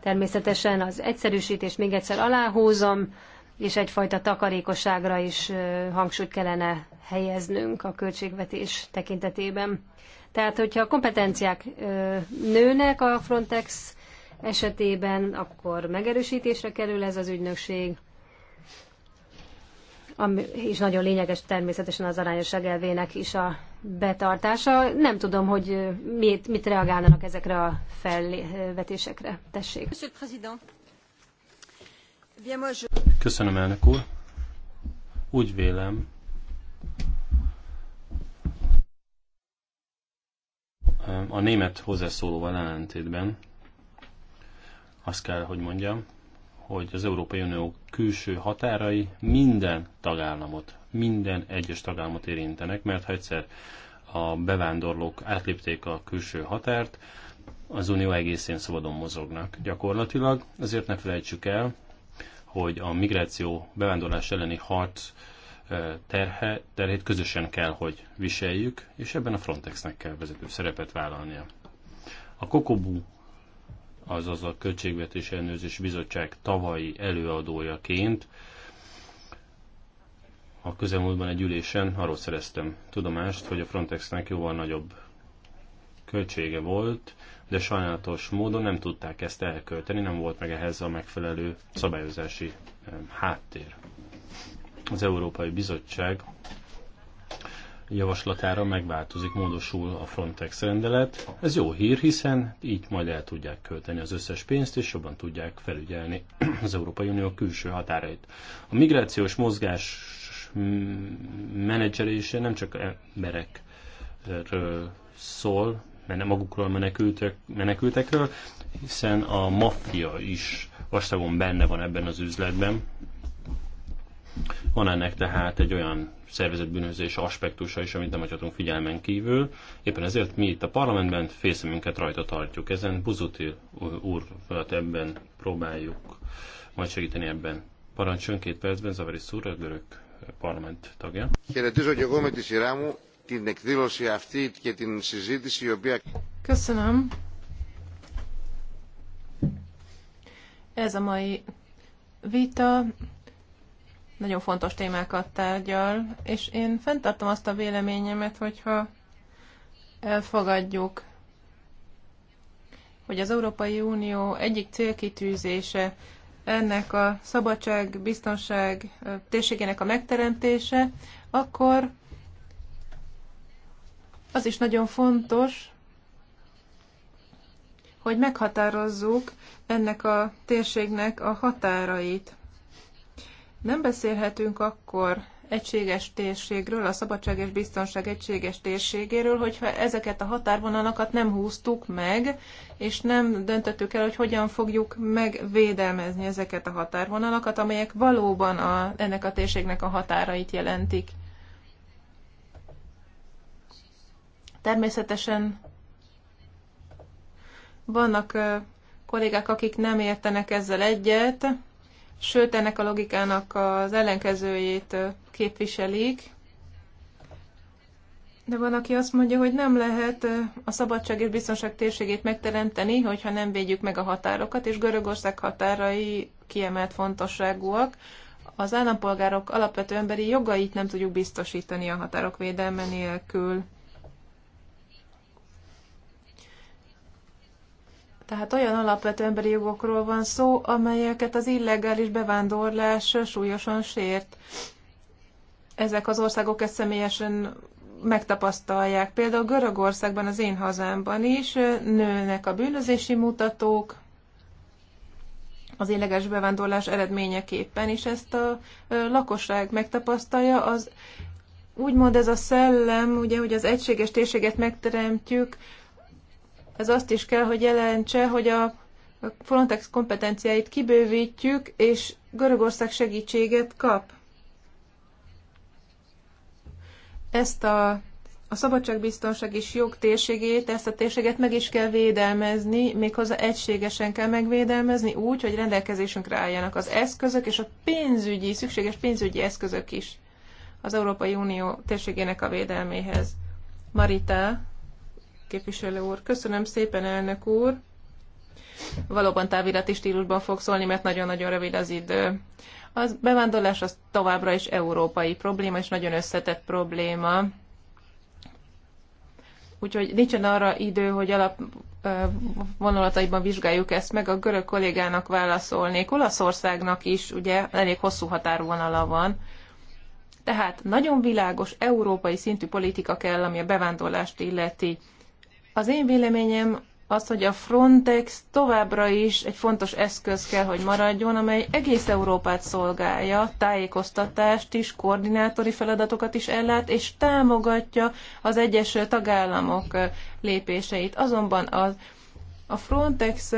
Természetesen az egyszerűsítést még egyszer aláhúzom, és egyfajta takarékosságra is hangsúlyt kellene helyeznünk a költségvetés tekintetében. Tehát, hogyha a kompetenciák nőnek a Frontex esetében, akkor megerősítésre kerül ez az ügynökség, ami, is nagyon lényeges természetesen az arányosság elvének is a betartása. Nem tudom, hogy mit, mit reagálnának ezekre a felvetésekre. Tessék. Eh Köszönöm, elnök úr. Úgy vélem, A német hozzászólóval ellentétben azt kell, hogy mondjam, hogy az Európai Unió külső határai minden tagállamot, minden egyes tagállamot érintenek, mert ha egyszer a bevándorlók átlépték a külső határt, az Unió egészén szabadon mozognak gyakorlatilag. Azért ne felejtsük el, hogy a migráció bevándorlás elleni harc terhe, terhét közösen kell, hogy viseljük, és ebben a Frontexnek kell vezető szerepet vállalnia. A Kokobu, azaz a Költségvetés Ellenőrzés Bizottság tavalyi előadójaként a közelmúltban egy ülésen arról szereztem tudomást, hogy a Frontexnek jóval nagyobb költsége volt, de sajnálatos módon nem tudták ezt elkölteni, nem volt meg ehhez a megfelelő szabályozási háttér az Európai Bizottság javaslatára megváltozik, módosul a Frontex rendelet. Ez jó hír, hiszen így majd el tudják költeni az összes pénzt, és jobban tudják felügyelni az Európai Unió külső határait. A migrációs mozgás menedzselése nem csak emberekről szól, mert nem magukról menekültek, menekültekről, hiszen a maffia is vastagon benne van ebben az üzletben, van ennek tehát egy olyan szervezetbűnözés aspektusa is, amit nem hagyhatunk figyelmen kívül. Éppen ezért mi itt a parlamentben fészemünket rajta tartjuk. Ezen Buzuti úr felett ebben próbáljuk majd segíteni ebben. Parancsön két percben, Zavari Szúr, a görög parlament tagja. Köszönöm. Ez a mai vita nagyon fontos témákat tárgyal, és én fenntartom azt a véleményemet, hogyha elfogadjuk, hogy az Európai Unió egyik célkitűzése ennek a szabadság, biztonság térségének a megteremtése, akkor az is nagyon fontos, hogy meghatározzuk ennek a térségnek a határait. Nem beszélhetünk akkor egységes térségről, a szabadság és biztonság egységes térségéről, hogyha ezeket a határvonalakat nem húztuk meg, és nem döntöttük el, hogy hogyan fogjuk megvédelmezni ezeket a határvonalakat, amelyek valóban a, ennek a térségnek a határait jelentik. Természetesen vannak kollégák, akik nem értenek ezzel egyet, sőt ennek a logikának az ellenkezőjét képviselik. De van, aki azt mondja, hogy nem lehet a szabadság és biztonság térségét megteremteni, hogyha nem védjük meg a határokat, és Görögország határai kiemelt fontosságúak. Az állampolgárok alapvető emberi jogait nem tudjuk biztosítani a határok védelme nélkül. Tehát olyan alapvető emberi jogokról van szó, amelyeket az illegális bevándorlás súlyosan sért. Ezek az országok ezt személyesen megtapasztalják. Például Görögországban, az én hazámban is nőnek a bűnözési mutatók, az illegális bevándorlás eredményeképpen, és ezt a lakosság megtapasztalja, az úgymond ez a szellem, ugye, hogy az egységes térséget megteremtjük, ez azt is kell, hogy jelentse, hogy a Frontex kompetenciáit kibővítjük, és Görögország segítséget kap. Ezt a a szabadságbiztonság és jog térségét, ezt a térséget meg is kell védelmezni, méghozzá egységesen kell megvédelmezni úgy, hogy rendelkezésünkre álljanak az eszközök és a pénzügyi, szükséges pénzügyi eszközök is az Európai Unió térségének a védelméhez. Marita képviselő úr. Köszönöm szépen, elnök úr. Valóban távirati stílusban fog szólni, mert nagyon-nagyon rövid az idő. Az bevándorlás az továbbra is európai probléma, és nagyon összetett probléma. Úgyhogy nincsen arra idő, hogy alap vonulataiban vizsgáljuk ezt meg. A görög kollégának válaszolnék. Olaszországnak is ugye elég hosszú határvonala van. Tehát nagyon világos európai szintű politika kell, ami a bevándorlást illeti. Az én véleményem az, hogy a Frontex továbbra is egy fontos eszköz kell, hogy maradjon, amely egész Európát szolgálja, tájékoztatást is, koordinátori feladatokat is ellát, és támogatja az egyes tagállamok lépéseit. Azonban az, a Frontex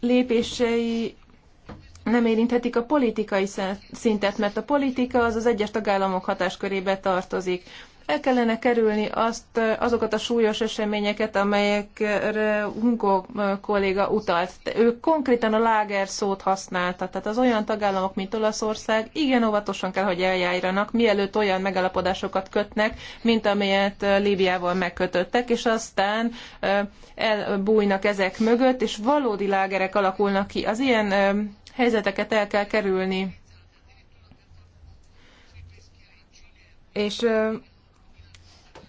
lépései nem érinthetik a politikai szintet, mert a politika az az egyes tagállamok hatáskörébe tartozik el kellene kerülni azt, azokat a súlyos eseményeket, amelyekre Hunko kolléga utalt. Ő konkrétan a láger szót használta, tehát az olyan tagállamok, mint Olaszország, igen óvatosan kell, hogy eljárjanak, mielőtt olyan megalapodásokat kötnek, mint amelyet eh, Líbiával megkötöttek, és aztán eh, elbújnak ezek mögött, és valódi lágerek alakulnak ki. Az ilyen eh, helyzeteket el kell kerülni. És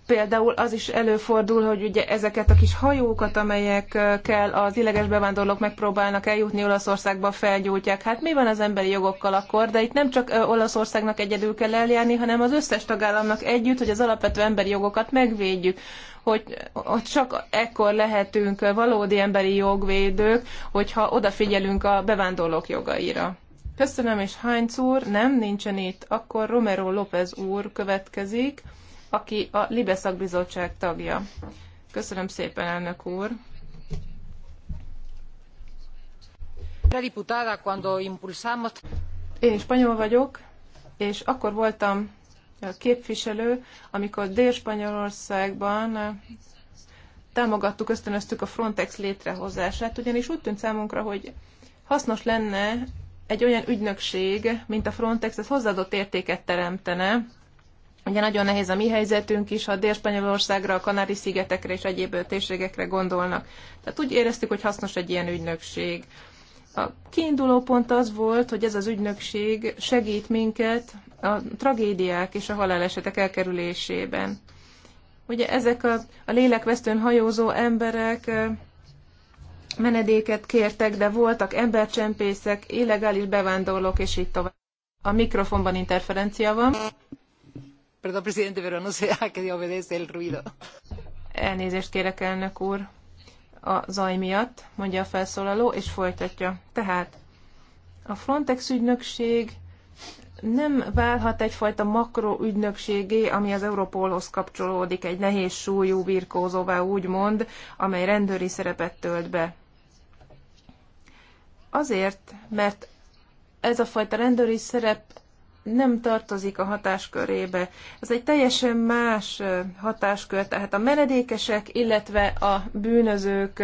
Például az is előfordul, hogy ugye ezeket a kis hajókat, amelyekkel az illeges bevándorlók megpróbálnak eljutni Olaszországba, felgyújtják. Hát mi van az emberi jogokkal akkor? De itt nem csak Olaszországnak egyedül kell eljárni, hanem az összes tagállamnak együtt, hogy az alapvető emberi jogokat megvédjük hogy, hogy csak ekkor lehetünk valódi emberi jogvédők, hogyha odafigyelünk a bevándorlók jogaira. Köszönöm, és Heinz úr, nem, nincsen itt. Akkor Romero López úr következik aki a Libe szakbizottság tagja. Köszönöm szépen, elnök úr! Én spanyol vagyok, és akkor voltam képviselő, amikor Dél-Spanyolországban támogattuk, ösztönöztük a Frontex létrehozását, ugyanis úgy tűnt számunkra, hogy hasznos lenne egy olyan ügynökség, mint a Frontex, ez hozzáadott értéket teremtene Ugye nagyon nehéz a mi helyzetünk is, ha Dél-Spanyolországra, a Kanári-szigetekre és egyéb térségekre gondolnak. Tehát úgy éreztük, hogy hasznos egy ilyen ügynökség. A kiinduló pont az volt, hogy ez az ügynökség segít minket a tragédiák és a halálesetek elkerülésében. Ugye ezek a, a lélekvesztőn hajózó emberek menedéket kértek, de voltak embercsempészek, illegális bevándorlók, és így tovább. A mikrofonban interferencia van. Perdón, presidente, pero no sé a qué Elnézést kérek, elnök úr, a zaj miatt, mondja a felszólaló, és folytatja. Tehát a Frontex ügynökség nem válhat egyfajta makroügynökségé, ami az Europolhoz kapcsolódik, egy nehéz súlyú birkózóvá úgymond, amely rendőri szerepet tölt be. Azért, mert ez a fajta rendőri szerep nem tartozik a hatáskörébe. Ez egy teljesen más hatáskör, tehát a menedékesek, illetve a bűnözők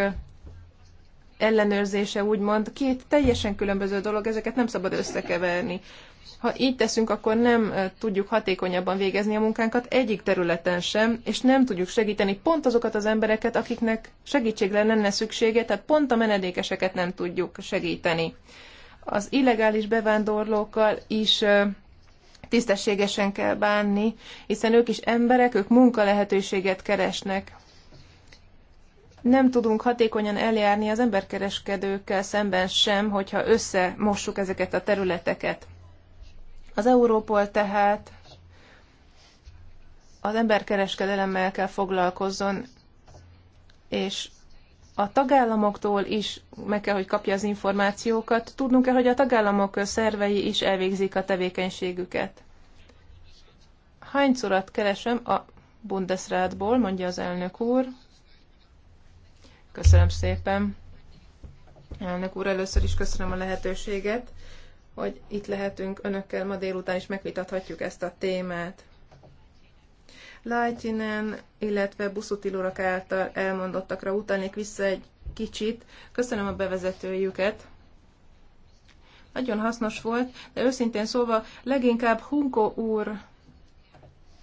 ellenőrzése úgymond két teljesen különböző dolog, ezeket nem szabad összekeverni. Ha így teszünk, akkor nem tudjuk hatékonyabban végezni a munkánkat egyik területen sem, és nem tudjuk segíteni pont azokat az embereket, akiknek segítségre lenne szüksége, tehát pont a menedékeseket nem tudjuk segíteni. Az illegális bevándorlókkal is tisztességesen kell bánni, hiszen ők is emberek, ők munkalehetőséget keresnek. Nem tudunk hatékonyan eljárni az emberkereskedőkkel szemben sem, hogyha összemossuk ezeket a területeket. Az Európol tehát az emberkereskedelemmel kell foglalkozzon, és a tagállamoktól is meg kell, hogy kapja az információkat. Tudnunk kell, hogy a tagállamok szervei is elvégzik a tevékenységüket. Hányszorat keresem a Bundesrátból, mondja az elnök úr. Köszönöm szépen. Elnök úr, először is köszönöm a lehetőséget, hogy itt lehetünk önökkel ma délután, is megvitathatjuk ezt a témát. Lajtinen, illetve buszutilurak által elmondottakra utalnék vissza egy kicsit. Köszönöm a bevezetőjüket. Nagyon hasznos volt, de őszintén szólva leginkább Hunko úr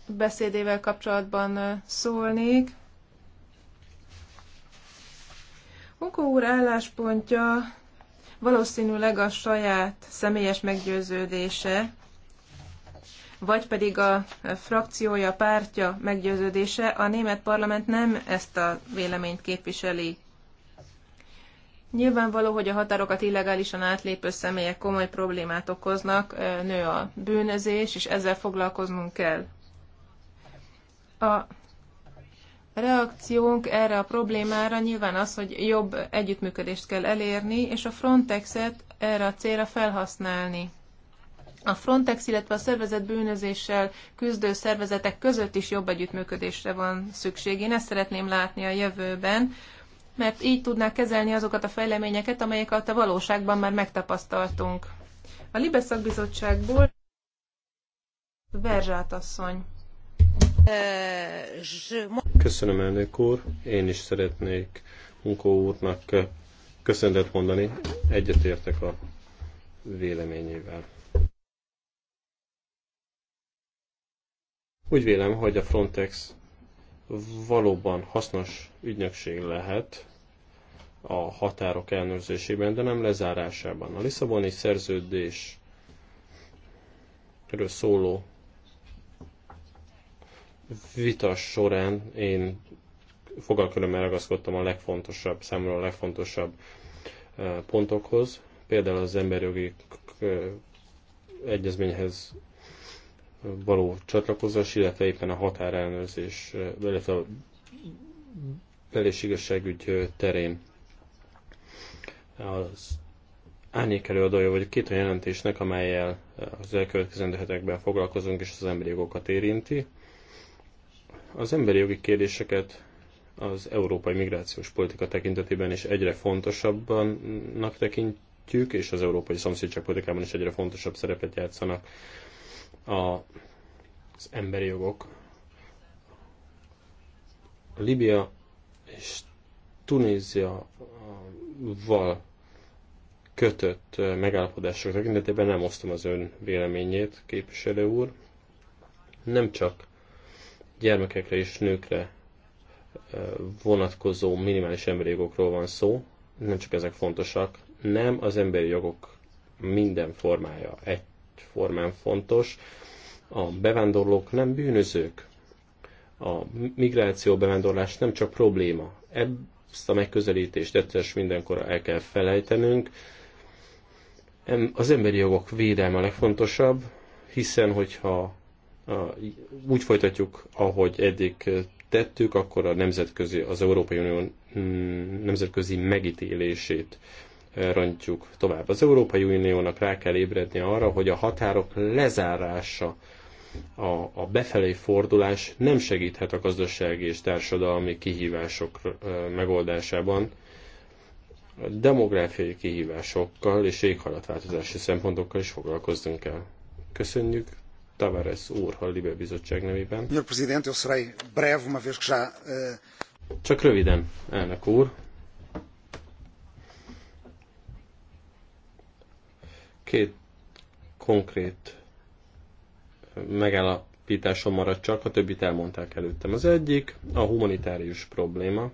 beszédével kapcsolatban szólnék. Hunko úr álláspontja valószínűleg a saját személyes meggyőződése, vagy pedig a frakciója, pártja meggyőződése, a német parlament nem ezt a véleményt képviseli. Nyilvánvaló, hogy a határokat illegálisan átlépő személyek komoly problémát okoznak, nő a bűnözés, és ezzel foglalkoznunk kell. A reakciónk erre a problémára nyilván az, hogy jobb együttműködést kell elérni, és a Frontexet erre a célra felhasználni a Frontex, illetve a szervezet bűnözéssel küzdő szervezetek között is jobb együttműködésre van szükség. Én ezt szeretném látni a jövőben, mert így tudnák kezelni azokat a fejleményeket, amelyeket a valóságban már megtapasztaltunk. A Libe szakbizottságból Verzsát asszony. Köszönöm, elnök úr. Én is szeretnék Munkó úrnak köszönetet mondani. Egyetértek a véleményével. Úgy vélem, hogy a Frontex valóban hasznos ügynökség lehet a határok ellenőrzésében, de nem lezárásában. A Lisszaboni szerződés erről szóló vita során én fogalkörömmel ragaszkodtam a legfontosabb, számomra a legfontosabb eh, pontokhoz, például az emberjogi eh, egyezményhez való csatlakozás, illetve éppen a határellenőrzés, illetve a belégségességügy terén az árnyék előadója vagy két olyan jelentésnek, amelyel az elkövetkezendő hetekben foglalkozunk, és az emberi jogokat érinti. Az emberi jogi kérdéseket az európai migrációs politika tekintetében is egyre fontosabbannak tekintjük, és az európai szomszédságpolitikában is egyre fontosabb szerepet játszanak az emberi jogok. Libia és Tunézia val kötött megállapodások tekintetében nem osztom az ön véleményét, képviselő úr. Nem csak gyermekekre és nőkre vonatkozó minimális emberi jogokról van szó, nem csak ezek fontosak, nem az emberi jogok minden formája egy egyformán fontos. A bevándorlók nem bűnözők. A migráció bevándorlás nem csak probléma. Ezt a megközelítést egyszer mindenkor el kell felejtenünk. Az emberi jogok védelme a legfontosabb, hiszen hogyha úgy folytatjuk, ahogy eddig tettük, akkor a nemzetközi, az Európai Unió mm, nemzetközi megítélését rontjuk tovább. Az Európai Uniónak rá kell ébredni arra, hogy a határok lezárása, a, a befelé fordulás nem segíthet a gazdasági és társadalmi kihívások megoldásában, demográfiai kihívásokkal és éghajlatváltozási szempontokkal is foglalkoznunk kell. Köszönjük Tavares úr a Libe Bizottság nevében. Eh, Csak röviden, elnök úr, Két konkrét megállapításom maradt csak, a többit elmondták előttem. Az egyik a humanitárius probléma.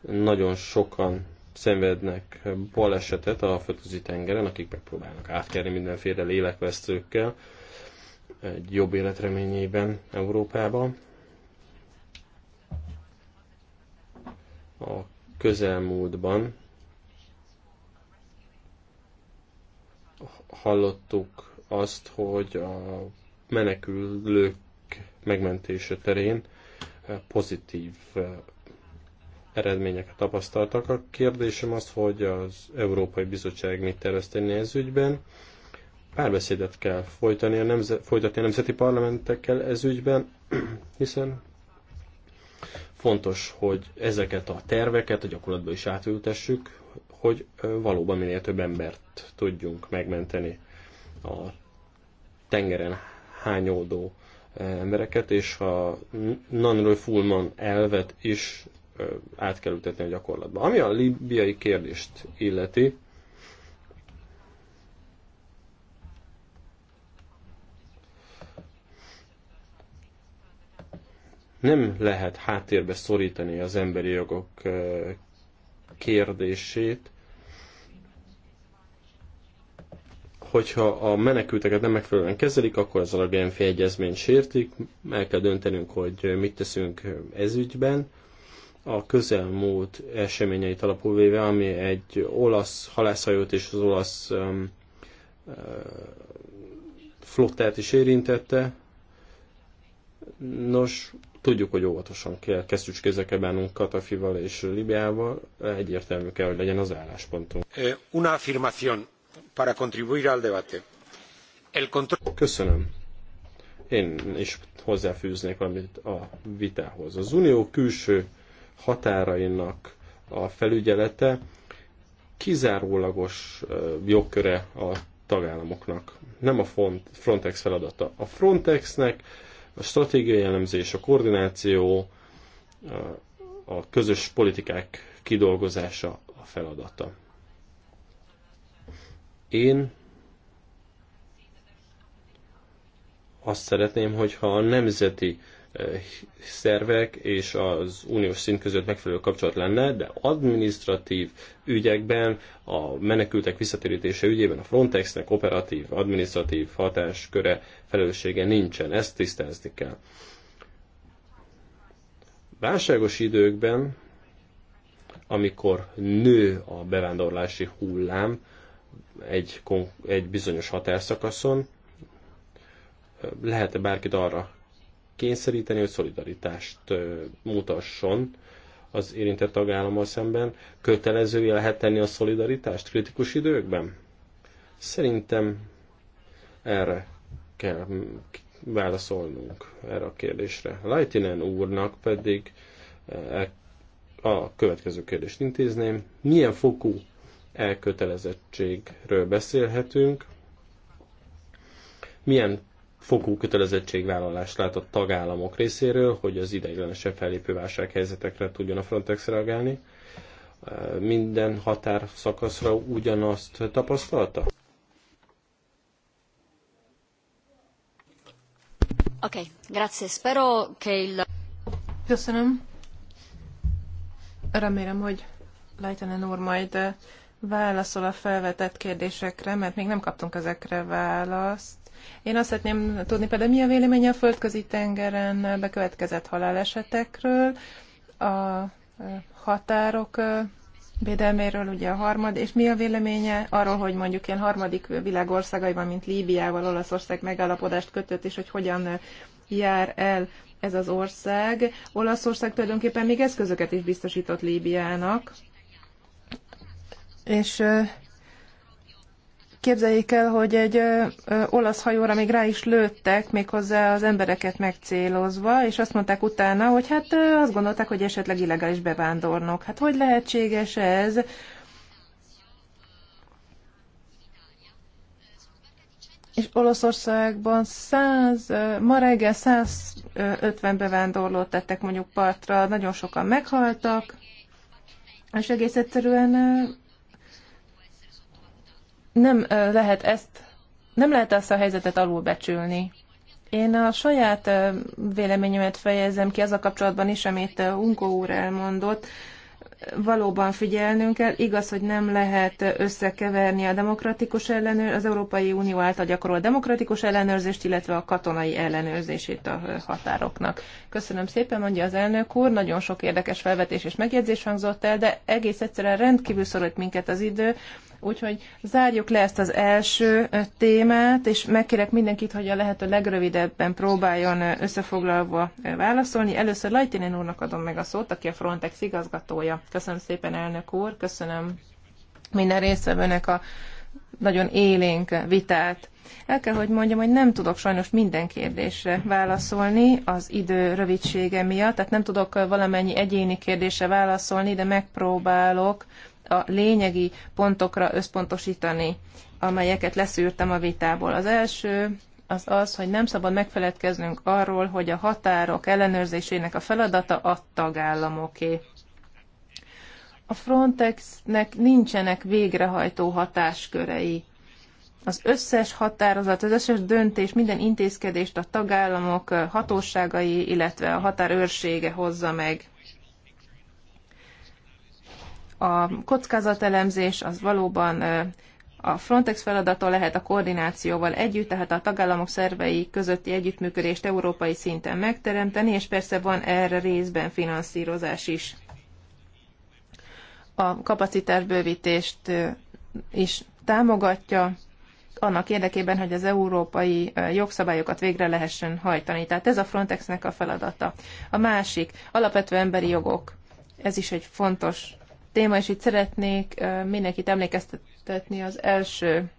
Nagyon sokan szenvednek balesetet a földközi tengeren, akik megpróbálnak átkerni mindenféle lélekvesztőkkel egy jobb életreményében Európában. A közelmúltban hallottuk azt, hogy a menekülők megmentése terén eh, pozitív eh, eredményeket tapasztaltak. A kérdésem az, hogy az Európai Bizottság mit tervez tenni ez ügyben. Párbeszédet kell folytani a nemze- folytatni a nemzeti parlamentekkel ez ügyben, hiszen fontos, hogy ezeket a terveket a gyakorlatban is átültessük, hogy valóban minél több embert tudjunk megmenteni a tengeren hányódó embereket, és a non Fulman elvet is át kell ütetni a gyakorlatba. Ami a libiai kérdést illeti, nem lehet háttérbe szorítani az emberi jogok kérdését, hogyha a menekülteket nem megfelelően kezelik, akkor az a Genfi egyezményt sértik, meg kell döntenünk, hogy mit teszünk ez ügyben. A közelmúlt eseményeit alapul véve, ami egy olasz halászhajót és az olasz um, uh, flottát is érintette. Nos, Tudjuk, hogy óvatosan kell kesztyűs kezekbe bánnunk Katafival és Libiával, egyértelmű kell, hogy legyen az álláspontunk. Eh, una afirmación para contribuir al debate. El control... Köszönöm. Én is hozzáfűznék valamit a vitához. Az unió külső határainak a felügyelete kizárólagos eh, jogköre a tagállamoknak, nem a Frontex feladata. A Frontexnek a stratégiai elemzés, a koordináció, a közös politikák kidolgozása a feladata. Én azt szeretném, hogyha a nemzeti szervek és az uniós szint között megfelelő kapcsolat lenne, de administratív ügyekben, a menekültek visszatérítése ügyében a Frontexnek operatív, administratív hatásköre felelőssége nincsen. Ezt tisztázni kell. Válságos időkben, amikor nő a bevándorlási hullám egy, egy bizonyos határszakaszon, lehet -e bárkit arra kényszeríteni, hogy szolidaritást mutasson az érintett tagállammal szemben. Kötelezővé lehet tenni a szolidaritást kritikus időkben? Szerintem erre kell válaszolnunk erre a kérdésre. Leitinen úrnak pedig e, a következő kérdést intézném. Milyen fokú elkötelezettségről beszélhetünk? Milyen fokú kötelezettségvállalást lát a tagállamok részéről, hogy az ideiglenesen fellépő válsághelyzetekre tudjon a Frontex reagálni. Minden határ szakaszra ugyanazt tapasztalta? Okay, grazie. Spero che il... Köszönöm. Remélem, hogy Leitenen úr majd válaszol a felvetett kérdésekre, mert még nem kaptunk ezekre választ én azt szeretném tudni például, mi a véleménye a földközi tengeren bekövetkezett halálesetekről, a határok védelméről ugye a harmad, és mi a véleménye arról, hogy mondjuk ilyen harmadik világországaiban, mint Líbiával Olaszország megállapodást kötött, és hogy hogyan jár el ez az ország. Olaszország tulajdonképpen még eszközöket is biztosított Líbiának, és Képzeljék el, hogy egy olasz hajóra még rá is lőttek, méghozzá az embereket megcélozva, és azt mondták utána, hogy hát azt gondolták, hogy esetleg illegális bevándornok. Hát hogy lehetséges ez? és Olaszországban 100, ma reggel 150 bevándorlót tettek mondjuk partra, nagyon sokan meghaltak, és egész egyszerűen nem lehet ezt, nem lehet ezt a helyzetet alulbecsülni. Én a saját véleményemet fejezem ki az a kapcsolatban is, amit Unko úr elmondott. Valóban figyelnünk kell. Igaz, hogy nem lehet összekeverni a demokratikus ellenőr, az Európai Unió által gyakorolt demokratikus ellenőrzést, illetve a katonai ellenőrzését a határoknak. Köszönöm szépen, mondja az elnök úr. Nagyon sok érdekes felvetés és megjegyzés hangzott el, de egész egyszerűen rendkívül szorít minket az idő Úgyhogy zárjuk le ezt az első témát, és megkérek mindenkit, hogy a lehető legrövidebben próbáljon összefoglalva válaszolni. Először Lajtinen úrnak adom meg a szót, aki a Frontex igazgatója. Köszönöm szépen, elnök úr, köszönöm minden résztvevőnek a nagyon élénk vitát. El kell, hogy mondjam, hogy nem tudok sajnos minden kérdésre válaszolni az idő rövidsége miatt, tehát nem tudok valamennyi egyéni kérdésre válaszolni, de megpróbálok a lényegi pontokra összpontosítani, amelyeket leszűrtem a vitából. Az első az az, hogy nem szabad megfeledkeznünk arról, hogy a határok ellenőrzésének a feladata a tagállamoké. A Frontexnek nincsenek végrehajtó hatáskörei. Az összes határozat, az összes döntés, minden intézkedést a tagállamok hatóságai, illetve a határőrsége hozza meg. A kockázatelemzés az valóban a Frontex feladata lehet a koordinációval együtt, tehát a tagállamok szervei közötti együttműködést európai szinten megteremteni, és persze van erre részben finanszírozás is. A kapacitásbővítést is támogatja, annak érdekében, hogy az európai jogszabályokat végre lehessen hajtani. Tehát ez a Frontexnek a feladata. A másik, alapvető emberi jogok. Ez is egy fontos téma, és itt szeretnék mindenkit emlékeztetni az első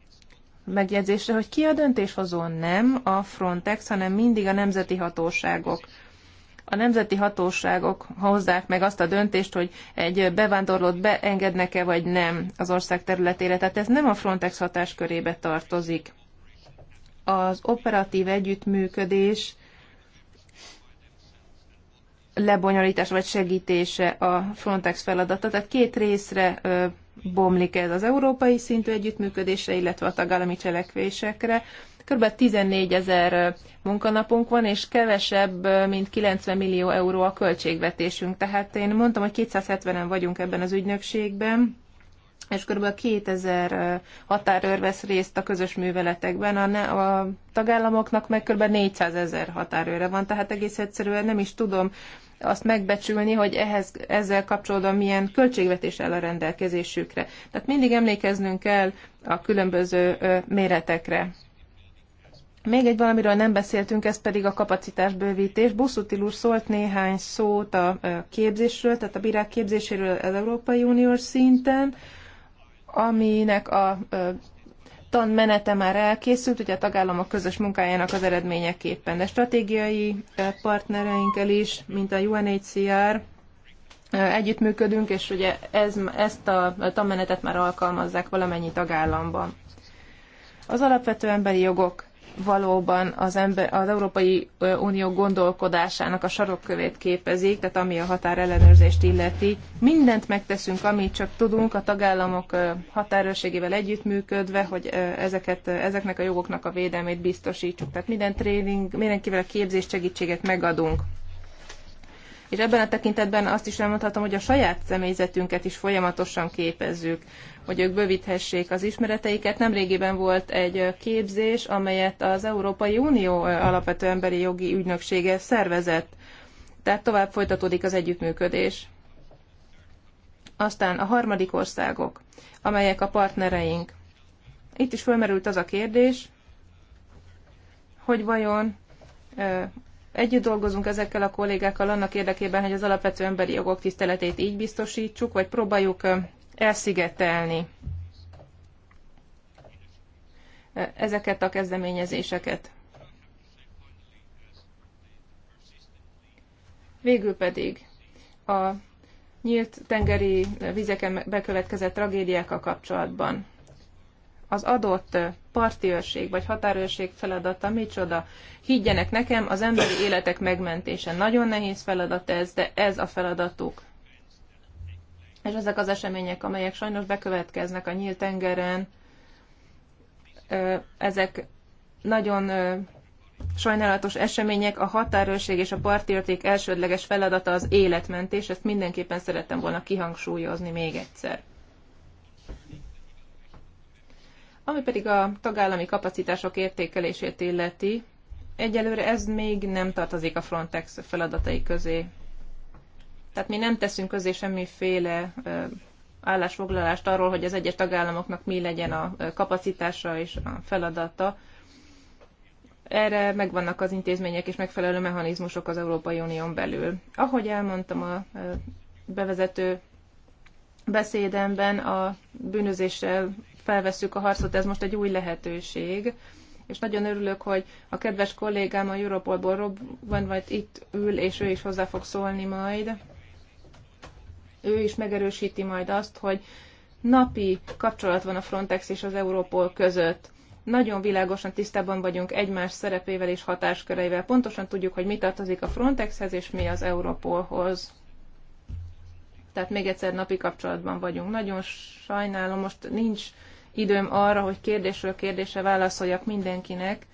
megjegyzésre, hogy ki a döntéshozó nem a Frontex, hanem mindig a nemzeti hatóságok. A nemzeti hatóságok hozzák meg azt a döntést, hogy egy bevándorlót beengednek-e vagy nem az ország területére. Tehát ez nem a Frontex hatáskörébe tartozik. Az operatív együttműködés lebonyolítása vagy segítése a Frontex feladata. Tehát két részre bomlik ez az európai szintű együttműködésre, illetve a tagállami cselekvésekre. Kb. 14 ezer munkanapunk van, és kevesebb, mint 90 millió euró a költségvetésünk. Tehát én mondtam, hogy 270-en vagyunk ebben az ügynökségben, és kb. 2000 határőr vesz részt a közös műveletekben, a, ne, a tagállamoknak meg kb. 400 ezer határőre van, tehát egész egyszerűen nem is tudom azt megbecsülni, hogy ehhez, ezzel kapcsolatban milyen költségvetés el a rendelkezésükre. Tehát mindig emlékeznünk kell a különböző méretekre. Még egy valamiről nem beszéltünk, ez pedig a kapacitásbővítés. Buszutil úr szólt néhány szót a képzésről, tehát a bírák képzéséről az Európai Uniós szinten, aminek a tanmenete már elkészült, ugye a tagállamok közös munkájának az eredményeképpen, de stratégiai eh, partnereinkkel is, mint a UNHCR, eh, együttműködünk, és ugye ez, ezt a tanmenetet már alkalmazzák valamennyi tagállamban. Az alapvető emberi jogok valóban az, ember, az Európai Unió gondolkodásának a sarokkövét képezik, tehát ami a határellenőrzést illeti. Mindent megteszünk, amit csak tudunk a tagállamok határőrségével együttműködve, hogy ezeket, ezeknek a jogoknak a védelmét biztosítsuk. Tehát minden tréning, mindenkivel a képzés segítséget megadunk. És ebben a tekintetben azt is elmondhatom, hogy a saját személyzetünket is folyamatosan képezzük hogy ők bővíthessék az ismereteiket. Nemrégiben volt egy képzés, amelyet az Európai Unió alapvető emberi jogi ügynöksége szervezett. Tehát tovább folytatódik az együttműködés. Aztán a harmadik országok, amelyek a partnereink. Itt is fölmerült az a kérdés, hogy vajon együtt dolgozunk ezekkel a kollégákkal annak érdekében, hogy az alapvető emberi jogok tiszteletét így biztosítsuk, vagy próbáljuk elszigetelni ezeket a kezdeményezéseket. Végül pedig a nyílt tengeri vizeken bekövetkezett tragédiákkal kapcsolatban az adott parti őrség vagy határőrség feladata micsoda. Higgyenek nekem, az emberi életek megmentése nagyon nehéz feladat ez, de ez a feladatuk. És ezek az események, amelyek sajnos bekövetkeznek a nyílt tengeren, ezek nagyon sajnálatos események, a határőrség és a partérték elsődleges feladata az életmentés, ezt mindenképpen szerettem volna kihangsúlyozni még egyszer. Ami pedig a tagállami kapacitások értékelését illeti, egyelőre ez még nem tartozik a Frontex feladatai közé. Tehát mi nem teszünk közé semmiféle állásfoglalást arról, hogy az egyes tagállamoknak mi legyen a kapacitása és a feladata. Erre megvannak az intézmények és megfelelő mechanizmusok az Európai Unión belül. Ahogy elmondtam a bevezető beszédemben, a bűnözéssel felveszük a harcot, ez most egy új lehetőség és nagyon örülök, hogy a kedves kollégám a Europolból Rob van, vagy itt ül, és ő is hozzá fog szólni majd ő is megerősíti majd azt, hogy napi kapcsolat van a Frontex és az Európol között. Nagyon világosan tisztában vagyunk egymás szerepével és hatásköreivel. Pontosan tudjuk, hogy mi tartozik a Frontexhez és mi az Európolhoz. Tehát még egyszer napi kapcsolatban vagyunk. Nagyon sajnálom, most nincs időm arra, hogy kérdésről kérdésre válaszoljak mindenkinek,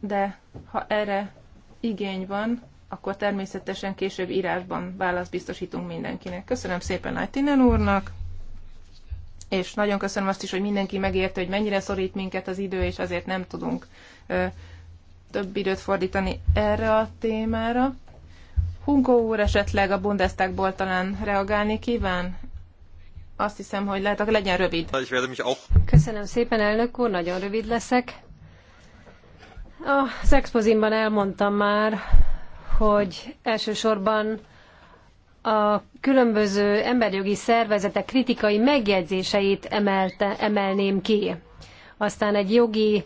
de ha erre igény van, akkor természetesen később írásban választ biztosítunk mindenkinek. Köszönöm szépen Ajtinen úrnak, és nagyon köszönöm azt is, hogy mindenki megérte, hogy mennyire szorít minket az idő, és azért nem tudunk ö, több időt fordítani erre a témára. Hunkó úr esetleg a Bundestagból talán reagálni kíván? Azt hiszem, hogy lehet, legyen rövid. Köszönöm szépen, elnök úr, nagyon rövid leszek. Az expozimban elmondtam már, hogy elsősorban a különböző emberjogi szervezetek kritikai megjegyzéseit emelte, emelném ki. Aztán egy jogi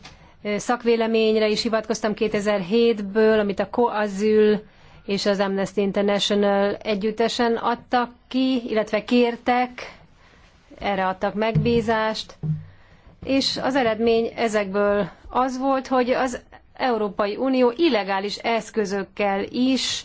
szakvéleményre is hivatkoztam 2007-ből, amit a CoAzul és az Amnesty International együttesen adtak ki, illetve kértek, erre adtak megbízást, és az eredmény ezekből az volt, hogy az Európai Unió illegális eszközökkel is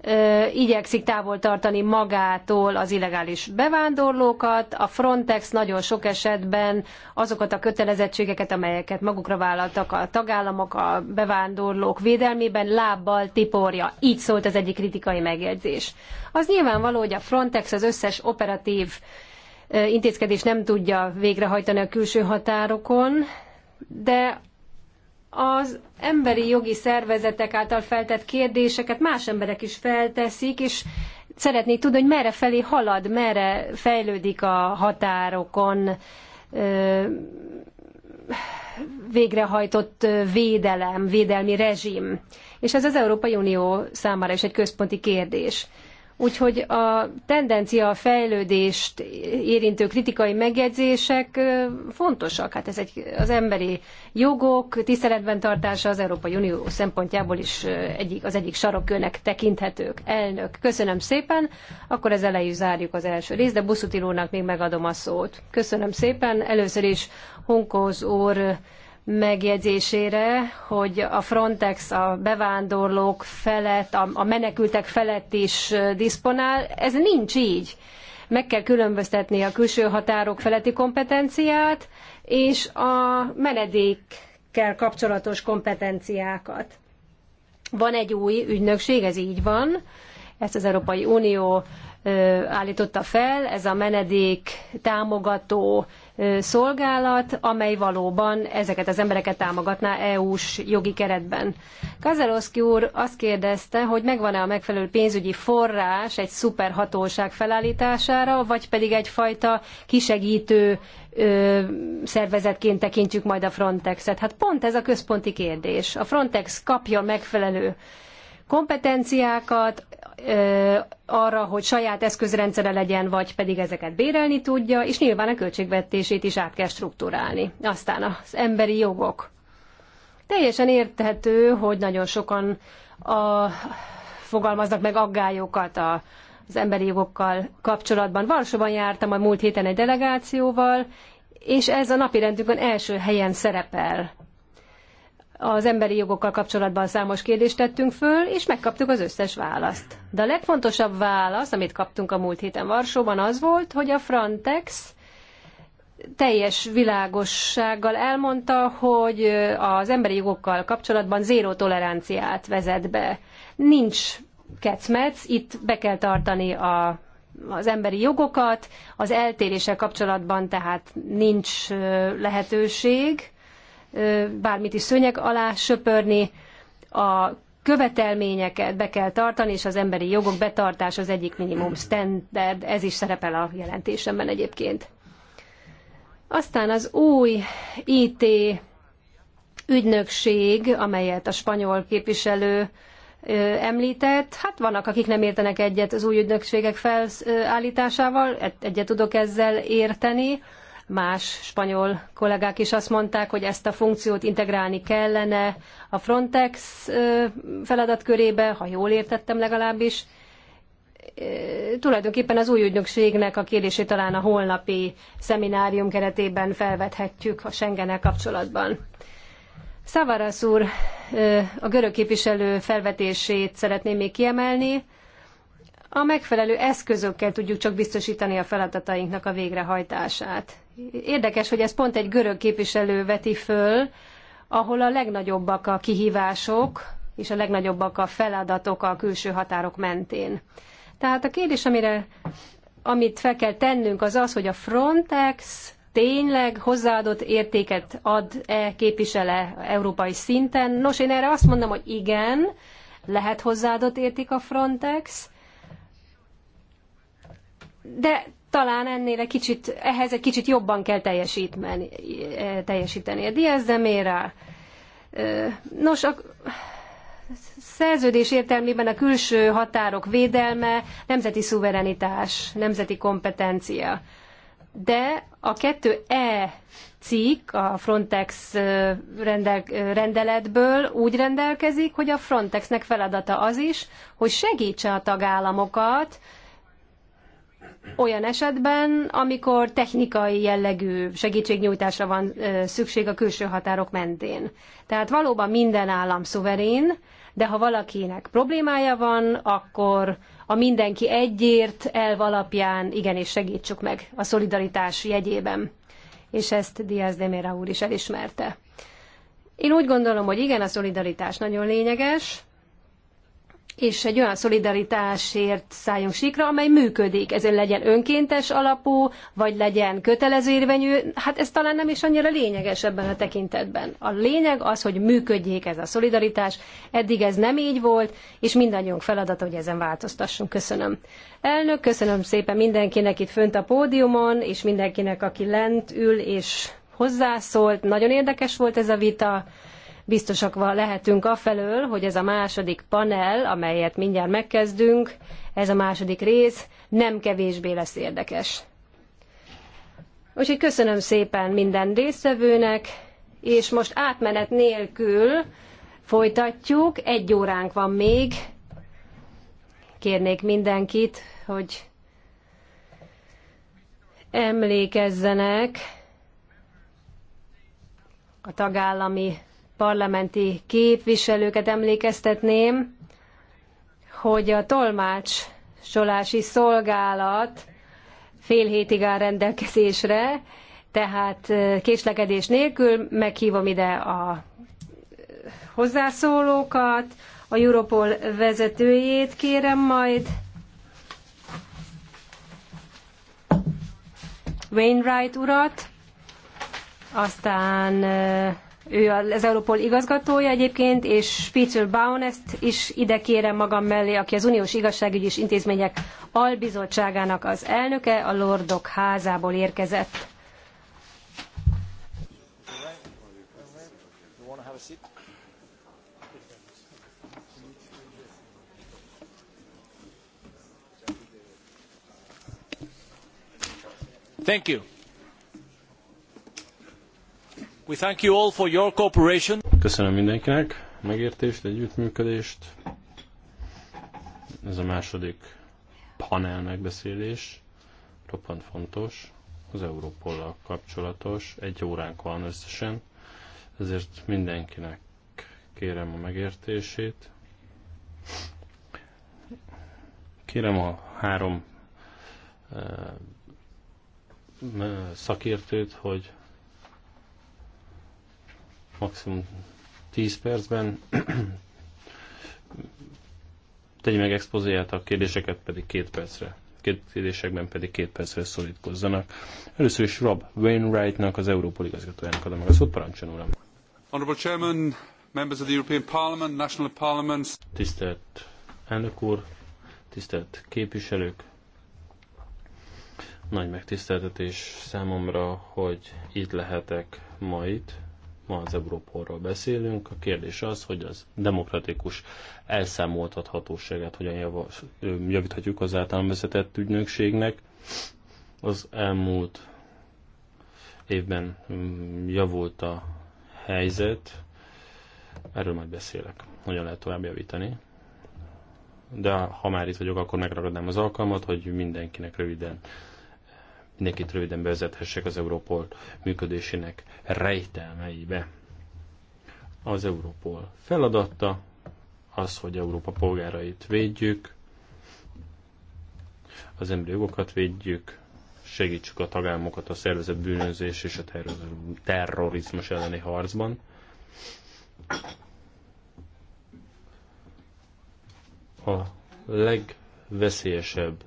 ö, igyekszik távol tartani magától az illegális bevándorlókat. A Frontex nagyon sok esetben azokat a kötelezettségeket, amelyeket magukra vállaltak a tagállamok a bevándorlók védelmében lábbal tiporja. Így szólt az egyik kritikai megjegyzés. Az nyilvánvaló, hogy a Frontex az összes operatív intézkedés nem tudja végrehajtani a külső határokon, de az emberi jogi szervezetek által feltett kérdéseket más emberek is felteszik, és szeretnék tudni, hogy merre felé halad, merre fejlődik a határokon végrehajtott védelem, védelmi rezsim. És ez az Európai Unió számára is egy központi kérdés. Úgyhogy a tendencia, a fejlődést érintő kritikai megjegyzések fontosak. Hát ez egy, az emberi jogok tiszteletben tartása az Európai Unió szempontjából is egyik, az egyik sarokkőnek tekinthetők. Elnök, köszönöm szépen. Akkor ezzel le is zárjuk az első részt, de Buszutilónak még megadom a szót. Köszönöm szépen. Először is Honkoz úr megjegyzésére, hogy a Frontex a bevándorlók felett, a, menekültek felett is diszponál. Ez nincs így. Meg kell különböztetni a külső határok feletti kompetenciát és a menedékkel kapcsolatos kompetenciákat. Van egy új ügynökség, ez így van, ezt az Európai Unió állította fel, ez a menedék támogató szolgálat, amely valóban ezeket az embereket támogatná EU-s jogi keretben. Kazaroszki úr azt kérdezte, hogy megvan-e a megfelelő pénzügyi forrás egy szuperhatóság felállítására, vagy pedig egyfajta kisegítő ö, szervezetként tekintjük majd a Frontexet. Hát pont ez a központi kérdés. A Frontex kapja megfelelő kompetenciákat arra, hogy saját eszközrendszere legyen, vagy pedig ezeket bérelni tudja, és nyilván a költségvetését is át kell strukturálni. Aztán az emberi jogok. Teljesen érthető, hogy nagyon sokan a, fogalmaznak meg aggályokat a, az emberi jogokkal kapcsolatban. Varsóban jártam a múlt héten egy delegációval, és ez a napirendünkön első helyen szerepel az emberi jogokkal kapcsolatban számos kérdést tettünk föl, és megkaptuk az összes választ. De a legfontosabb válasz, amit kaptunk a múlt héten Varsóban, az volt, hogy a Frontex teljes világossággal elmondta, hogy az emberi jogokkal kapcsolatban zéró toleranciát vezet be. Nincs kecmec, itt be kell tartani a, az emberi jogokat, az eltéréssel kapcsolatban tehát nincs lehetőség, bármit is szőnyeg alá söpörni, a követelményeket be kell tartani, és az emberi jogok betartása az egyik minimum standard, ez is szerepel a jelentésemben egyébként. Aztán az új IT ügynökség, amelyet a spanyol képviselő említett. Hát vannak, akik nem értenek egyet az új ügynökségek felállításával, e-, egyet tudok ezzel érteni más spanyol kollégák is azt mondták, hogy ezt a funkciót integrálni kellene a Frontex feladatkörébe, ha jól értettem legalábbis. Tulajdonképpen az új ügynökségnek a kérdését talán a holnapi szeminárium keretében felvethetjük a Schengennel kapcsolatban. Szavarasz úr a görög képviselő felvetését szeretném még kiemelni. A megfelelő eszközökkel tudjuk csak biztosítani a feladatainknak a végrehajtását. Érdekes, hogy ez pont egy görög képviselő veti föl, ahol a legnagyobbak a kihívások és a legnagyobbak a feladatok a külső határok mentén. Tehát a kérdés, amire, amit fel kell tennünk, az az, hogy a Frontex tényleg hozzáadott értéket ad-e, képvisele európai szinten. Nos, én erre azt mondom, hogy igen, lehet hozzáadott érték a Frontex, de talán ennél egy kicsit, ehhez egy kicsit jobban kell eh, teljesíteni, a Diaz de Mera. Eh, nos, a szerződés értelmében a külső határok védelme nemzeti szuverenitás, nemzeti kompetencia. De a 2E cikk a Frontex eh, rendel, rendeletből úgy rendelkezik, hogy a Frontexnek feladata az is, hogy segítse a tagállamokat, olyan esetben, amikor technikai jellegű segítségnyújtásra van szükség a külső határok mentén. Tehát valóban minden állam szuverén, de ha valakinek problémája van, akkor a mindenki egyért elv alapján igenis segítsük meg a szolidaritás jegyében. És ezt Diaz de Mera úr is elismerte. Én úgy gondolom, hogy igen, a szolidaritás nagyon lényeges, és egy olyan szolidaritásért szálljunk sikra, amely működik. Ezen legyen önkéntes alapú, vagy legyen kötelező érvényű, hát ez talán nem is annyira lényeges ebben a tekintetben. A lényeg az, hogy működjék ez a szolidaritás. Eddig ez nem így volt, és mindannyiunk feladata, hogy ezen változtassunk. Köszönöm. Elnök, köszönöm szépen mindenkinek itt fönt a pódiumon, és mindenkinek, aki lent ül és hozzászólt. Nagyon érdekes volt ez a vita biztosak lehetünk afelől, hogy ez a második panel, amelyet mindjárt megkezdünk, ez a második rész nem kevésbé lesz érdekes. Úgyhogy köszönöm szépen minden résztvevőnek, és most átmenet nélkül folytatjuk, egy óránk van még. Kérnék mindenkit, hogy emlékezzenek a tagállami parlamenti képviselőket emlékeztetném, hogy a tolmácsolási szolgálat fél hétig áll rendelkezésre, tehát késlekedés nélkül meghívom ide a hozzászólókat, a Europol vezetőjét kérem majd, Wainwright urat, aztán ő az Europol igazgatója egyébként, és Spitzel Baunest is ide kérem magam mellé, aki az Uniós Igazságügyi és Intézmények Albizottságának az elnöke, a Lordok házából érkezett. Thank you. We thank you all for your cooperation. Köszönöm mindenkinek megértést, együttműködést. Ez a második panel megbeszélés. Roppant fontos. Az Európollal kapcsolatos. Egy óránk van összesen. Ezért mindenkinek kérem a megértését. Kérem a három eh, szakértőt, hogy maximum 10 percben. Tegye meg expozéját, a kérdéseket pedig két percre. Két kérdésekben pedig két percre szorítkozzanak. Először is Rob Wainwrightnak, az Európa igazgatójának adom meg a szót, parancsoljon uram. Honorable Chairman, members of the European Parliament, National Parliaments. Tisztelt elnök úr, tisztelt képviselők, nagy megtiszteltetés számomra, hogy itt lehetek ma itt ma az Európorról beszélünk. A kérdés az, hogy az demokratikus elszámoltathatóságát hogyan javíthatjuk az általán vezetett ügynökségnek. Az elmúlt évben mm, javult a helyzet, erről majd beszélek, hogyan lehet tovább javítani. De ha már itt vagyok, akkor megragadnám az alkalmat, hogy mindenkinek röviden mindenkit röviden bevezethessek az Europol működésének rejtelmeibe. Az Europol feladata az, hogy Európa polgárait védjük, az emberi jogokat védjük, segítsük a tagállamokat a szervezett bűnözés és a terrorizmus elleni harcban. A legveszélyesebb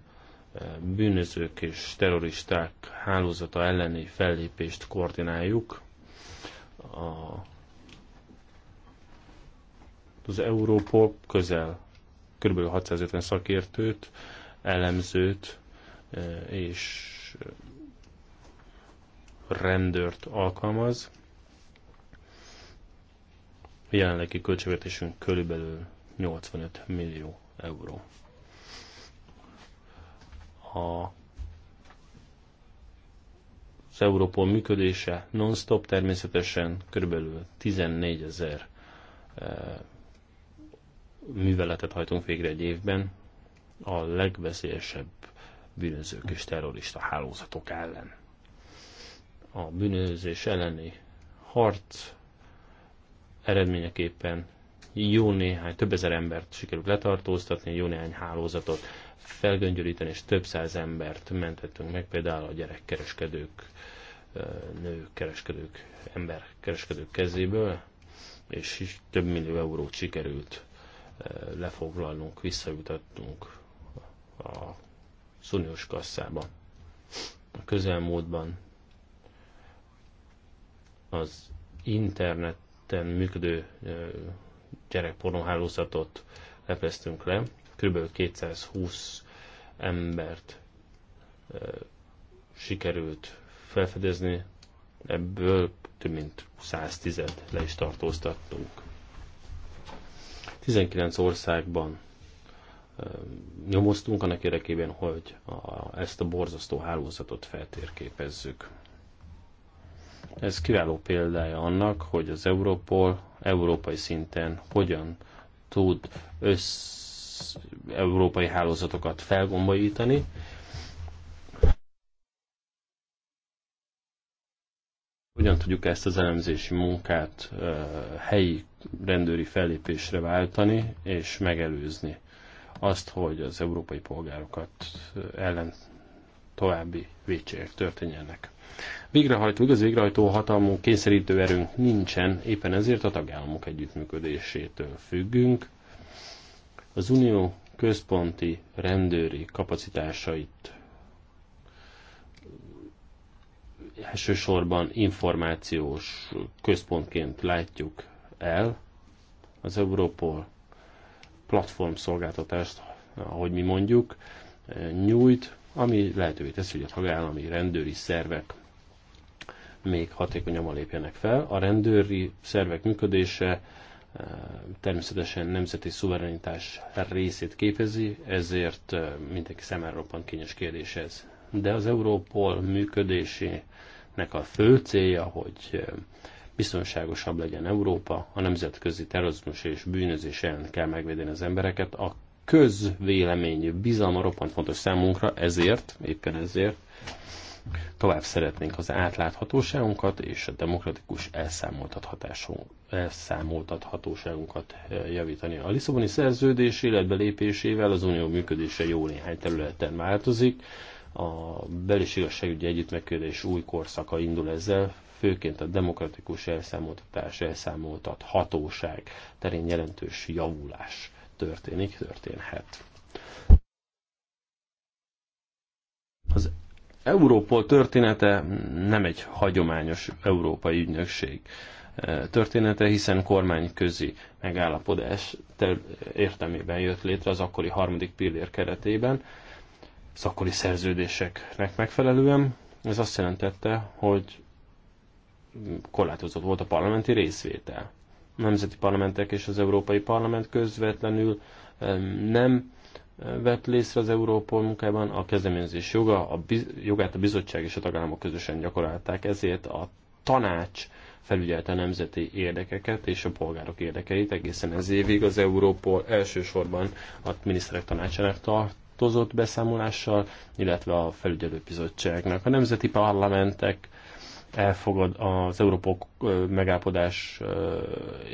bűnözők és terroristák hálózata elleni fellépést koordináljuk. A, az Európol közel kb. 650 szakértőt, elemzőt e, és rendőrt alkalmaz. jelenlegi költségvetésünk körülbelül 85 millió euró a az Európol működése non-stop, természetesen körülbelül 14 ezer eh, műveletet hajtunk végre egy évben a legveszélyesebb bűnözők és terrorista hálózatok ellen. A bűnözés elleni harc eredményeképpen jó néhány, több ezer embert sikerült letartóztatni, jó néhány hálózatot felgöngyölíteni, és több száz embert mentettünk meg, például a gyerekkereskedők, nőkereskedők, emberkereskedők kezéből, és több millió eurót sikerült lefoglalnunk, visszajutattunk a szuniós kasszába. A közelmúltban az interneten működő gyerekpornóhálózatot lepeztünk le, kb. 220 embert sikerült felfedezni, ebből több mint 110 le is tartóztattunk. 19 országban nyomoztunk annak érdekében, hogy a, ezt a borzasztó hálózatot feltérképezzük. Ez kiváló példája annak, hogy az Európol európai szinten hogyan tud össze európai hálózatokat felgombolítani. Hogyan tudjuk ezt az elemzési munkát helyi rendőri fellépésre váltani és megelőzni azt, hogy az európai polgárokat ellen további vétségek történjenek. Végrehajtó, igaz végrehajtó hatalmunk, kényszerítő erőnk nincsen, éppen ezért a tagállamok együttműködésétől függünk. Az unió központi rendőri kapacitásait elsősorban információs központként látjuk el. Az Europol platform szolgáltatást, ahogy mi mondjuk, nyújt, ami lehetővé teszi, hogy a tagállami rendőri szervek még hatékonyabban lépjenek fel. A rendőri szervek működése természetesen nemzeti szuverenitás részét képezi, ezért mindenki számára roppant kényes kérdés ez. De az Európol működésének a fő célja, hogy biztonságosabb legyen Európa, a nemzetközi terrorizmus és bűnözés ellen kell megvédeni az embereket, a közvélemény bizalma roppant fontos számunkra, ezért, éppen ezért Tovább szeretnénk az átláthatóságunkat és a demokratikus elszámoltathatóságunkat eh, javítani. A Lisszaboni szerződés életbe lépésével az unió működése jó néhány területen változik. A belis igazságügyi együttműködés új korszaka indul ezzel, főként a demokratikus elszámoltatás, elszámoltathatóság terén jelentős javulás történik, történhet. Az Európol története nem egy hagyományos európai ügynökség eh, története, hiszen kormányközi megállapodás értelmében jött létre az akkori harmadik pillér keretében, szakori szerződéseknek megfelelően. Ez azt jelentette, hogy korlátozott volt a parlamenti részvétel. A nemzeti parlamentek és az Európai Parlament közvetlenül nem vett részre az Európol munkában, a kezdeményezés joga, a biz, jogát a bizottság és a tagállamok közösen gyakorolták, ezért a tanács felügyelte a nemzeti érdekeket és a polgárok érdekeit egészen ez évig. Az Európol elsősorban a miniszterek tanácsának tartozott beszámolással, illetve a felügyelőbizottságnak. A nemzeti parlamentek elfogad az Európok megállapodás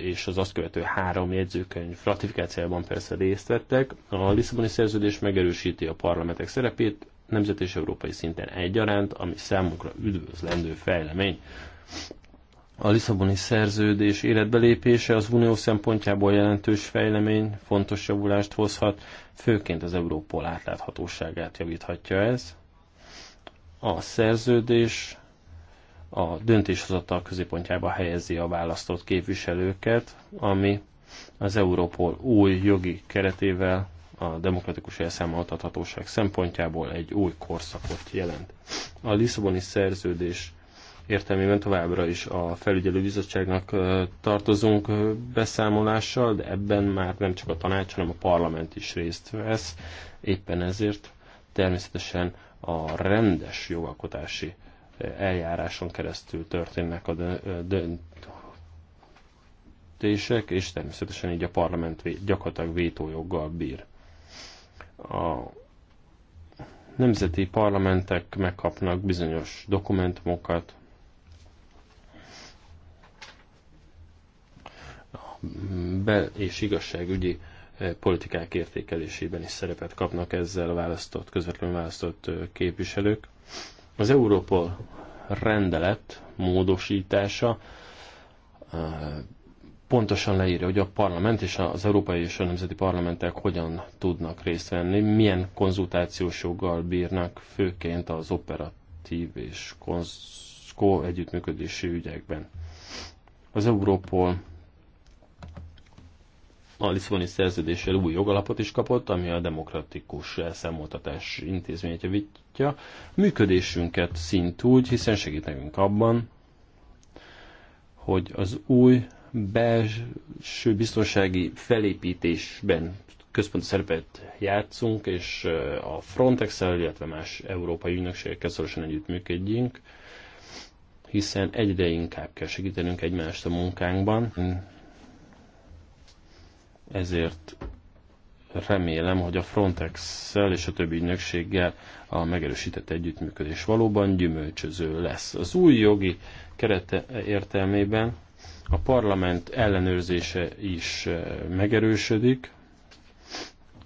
és az azt követő három jegyzőkönyv ratifikációban persze részt vettek. A Lisszaboni szerződés megerősíti a parlamentek szerepét nemzet és európai szinten egyaránt, ami számunkra üdvözlendő fejlemény. A Lisszaboni szerződés életbelépése az unió szempontjából jelentős fejlemény, fontos javulást hozhat, főként az Európol átláthatóságát javíthatja ez. A szerződés a döntéshozatal középpontjába helyezi a választott képviselőket, ami az Európol új jogi keretével a demokratikus elszámoltathatóság szempontjából egy új korszakot jelent. A Lisszaboni szerződés értelmében továbbra is a felügyelőbizottságnak tartozunk beszámolással, de ebben már nem csak a tanács, hanem a parlament is részt vesz. Éppen ezért természetesen a rendes jogalkotási eljáráson keresztül történnek a döntések, és természetesen így a parlament gyakorlatilag vétójoggal bír. A nemzeti parlamentek megkapnak bizonyos dokumentumokat, bel- és igazságügyi politikák értékelésében is szerepet kapnak ezzel a választott, közvetlenül választott képviselők. Az Európol rendelet módosítása pontosan leírja, hogy a parlament és az európai és a nemzeti parlamentek hogyan tudnak részt venni, milyen konzultációs joggal bírnak, főként az operatív és konz- együttműködési ügyekben. Az Európol a Lisszaboni szerződéssel új jogalapot is kapott, ami a demokratikus elszámoltatás intézményét javítja. Működésünket szint úgy, hiszen segít nekünk abban, hogy az új belső biztonsági felépítésben központi szerepet játszunk, és a frontex illetve más európai ügynökségekkel szorosan együttműködjünk, hiszen egyre inkább kell segítenünk egymást a munkánkban ezért remélem, hogy a Frontex-szel és a többi ügynökséggel a megerősített együttműködés valóban gyümölcsöző lesz. Az új jogi kerete értelmében a parlament ellenőrzése is eh, megerősödik,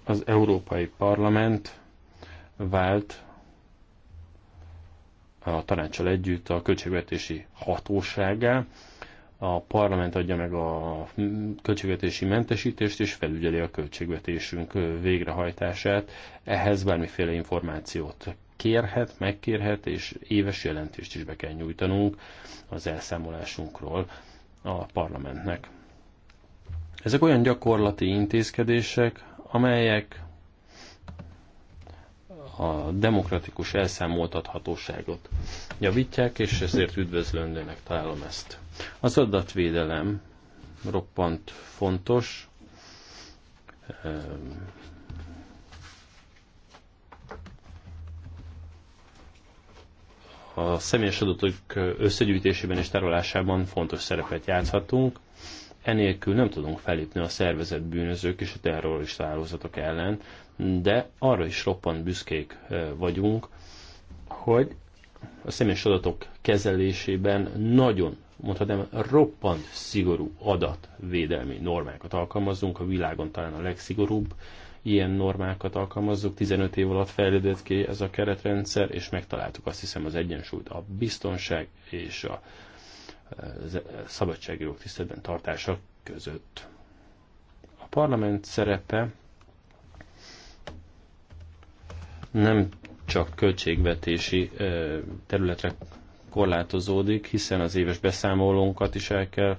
az Európai Parlament vált a tanácsal együtt a költségvetési hatóságá, a parlament adja meg a költségvetési mentesítést és felügyeli a költségvetésünk végrehajtását. Ehhez bármiféle információt kérhet, megkérhet, és éves jelentést is be kell nyújtanunk az elszámolásunkról a parlamentnek. Ezek olyan gyakorlati intézkedések, amelyek a demokratikus elszámoltathatóságot javítják, és ezért üdvözlendőnek találom ezt. Az adatvédelem roppant fontos. Ehm, a személyes adatok összegyűjtésében és tárolásában fontos szerepet játszhatunk. Enélkül nem tudunk felépni a szervezett bűnözők és a terrorista hálózatok ellen, de arra is roppant büszkék eh, vagyunk, hogy a személyes adatok kezelésében nagyon mondhatnám, roppant szigorú adatvédelmi normákat alkalmazunk, a világon talán a legszigorúbb ilyen normákat alkalmazzuk, 15 év alatt fejlődött ki ez a keretrendszer, és megtaláltuk azt hiszem az egyensúlyt a biztonság és a e, szabadságjogok tiszteletben tartása között. A parlament szerepe nem csak költségvetési e, területre korlátozódik, hiszen az éves beszámolónkat is el kell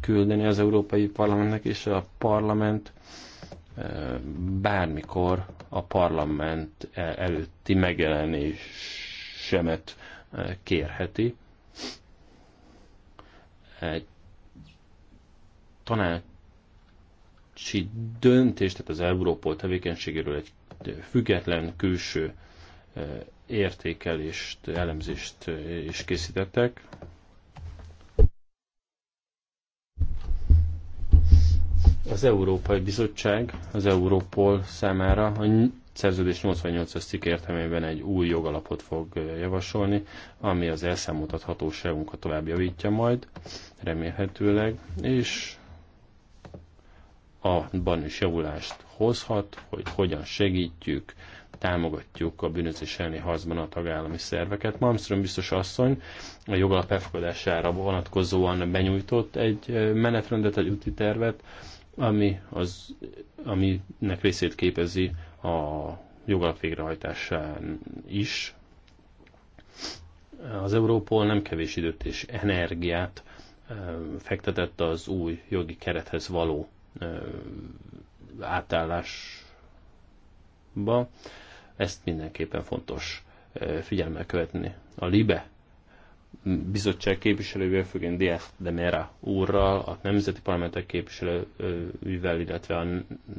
küldeni az Európai Parlamentnek, és a parlament eh, bármikor a parlament eh, előtti megjelenésemet eh, kérheti. Egy tanácsi döntést, tehát az Európol tevékenységéről egy független külső értékelést, elemzést is készítettek. Az Európai Bizottság az Európol számára a szerződés 88-as cikk értelmében egy új jogalapot fog javasolni, ami az elszámoltathatóságunkat tovább javítja majd, remélhetőleg, és abban is javulást hozhat, hogy hogyan segítjük támogatjuk a bűnözés elleni harcban a tagállami szerveket. Malmström biztos asszony a jogalap elfogadására vonatkozóan benyújtott egy menetrendet, egy úti tervet, ami az, aminek részét képezi a jogalap végrehajtásán is. Az Európol nem kevés időt és energiát fektetett az új jogi kerethez való átállásba. Ezt mindenképpen fontos figyelme követni. A LIBE bizottság képviselővel, főként Diaz de Mera úrral, a nemzeti parlamentek képviselőivel, illetve a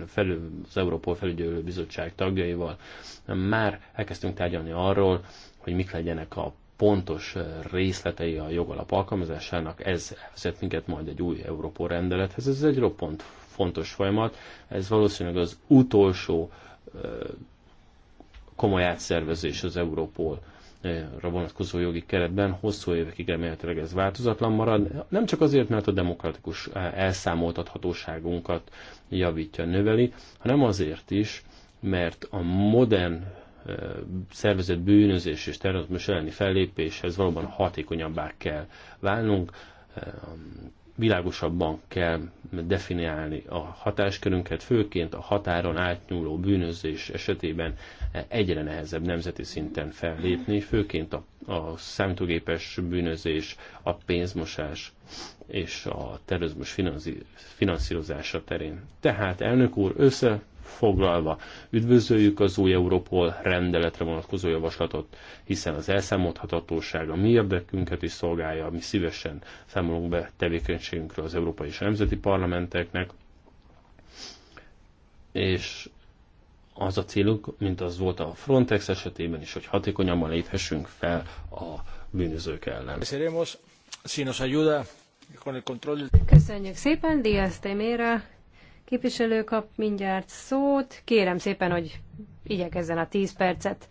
felül, az Európol felügyelő bizottság tagjaival már elkezdtünk tárgyalni arról, hogy mik legyenek a pontos részletei a jogalap alkalmazásának, ez vezet minket majd egy új Európol rendelethez. Ez egy roppant fontos folyamat, ez valószínűleg az utolsó komoly átszervezés az Európol ra vonatkozó jogi keretben hosszú évekig remélhetőleg ez változatlan marad, nem csak azért, mert a demokratikus elszámoltathatóságunkat javítja, növeli, hanem azért is, mert a modern eh, szervezett bűnözés és terrorizmus elleni fellépéshez valóban hatékonyabbá kell válnunk, eh, világosabban kell definiálni a hatáskörünket, főként a határon átnyúló bűnözés esetében egyre nehezebb nemzeti szinten fellépni, főként a, a számítógépes bűnözés, a pénzmosás és a terrorizmus finanszírozása terén. Tehát, elnök úr, össze foglalva. Üdvözöljük az új Europol rendeletre vonatkozó javaslatot, hiszen az elszámolthatatóság a mi érdekünket is szolgálja, mi szívesen számolunk be tevékenységünkről az európai és nemzeti parlamenteknek, és az a célunk, mint az volt a Frontex esetében is, hogy hatékonyabban léthessünk fel a bűnözők ellen. Köszönjük szépen, Díaz temera képviselő kap mindjárt szót. Kérem szépen, hogy igyekezzen a 10 percet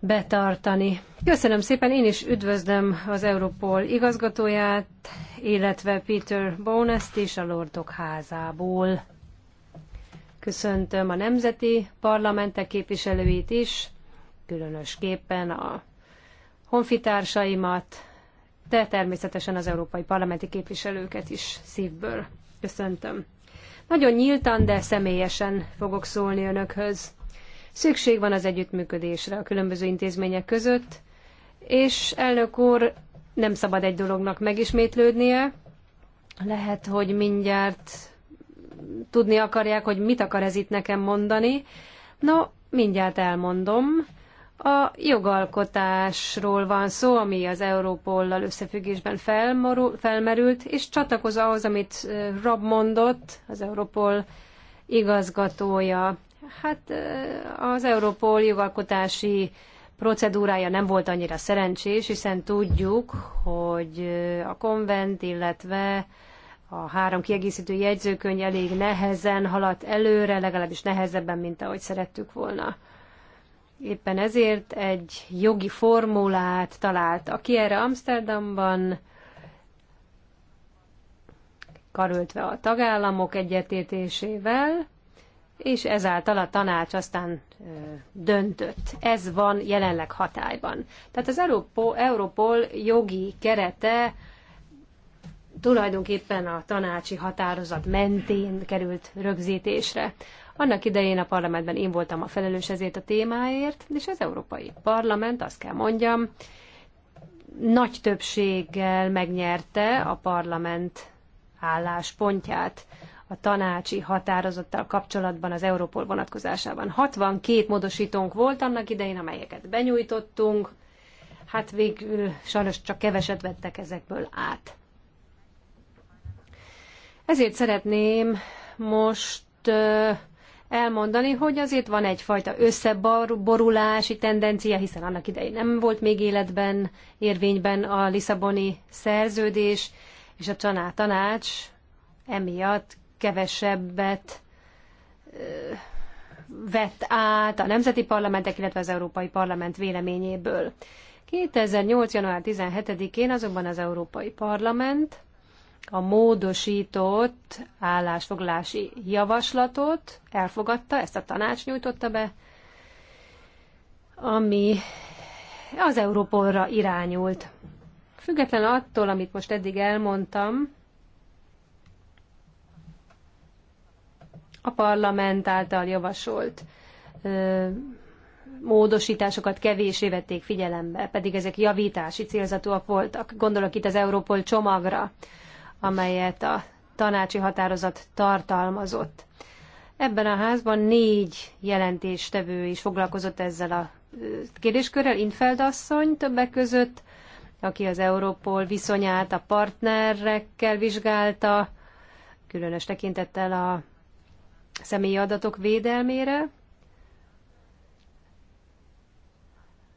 betartani. Köszönöm szépen, én is üdvözlöm az Europol igazgatóját, illetve Peter Bonest is a Lordok házából. Köszöntöm a nemzeti parlamentek képviselőit is, különösképpen a honfitársaimat, de természetesen az európai parlamenti képviselőket is szívből köszöntöm. Nagyon nyíltan, de személyesen fogok szólni önökhöz. Szükség van az együttműködésre a különböző intézmények között, és elnök úr, nem szabad egy dolognak megismétlődnie. Lehet, hogy mindjárt tudni akarják, hogy mit akar ez itt nekem mondani. No, mindjárt elmondom. A jogalkotásról van szó, ami az Európollal összefüggésben felmorul, felmerült, és csatlakoz ahhoz, amit Rob mondott, az Európol igazgatója. Hát az Európol jogalkotási procedúrája nem volt annyira szerencsés, hiszen tudjuk, hogy a konvent, illetve a három kiegészítő jegyzőkönyv elég nehezen haladt előre, legalábbis nehezebben, mint ahogy szerettük volna. Éppen ezért egy jogi formulát talált, aki erre Amsterdamban, karöltve a tagállamok egyetértésével, és ezáltal a tanács aztán döntött. Ez van jelenleg hatályban. Tehát az Europol, Europol jogi kerete tulajdonképpen a tanácsi határozat mentén került rögzítésre. Annak idején a parlamentben én voltam a felelős ezért a témáért, és az Európai Parlament, azt kell mondjam, nagy többséggel megnyerte a parlament álláspontját a tanácsi határozattal kapcsolatban az Európol vonatkozásában. 62 módosítónk volt annak idején, amelyeket benyújtottunk, hát végül sajnos csak keveset vettek ezekből át. Ezért szeretném most elmondani, hogy azért van egyfajta összeborulási tendencia, hiszen annak idején nem volt még életben, érvényben a Lisszaboni szerződés, és a tanács emiatt kevesebbet vett át a nemzeti parlamentek, illetve az Európai Parlament véleményéből. 2008. január 17-én azonban az Európai Parlament a módosított állásfoglalási javaslatot elfogadta, ezt a tanács nyújtotta be, ami az Európolra irányult. Független attól, amit most eddig elmondtam, a parlament által javasolt ö, módosításokat kevésé vették figyelembe, pedig ezek javítási célzatúak voltak. Gondolok itt az Európol csomagra, amelyet a tanácsi határozat tartalmazott. Ebben a házban négy jelentéstevő is foglalkozott ezzel a kérdéskörrel, Infeld asszony többek között, aki az Európol viszonyát a partnerekkel vizsgálta, különös tekintettel a személyi adatok védelmére.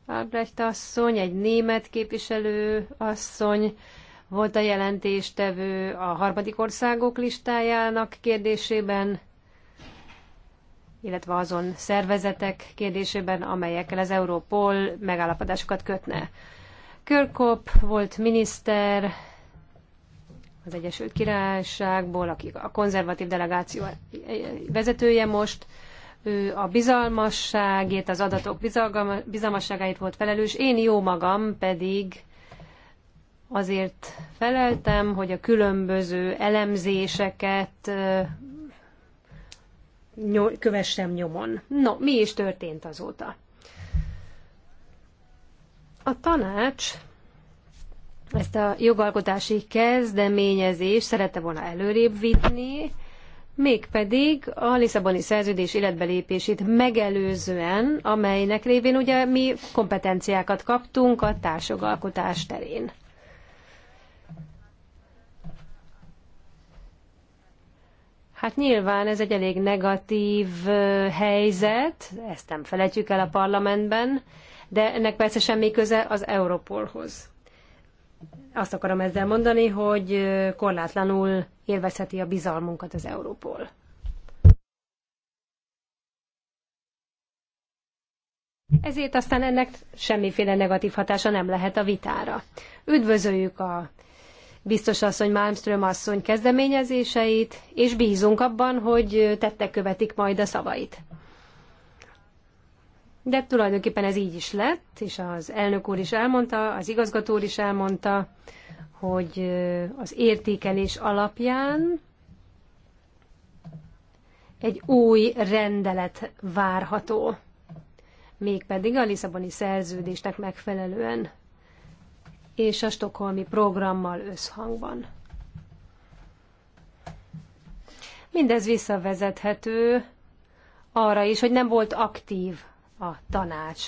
Albrecht asszony, egy német képviselő asszony, volt a jelentéstevő a harmadik országok listájának kérdésében, illetve azon szervezetek kérdésében, amelyekkel az Európol megállapodásokat kötne. Körkop volt miniszter az Egyesült Királyságból, aki a konzervatív delegáció vezetője most, ő a bizalmasságét, az adatok bizalmasságáit volt felelős, én jó magam pedig azért feleltem, hogy a különböző elemzéseket kövessem nyomon. No, mi is történt azóta? A tanács ezt a jogalkotási kezdeményezést szerette volna előrébb vinni, mégpedig a Lisszaboni szerződés életbelépését megelőzően, amelynek révén ugye mi kompetenciákat kaptunk a társjogalkotás terén. Hát nyilván ez egy elég negatív helyzet, ezt nem felejtjük el a parlamentben, de ennek persze semmi köze az Europolhoz. Azt akarom ezzel mondani, hogy korlátlanul élvezheti a bizalmunkat az Európol. Ezért aztán ennek semmiféle negatív hatása nem lehet a vitára. Üdvözöljük a biztos asszony Malmström asszony kezdeményezéseit, és bízunk abban, hogy tettek követik majd a szavait. De tulajdonképpen ez így is lett, és az elnök úr is elmondta, az igazgató úr is elmondta, hogy az értékelés alapján egy új rendelet várható, mégpedig a Lisszaboni szerződésnek megfelelően és a stokholmi programmal összhangban. Mindez visszavezethető arra is, hogy nem volt aktív a tanács.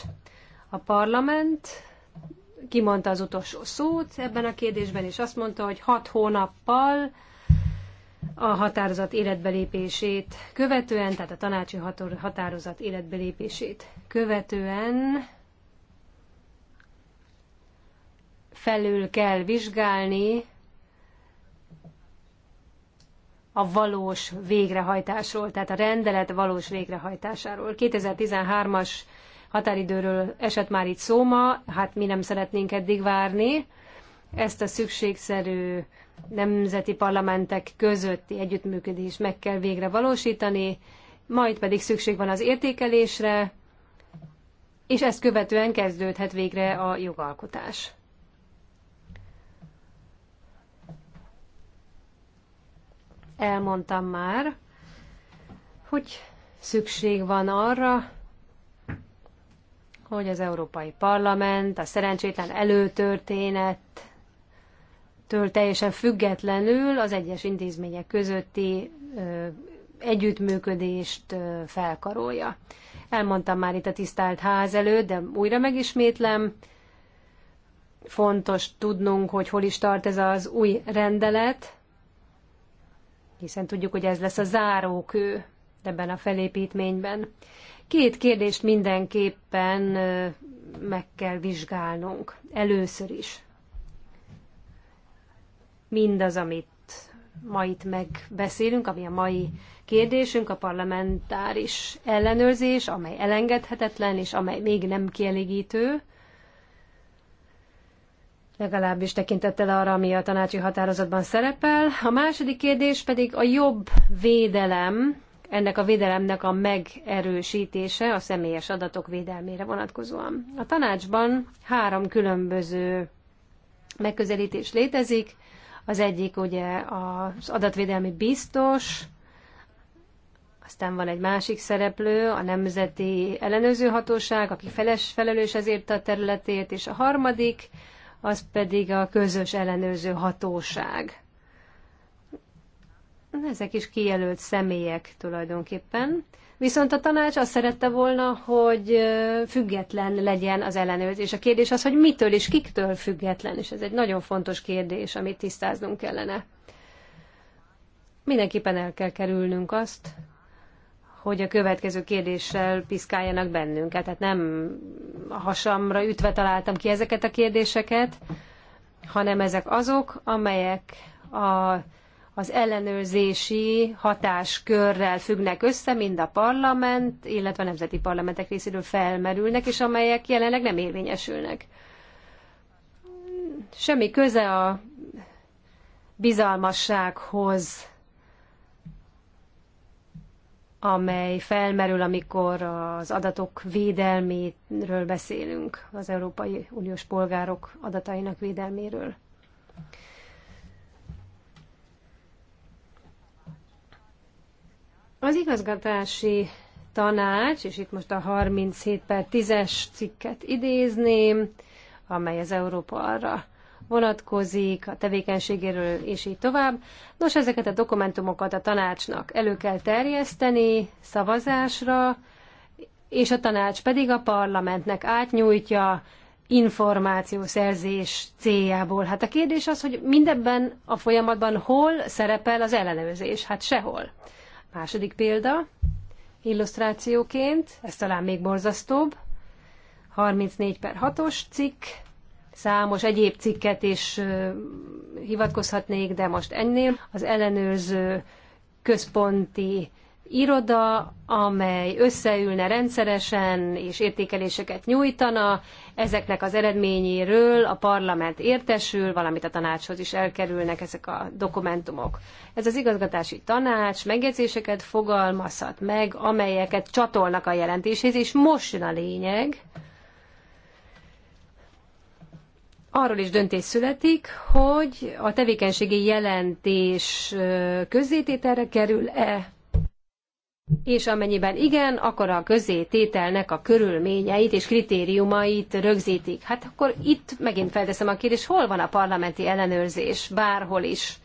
A parlament kimondta az utolsó szót ebben a kérdésben, és azt mondta, hogy hat hónappal a határozat életbelépését követően, tehát a tanácsi határozat életbelépését követően felül kell vizsgálni a valós végrehajtásról, tehát a rendelet valós végrehajtásáról. 2013-as határidőről esett már itt szó ma, hát mi nem szeretnénk eddig várni. Ezt a szükségszerű nemzeti parlamentek közötti együttműködést meg kell végre valósítani, majd pedig szükség van az értékelésre, és ezt követően kezdődhet végre a jogalkotás. elmondtam már, hogy szükség van arra, hogy az Európai Parlament a szerencsétlen előtörténet től teljesen függetlenül az egyes intézmények közötti ö, együttműködést ö, felkarolja. Elmondtam már itt a tisztelt ház előtt, de újra megismétlem. Fontos tudnunk, hogy hol is tart ez az új rendelet, hiszen tudjuk, hogy ez lesz a zárókő ebben a felépítményben. Két kérdést mindenképpen meg kell vizsgálnunk. Először is mindaz, amit ma itt megbeszélünk, ami a mai kérdésünk, a parlamentáris ellenőrzés, amely elengedhetetlen és amely még nem kielégítő, legalábbis tekintettel arra, ami a tanácsi határozatban szerepel. A második kérdés pedig a jobb védelem, ennek a védelemnek a megerősítése a személyes adatok védelmére vonatkozóan. A tanácsban három különböző megközelítés létezik. Az egyik ugye az adatvédelmi biztos, aztán van egy másik szereplő, a Nemzeti Ellenőrző Hatóság, aki feles, felelős ezért a területét, és a harmadik az pedig a közös ellenőrző hatóság. Ezek is kijelölt személyek tulajdonképpen. Viszont a tanács azt szerette volna, hogy független legyen az ellenőrzés. A kérdés az, hogy mitől és kiktől független, és ez egy nagyon fontos kérdés, amit tisztáznunk kellene. Mindenképpen el kell kerülnünk azt, hogy a következő kérdéssel piszkáljanak bennünket. Tehát nem a hasamra ütve találtam ki ezeket a kérdéseket, hanem ezek azok, amelyek a, az ellenőrzési hatáskörrel függnek össze, mind a parlament, illetve a nemzeti parlamentek részéről felmerülnek, és amelyek jelenleg nem érvényesülnek. Semmi köze a bizalmassághoz amely felmerül, amikor az adatok védelméről beszélünk, az Európai Uniós polgárok adatainak védelméről. Az igazgatási tanács, és itt most a 37 per 10-es cikket idézném, amely az Európa arra vonatkozik, a tevékenységéről és így tovább. Nos, ezeket a dokumentumokat a tanácsnak elő kell terjeszteni szavazásra, és a tanács pedig a parlamentnek átnyújtja információszerzés céljából. Hát a kérdés az, hogy mindebben a folyamatban hol szerepel az ellenőrzés? Hát sehol. Második példa, illusztrációként, ez talán még borzasztóbb, 34 per 6-os cikk, Számos egyéb cikket is hivatkozhatnék, de most ennél az ellenőrző központi iroda, amely összeülne rendszeresen és értékeléseket nyújtana, ezeknek az eredményéről a parlament értesül, valamit a tanácshoz is elkerülnek ezek a dokumentumok. Ez az igazgatási tanács megjegyzéseket fogalmazhat meg, amelyeket csatolnak a jelentéshez, és most jön a lényeg, arról is döntés születik, hogy a tevékenységi jelentés közzétételre kerül-e, és amennyiben igen, akkor a közzétételnek a körülményeit és kritériumait rögzítik. Hát akkor itt megint felteszem a kérdést, hol van a parlamenti ellenőrzés, bárhol is.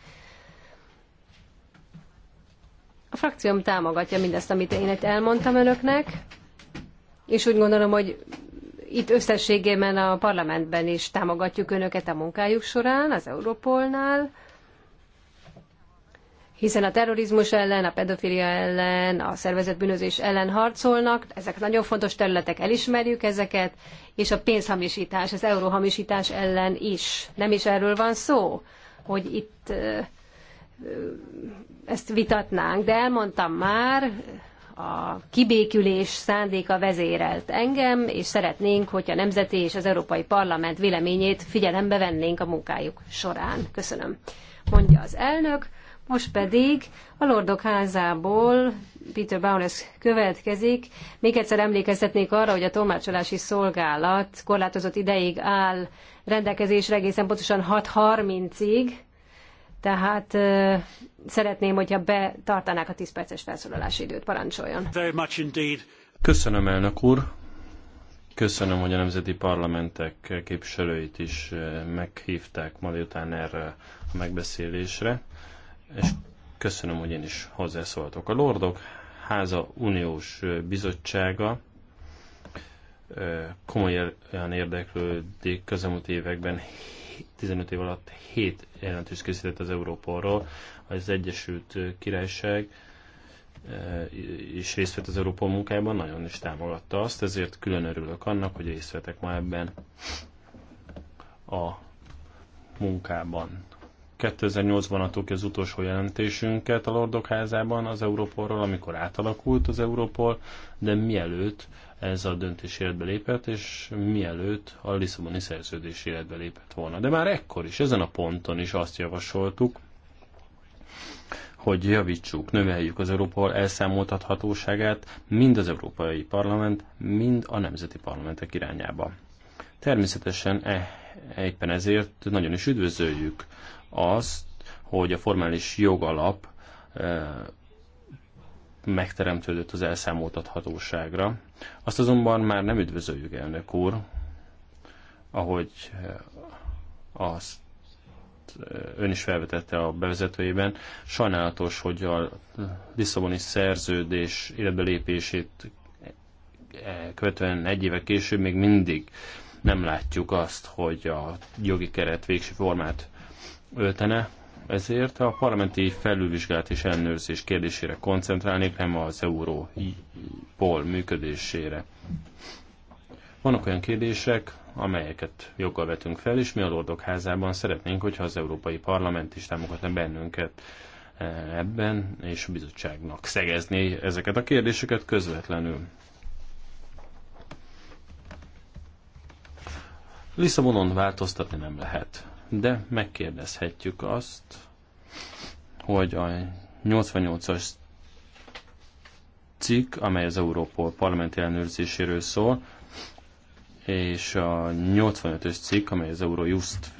A frakcióm támogatja mindazt, amit én itt elmondtam önöknek, és úgy gondolom, hogy itt összességében a parlamentben is támogatjuk önöket a munkájuk során, az Európolnál, hiszen a terrorizmus ellen, a pedofilia ellen, a szervezetbűnözés ellen harcolnak, ezek nagyon fontos területek, elismerjük ezeket, és a pénzhamisítás, az euróhamisítás ellen is. Nem is erről van szó, hogy itt ezt vitatnánk, de elmondtam már, a kibékülés szándéka vezérelt engem, és szeretnénk, hogy a Nemzeti és az Európai Parlament véleményét figyelembe vennénk a munkájuk során. Köszönöm, mondja az elnök. Most pedig a Lordok házából Peter Bowles következik. Még egyszer emlékeztetnék arra, hogy a tolmácsolási szolgálat korlátozott ideig áll rendelkezésre egészen pontosan 6.30-ig, tehát szeretném, hogyha betartanák a 10 perces felszólalási időt. Parancsoljon. Köszönöm, elnök úr. Köszönöm, hogy a nemzeti parlamentek képviselőit is meghívták ma délután erre a megbeszélésre, és köszönöm, hogy én is hozzászóltok. A Lordok Háza Uniós Bizottsága komolyan érdeklődik közelmúlt években 15 év alatt 7 jelentést készített az Európolról, az Egyesült Királyság eh, is részt vett az Európa munkájában, nagyon is támogatta azt, ezért külön örülök annak, hogy részt vettek ma ebben a munkában. 2008-ban adtuk az utolsó jelentésünket a Lordok házában az Európolról, amikor átalakult az Európol, de mielőtt ez a döntés életbe lépett, és mielőtt a Lisszaboni szerződés életbe lépett volna. De már ekkor is, ezen a ponton is azt javasoltuk, hogy javítsuk, növeljük az Európa elszámoltathatóságát mind az Európai Parlament, mind a nemzeti parlamentek irányába. Természetesen e, éppen ezért nagyon is üdvözöljük azt, hogy a formális jogalap e, megteremtődött az elszámoltathatóságra. Azt azonban már nem üdvözöljük, elnök úr, ahogy eh, azt eh, ön is felvetette a bevezetőjében. Sajnálatos, hogy a Lisszaboni szerződés életbelépését lépését eh, követően egy éve később még mindig nem látjuk azt, hogy a jogi keret végső formát öltene. Ezért a parlamenti felülvizsgálat és ellenőrzés kérdésére koncentrálnék, nem az Európol működésére. Vannak olyan kérdések, amelyeket joggal vetünk fel, és mi a Lordok házában szeretnénk, hogyha az Európai Parlament is támogatna bennünket eh, ebben, és a bizottságnak szegezni ezeket a kérdéseket közvetlenül. Lisszabonon változtatni nem lehet de megkérdezhetjük azt, hogy a 88-as cikk, amely az Európol parlament ellenőrzéséről szól, és a 85-ös cikk, amely az Eurojust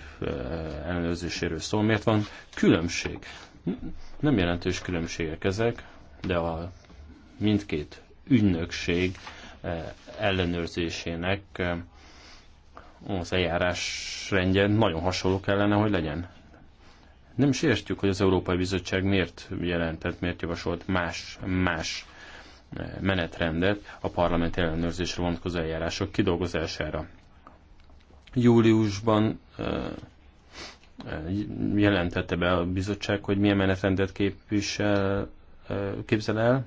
ellenőrzéséről szól, miért van különbség? Nem jelentős különbségek ezek, de a mindkét ügynökség ellenőrzésének az eljárás rendje nagyon hasonló kellene, hogy legyen. Nem is értjük, hogy az Európai Bizottság miért jelentett, miért javasolt más-más eh, menetrendet a parlament ellenőrzésre vonatkozó eljárások kidolgozására. Júliusban eh, eh, jelentette be a bizottság, hogy milyen menetrendet képvisel, képzel el,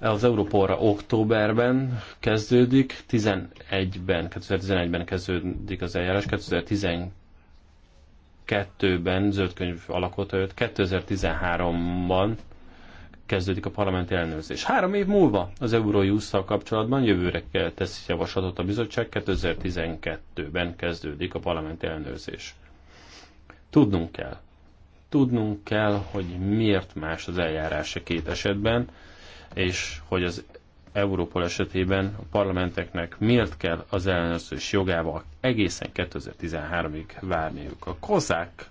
az Európóra októberben kezdődik, 11-ben, 2011-ben kezdődik az eljárás, 2012-ben zöldkönyv alakot jött, 2013-ban kezdődik a parlamenti ellenőrzés. Három év múlva az eurojust úszal kapcsolatban jövőre tesz javaslatot a bizottság, 2012-ben kezdődik a parlamenti ellenőrzés. Tudnunk kell. Tudnunk kell, hogy miért más az eljárása két esetben, és hogy az Európol esetében a parlamenteknek miért kell az ellenőrzés jogával egészen 2013-ig várniuk. A kozák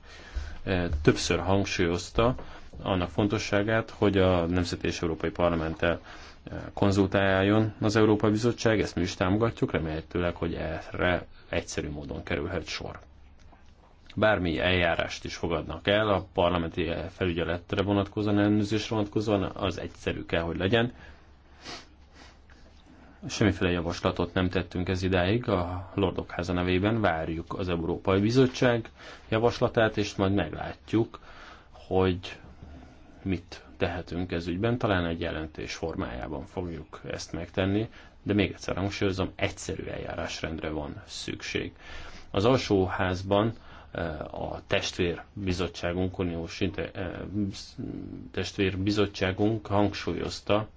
eh, többször hangsúlyozta annak fontosságát, hogy a Nemzeti és Európai Parlamenttel eh, konzultáljon az Európai Bizottság, ezt mi is támogatjuk, remélhetőleg, hogy erre egyszerű módon kerülhet sor bármi eljárást is fogadnak el, a parlamenti felügyeletre vonatkozóan, ellenőrzésre vonatkozóan, az egyszerű kell, hogy legyen. Semmiféle javaslatot nem tettünk ez idáig a Lordok háza nevében, várjuk az Európai Bizottság javaslatát, és majd meglátjuk, hogy mit tehetünk ez ügyben, talán egy jelentés formájában fogjuk ezt megtenni, de még egyszer hangsúlyozom, egyszerű eljárásrendre van szükség. Az alsóházban a testvérbizottságunk, uniós eh, testvérbizottságunk hangsúlyozta,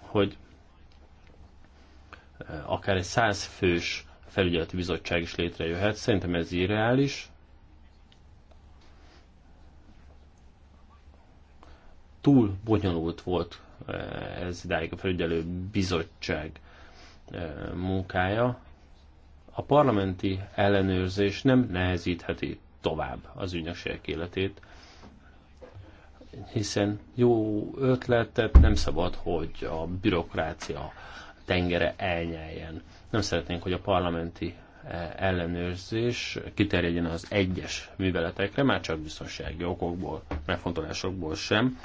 hogy eh, akár egy fős felügyeleti bizottság is létrejöhet. Szerintem ez irreális. Túl bonyolult volt eh, ez idáig a felügyelő bizottság munkája. A parlamenti ellenőrzés nem nehezítheti tovább az ügynökségek életét, hiszen jó ötletet nem szabad, hogy a bürokrácia tengere elnyeljen. Nem szeretnénk, hogy a parlamenti e, ellenőrzés kiterjedjen az egyes műveletekre, már csak biztonsági okokból, megfontolásokból sem.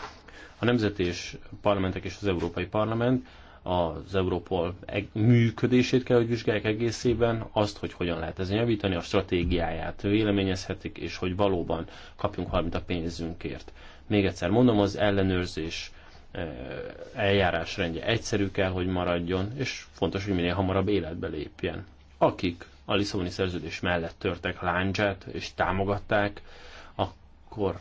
A nemzeti és parlamentek és az Európai Parlament az Europol működését kell, hogy vizsgálják egészében, azt, hogy hogyan lehet ezen javítani, a stratégiáját véleményezhetik, és hogy valóban kapjunk valamit a pénzünkért. Még egyszer mondom, az ellenőrzés e, eljárásrendje egyszerű kell, hogy maradjon, és fontos, hogy minél hamarabb életbe lépjen. Akik a Lisszaboni szerződés mellett törtek láncsát és támogatták, akkor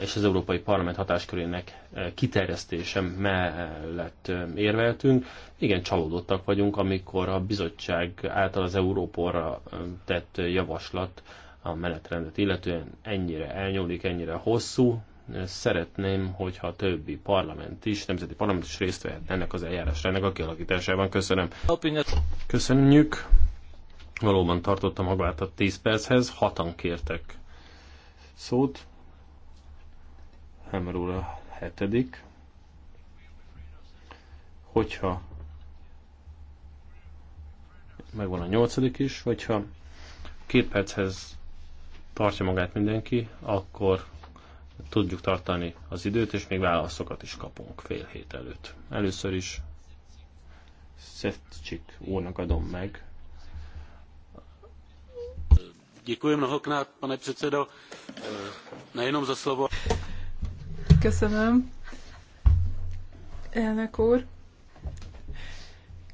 és az Európai Parlament hatáskörének eh, kiterjesztése mellett eh, érveltünk. Igen, csalódottak vagyunk, amikor a bizottság által az Európorra eh, tett javaslat a menetrendet illetően ennyire elnyúlik, ennyire hosszú. Szeretném, hogyha a többi parlament is, nemzeti parlament is részt vehet ennek az eljárásra, ennek a kialakításában. Köszönöm. Köszönjük. Valóban tartottam magát a 10 perchez, hatan kértek szót. Helmer úr a hetedik. Hogyha megvan a nyolcadik is, hogyha két perchez tartja magát mindenki, akkor tudjuk tartani az időt, és még válaszokat is kapunk fél hét előtt. Először is Szefcsik úrnak adom meg. Děkuji mnohokrát, pane předsedo, nejenom za slovo. Köszönöm. Elnök úr.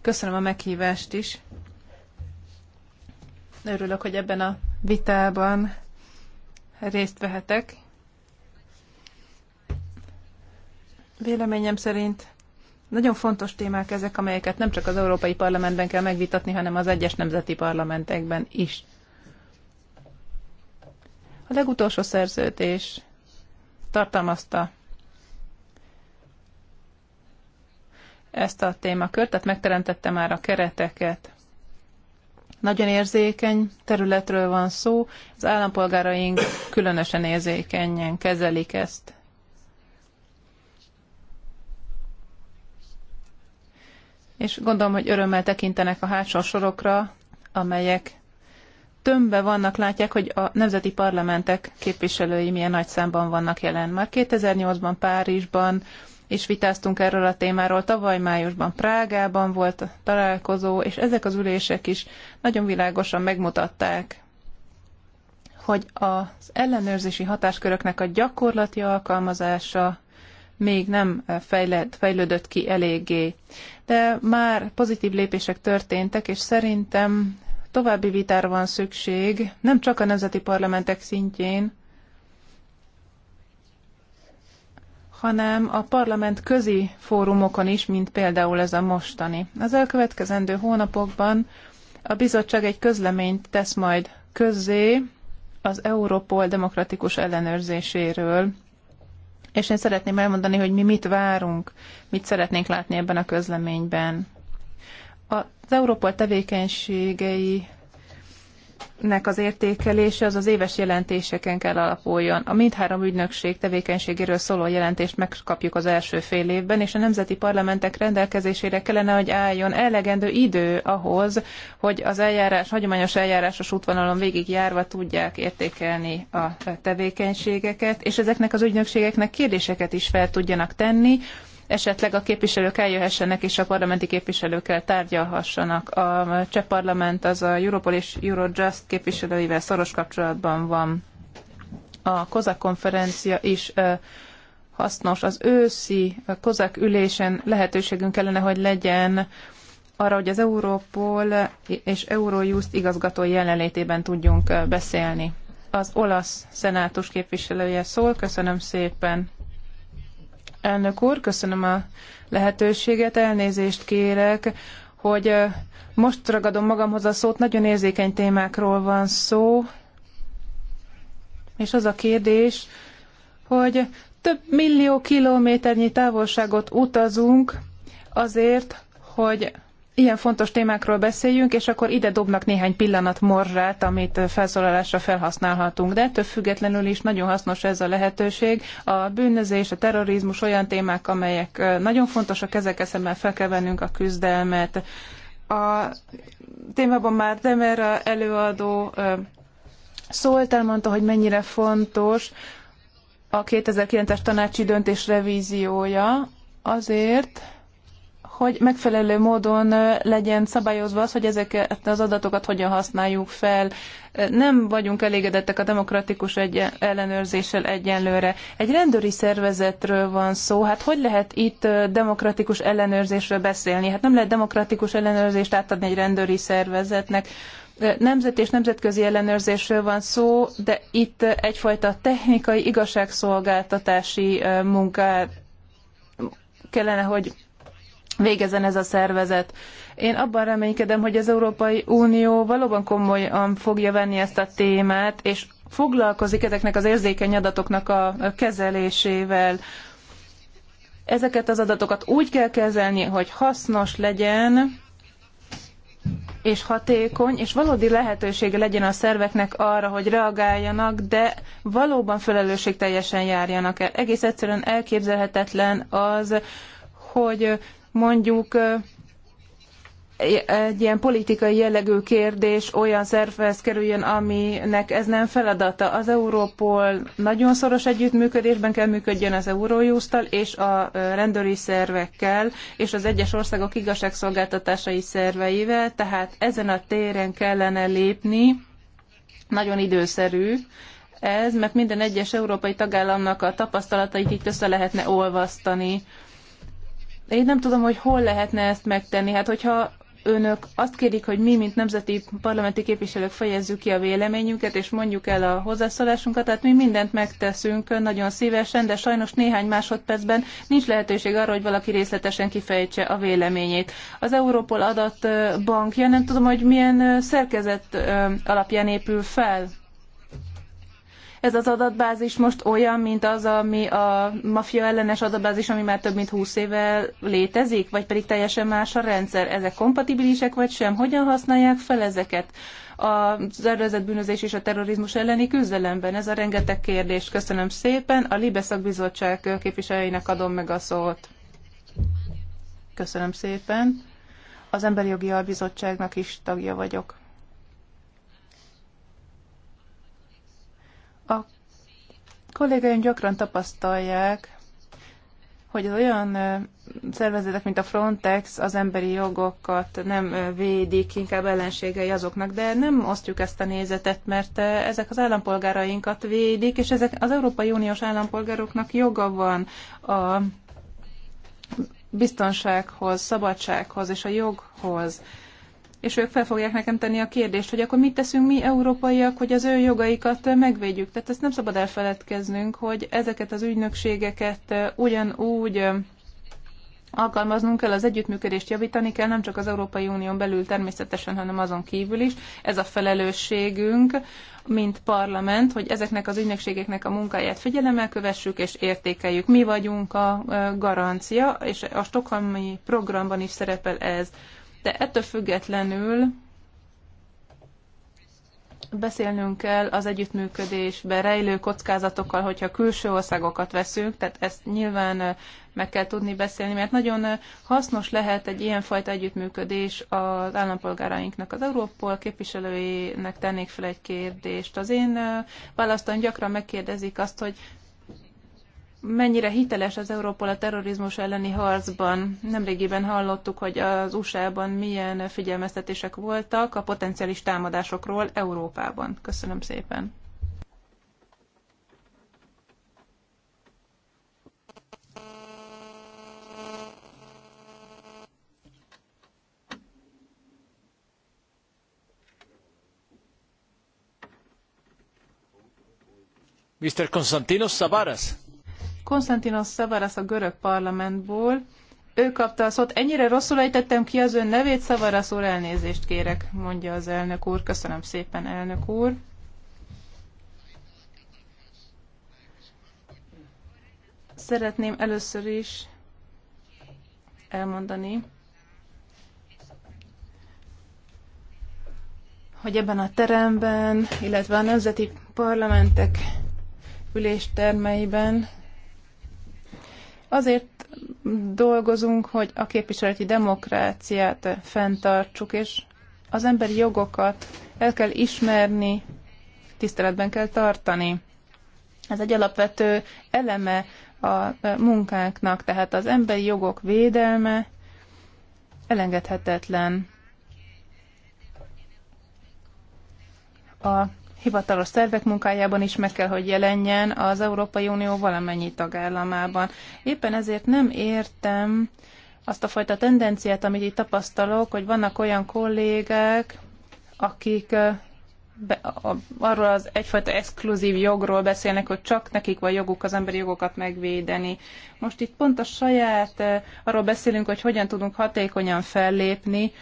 Köszönöm a meghívást is. Örülök, hogy ebben a vitában részt vehetek. Véleményem szerint nagyon fontos témák ezek, amelyeket nem csak az Európai Parlamentben kell megvitatni, hanem az egyes nemzeti parlamentekben is. A legutolsó szerződés tartalmazta ezt a témakört, tehát megteremtette már a kereteket. Nagyon érzékeny területről van szó, az állampolgáraink különösen érzékenyen kezelik ezt. És gondolom, hogy örömmel tekintenek a hátsó sorokra, amelyek tömbbe vannak, látják, hogy a nemzeti parlamentek képviselői milyen nagy számban vannak jelen. Már 2008-ban Párizsban, és vitáztunk erről a témáról. Tavaly májusban Prágában volt a találkozó, és ezek az ülések is nagyon világosan megmutatták, hogy az ellenőrzési hatásköröknek a gyakorlati alkalmazása még nem fejlett, fejlődött ki eléggé. De már pozitív lépések történtek, és szerintem további vitára van szükség, nem csak a nemzeti parlamentek szintjén, hanem a parlament közi fórumokon is, mint például ez a mostani. Az elkövetkezendő hónapokban a bizottság egy közleményt tesz majd közzé az Európol demokratikus ellenőrzéséről, és én szeretném elmondani, hogy mi mit várunk, mit szeretnénk látni ebben a közleményben. Az Európol tevékenységei nek az értékelése az az éves jelentéseken kell alapuljon. A mindhárom ügynökség tevékenységéről szóló jelentést megkapjuk az első fél évben, és a nemzeti parlamentek rendelkezésére kellene, hogy álljon elegendő idő ahhoz, hogy az eljárás, hagyományos eljárásos útvonalon végigjárva tudják értékelni a tevékenységeket, és ezeknek az ügynökségeknek kérdéseket is fel tudjanak tenni, esetleg a képviselők eljöhessenek és a parlamenti képviselőkkel tárgyalhassanak. A cseh parlament az a Europol és Eurojust képviselőivel szoros kapcsolatban van. A COSAC konferencia is hasznos. Az őszi COSAC ülésen lehetőségünk kellene, hogy legyen arra, hogy az Europol és Eurojust igazgatói jelenlétében tudjunk beszélni. Az olasz szenátus képviselője szól. Köszönöm szépen. Elnök úr, köszönöm a lehetőséget, elnézést kérek, hogy most ragadom magamhoz a szót, nagyon érzékeny témákról van szó, és az a kérdés, hogy több millió kilométernyi távolságot utazunk azért, hogy ilyen fontos témákról beszéljünk, és akkor ide dobnak néhány pillanat morrát, amit felszólalásra felhasználhatunk. De ettől függetlenül is nagyon hasznos ez a lehetőség. A bűnözés, a terrorizmus olyan témák, amelyek nagyon fontosak, ezek eszemben fel kell vennünk a küzdelmet. A témában már Demera előadó szólt, elmondta, hogy mennyire fontos a 2009-es tanácsi döntés revíziója azért, hogy megfelelő módon legyen szabályozva az, hogy ezeket az adatokat hogyan használjuk fel. Nem vagyunk elégedettek a demokratikus ellenőrzéssel egyenlőre. Egy rendőri szervezetről van szó, hát hogy lehet itt demokratikus ellenőrzésről beszélni? Hát nem lehet demokratikus ellenőrzést átadni egy rendőri szervezetnek nemzet és nemzetközi ellenőrzésről van szó, de itt egyfajta technikai igazságszolgáltatási munkát kellene, hogy végezen ez a szervezet. Én abban reménykedem, hogy az Európai Unió valóban komolyan fogja venni ezt a témát, és foglalkozik ezeknek az érzékeny adatoknak a kezelésével. Ezeket az adatokat úgy kell kezelni, hogy hasznos legyen, és hatékony, és valódi lehetősége legyen a szerveknek arra, hogy reagáljanak, de valóban felelősségteljesen járjanak el. Egész egyszerűen elképzelhetetlen az, hogy mondjuk egy ilyen politikai jellegű kérdés olyan szervhez kerüljön, aminek ez nem feladata. Az Európol nagyon szoros együttműködésben kell működjön az eurojust és a rendőri szervekkel, és az egyes országok igazságszolgáltatásai szerveivel, tehát ezen a téren kellene lépni, nagyon időszerű, ez, mert minden egyes európai tagállamnak a tapasztalatait itt össze lehetne olvasztani én nem tudom, hogy hol lehetne ezt megtenni. Hát hogyha önök azt kérik, hogy mi, mint nemzeti parlamenti képviselők fejezzük ki a véleményünket, és mondjuk el a hozzászólásunkat, tehát mi mindent megteszünk nagyon szívesen, de sajnos néhány másodpercben nincs lehetőség arra, hogy valaki részletesen kifejtse a véleményét. Az Európol adatbankja nem tudom, hogy milyen szerkezet alapján épül fel ez az adatbázis most olyan, mint az, ami a mafia ellenes adatbázis, ami már több mint 20 éve létezik, vagy pedig teljesen más a rendszer? Ezek kompatibilisek vagy sem? Hogyan használják fel ezeket? az erőzett bűnözés és a terrorizmus elleni küzdelemben? Ez a rengeteg kérdés. Köszönöm szépen. A Libeszak bizottság képviselőinek adom meg a szót. Köszönöm szépen. Az Emberi Jogi Albizottságnak is tagja vagyok. kollégáim gyakran tapasztalják, hogy az olyan szervezetek, mint a Frontex az emberi jogokat nem védik, inkább ellenségei azoknak, de nem osztjuk ezt a nézetet, mert ezek az állampolgárainkat védik, és ezek az Európai Uniós állampolgároknak joga van a biztonsághoz, szabadsághoz és a joghoz és ők fel fogják nekem tenni a kérdést, hogy akkor mit teszünk mi európaiak, hogy az ő jogaikat megvédjük. Tehát ezt nem szabad elfeledkeznünk, hogy ezeket az ügynökségeket ugyanúgy alkalmaznunk kell, az együttműködést javítani kell, nem csak az Európai Unión belül természetesen, hanem azon kívül is. Ez a felelősségünk, mint parlament, hogy ezeknek az ügynökségeknek a munkáját figyelemmel kövessük és értékeljük. Mi vagyunk a garancia, és a stokholmi programban is szerepel ez de ettől függetlenül beszélnünk kell az együttműködésbe rejlő kockázatokkal, hogyha külső országokat veszünk, tehát ezt nyilván meg kell tudni beszélni, mert nagyon hasznos lehet egy ilyenfajta együttműködés az állampolgárainknak. Az Európol képviselőinek tennék fel egy kérdést. Az én választom gyakran megkérdezik azt, hogy mennyire hiteles az Európol a terrorizmus elleni harcban. Nemrégiben hallottuk, hogy az USA-ban milyen figyelmeztetések voltak a potenciális támadásokról Európában. Köszönöm szépen. Mr. Konstantinos Savaras. Konstantinos Szavarasz a görög parlamentból, ő kapta a szót. Ennyire rosszul ejtettem ki az ön nevét, Szavarasz úr, elnézést kérek, mondja az elnök úr. Köszönöm szépen, elnök úr. Szeretném először is elmondani, hogy ebben a teremben, illetve a nemzeti parlamentek üléstermeiben Azért dolgozunk, hogy a képviseleti demokráciát fenntartsuk, és az emberi jogokat el kell ismerni, tiszteletben kell tartani. Ez egy alapvető eleme a munkánknak, tehát az emberi jogok védelme elengedhetetlen. A hivatalos szervek munkájában is meg kell, hogy jelenjen az Európai Unió valamennyi tagállamában. Éppen ezért nem értem azt a fajta tendenciát, amit itt tapasztalok, hogy vannak olyan kollégák, akik be, a, arról az egyfajta exkluzív jogról beszélnek, hogy csak nekik van joguk az emberi jogokat megvédeni. Most itt pont a saját, arról beszélünk, hogy hogyan tudunk hatékonyan fellépni,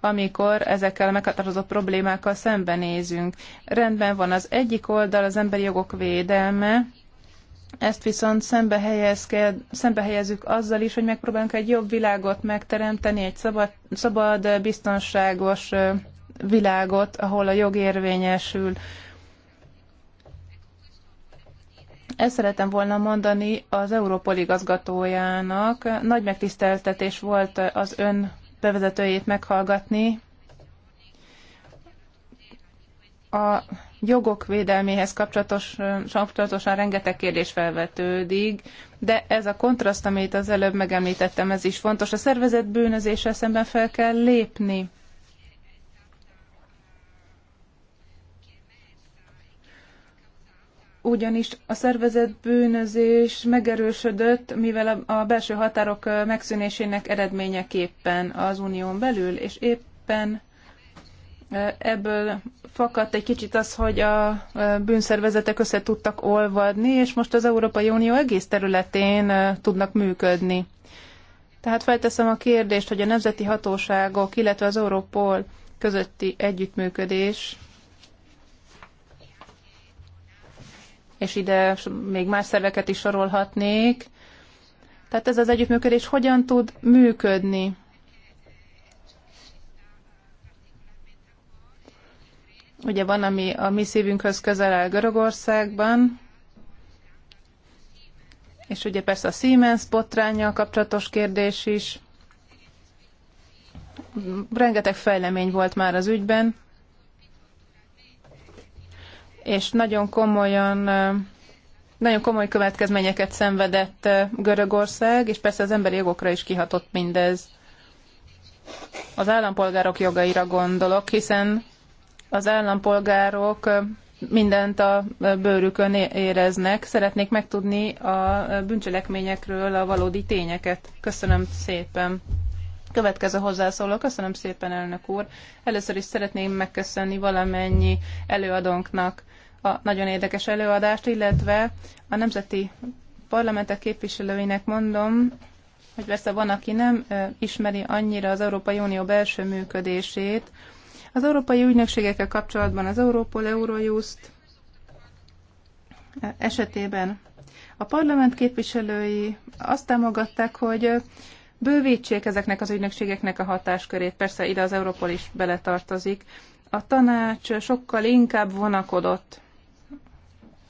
amikor ezekkel a meghatározott problémákkal szembenézünk. Rendben van az egyik oldal az emberi jogok védelme, ezt viszont szembe, szembe helyezzük azzal is, hogy megpróbálunk egy jobb világot megteremteni, egy szabad, szabad biztonságos világot, ahol a jog érvényesül. Ezt szeretem volna mondani az Európol igazgatójának. Nagy megtiszteltetés volt az ön bevezetőjét meghallgatni. A jogok védelméhez kapcsolatos, kapcsolatosan rengeteg kérdés felvetődik, de ez a kontraszt, amit az előbb megemlítettem, ez is fontos. A szervezet bűnözéssel szemben fel kell lépni. ugyanis a szervezett bűnözés megerősödött, mivel a belső határok megszűnésének eredményeképpen az unión belül, és éppen ebből fakadt egy kicsit az, hogy a bűnszervezetek össze tudtak olvadni, és most az Európai Unió egész területén tudnak működni. Tehát felteszem a kérdést, hogy a nemzeti hatóságok, illetve az Európol közötti együttműködés és ide még más szerveket is sorolhatnék. Tehát ez az együttműködés hogyan tud működni? Ugye van, ami a mi szívünkhöz közel áll Görögországban, és ugye persze a Siemens botrányjal kapcsolatos kérdés is. Rengeteg fejlemény volt már az ügyben és nagyon komolyan nagyon komoly következményeket szenvedett Görögország, és persze az emberi jogokra is kihatott mindez. Az állampolgárok jogaira gondolok, hiszen az állampolgárok mindent a bőrükön éreznek. Szeretnék megtudni a bűncselekményekről a valódi tényeket. Köszönöm szépen. Következő hozzászóló. Köszönöm szépen, elnök úr. Először is szeretném megköszönni valamennyi előadónknak a nagyon érdekes előadást, illetve a nemzeti parlamentek képviselőinek mondom, hogy persze van, aki nem ismeri annyira az Európai Unió belső működését. Az európai ügynökségekkel kapcsolatban az Europol, Eurojust esetében a parlament képviselői azt támogatták, hogy bővítsék ezeknek az ügynökségeknek a hatáskörét. Persze ide az Europol is beletartozik. A tanács sokkal inkább vonakodott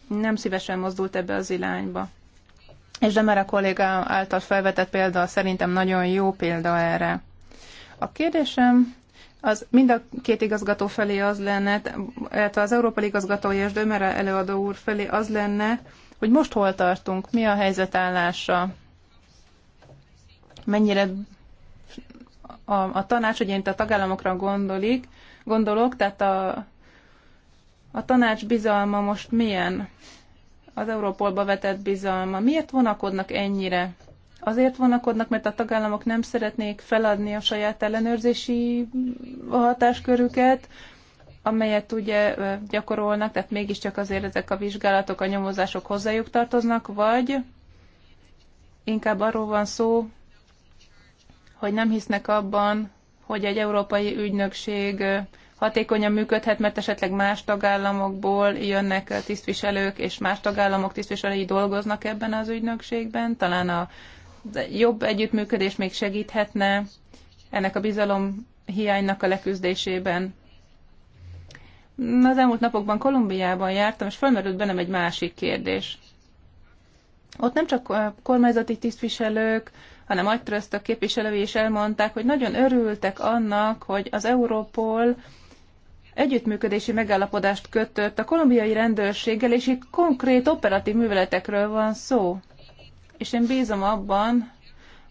nem szívesen mozdult ebbe az irányba. És de már a kolléga által felvetett példa szerintem nagyon jó példa erre. A kérdésem az mind a két igazgató felé az lenne, tehát az Európa igazgatója és Dömere előadó úr felé az lenne, hogy most hol tartunk, mi a helyzetállása, mennyire a, a tanács, én itt a tagállamokra gondolik, gondolok, tehát a a tanács bizalma most milyen? Az Európolba vetett bizalma. Miért vonakodnak ennyire? Azért vonakodnak, mert a tagállamok nem szeretnék feladni a saját ellenőrzési hatáskörüket, amelyet ugye gyakorolnak, tehát mégiscsak azért ezek a vizsgálatok, a nyomozások hozzájuk tartoznak, vagy inkább arról van szó, hogy nem hisznek abban, hogy egy európai ügynökség hatékonyan működhet, mert esetleg más tagállamokból jönnek eh, tisztviselők, és más tagállamok tisztviselői dolgoznak ebben az ügynökségben. Talán a jobb együttműködés még segíthetne ennek a bizalom hiánynak a leküzdésében. Az elmúlt napokban Kolumbiában jártam, és felmerült bennem egy másik kérdés. Ott nem csak kormányzati tisztviselők, hanem agytröztök képviselői is elmondták, hogy nagyon örültek annak, hogy az Európol együttműködési megállapodást kötött a kolumbiai rendőrséggel, és itt konkrét operatív műveletekről van szó. És én bízom abban,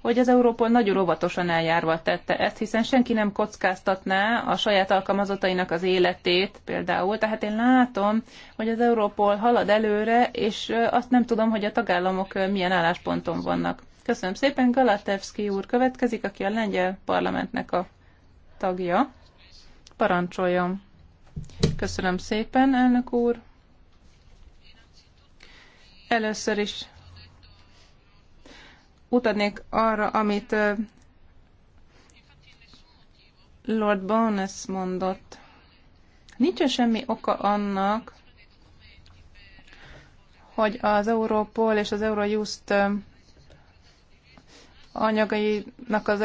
hogy az Európol nagyon óvatosan eljárva tette ezt, hiszen senki nem kockáztatná a saját alkalmazatainak az életét például. Tehát én látom, hogy az Európol halad előre, és azt nem tudom, hogy a tagállamok milyen állásponton vannak. Köszönöm szépen, Galatevski úr következik, aki a lengyel parlamentnek a tagja. Parancsoljon! Köszönöm szépen, elnök úr. Először is utalnék arra, amit Lord Bowness mondott. Nincsen semmi oka annak, hogy az Europol és az Eurojust anyagainak az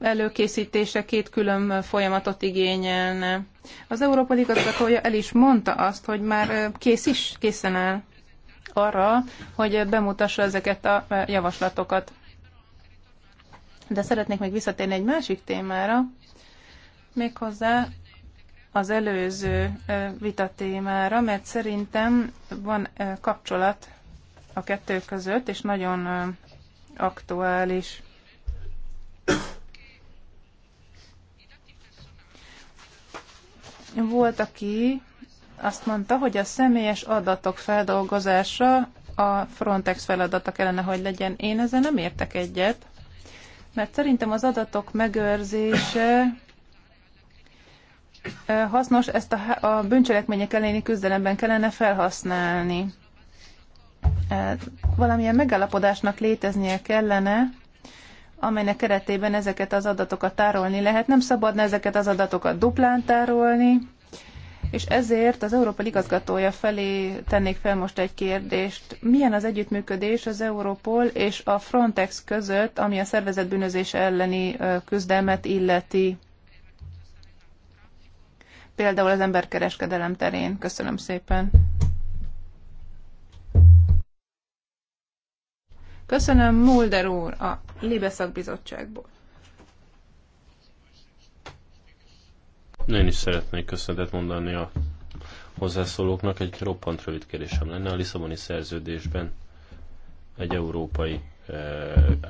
előkészítése két külön folyamatot igényelne. Az Európa Igazgatója el is mondta azt, hogy már kész is, készen áll arra, hogy bemutassa ezeket a javaslatokat. De szeretnék még visszatérni egy másik témára, méghozzá az előző vita témára, mert szerintem van kapcsolat a kettő között, és nagyon aktuális. Volt, aki azt mondta, hogy a személyes adatok feldolgozása a Frontex feladata kellene, hogy legyen. Én ezzel nem értek egyet, mert szerintem az adatok megőrzése hasznos, ezt a, bűncselekmények elleni küzdelemben kellene felhasználni valamilyen megállapodásnak léteznie kellene, amelynek keretében ezeket az adatokat tárolni lehet. Nem szabadna ezeket az adatokat duplán tárolni, és ezért az Európa igazgatója felé tennék fel most egy kérdést. Milyen az együttműködés az Europol és a Frontex között, ami a szervezetbűnözése elleni küzdelmet illeti? Például az emberkereskedelem terén. Köszönöm szépen. Köszönöm, Mulder úr, a Libe szakbizottságból. Én is szeretnék köszönetet mondani a hozzászólóknak. Egy roppant rövid kérdésem lenne. A Lisszaboni szerződésben egy európai e,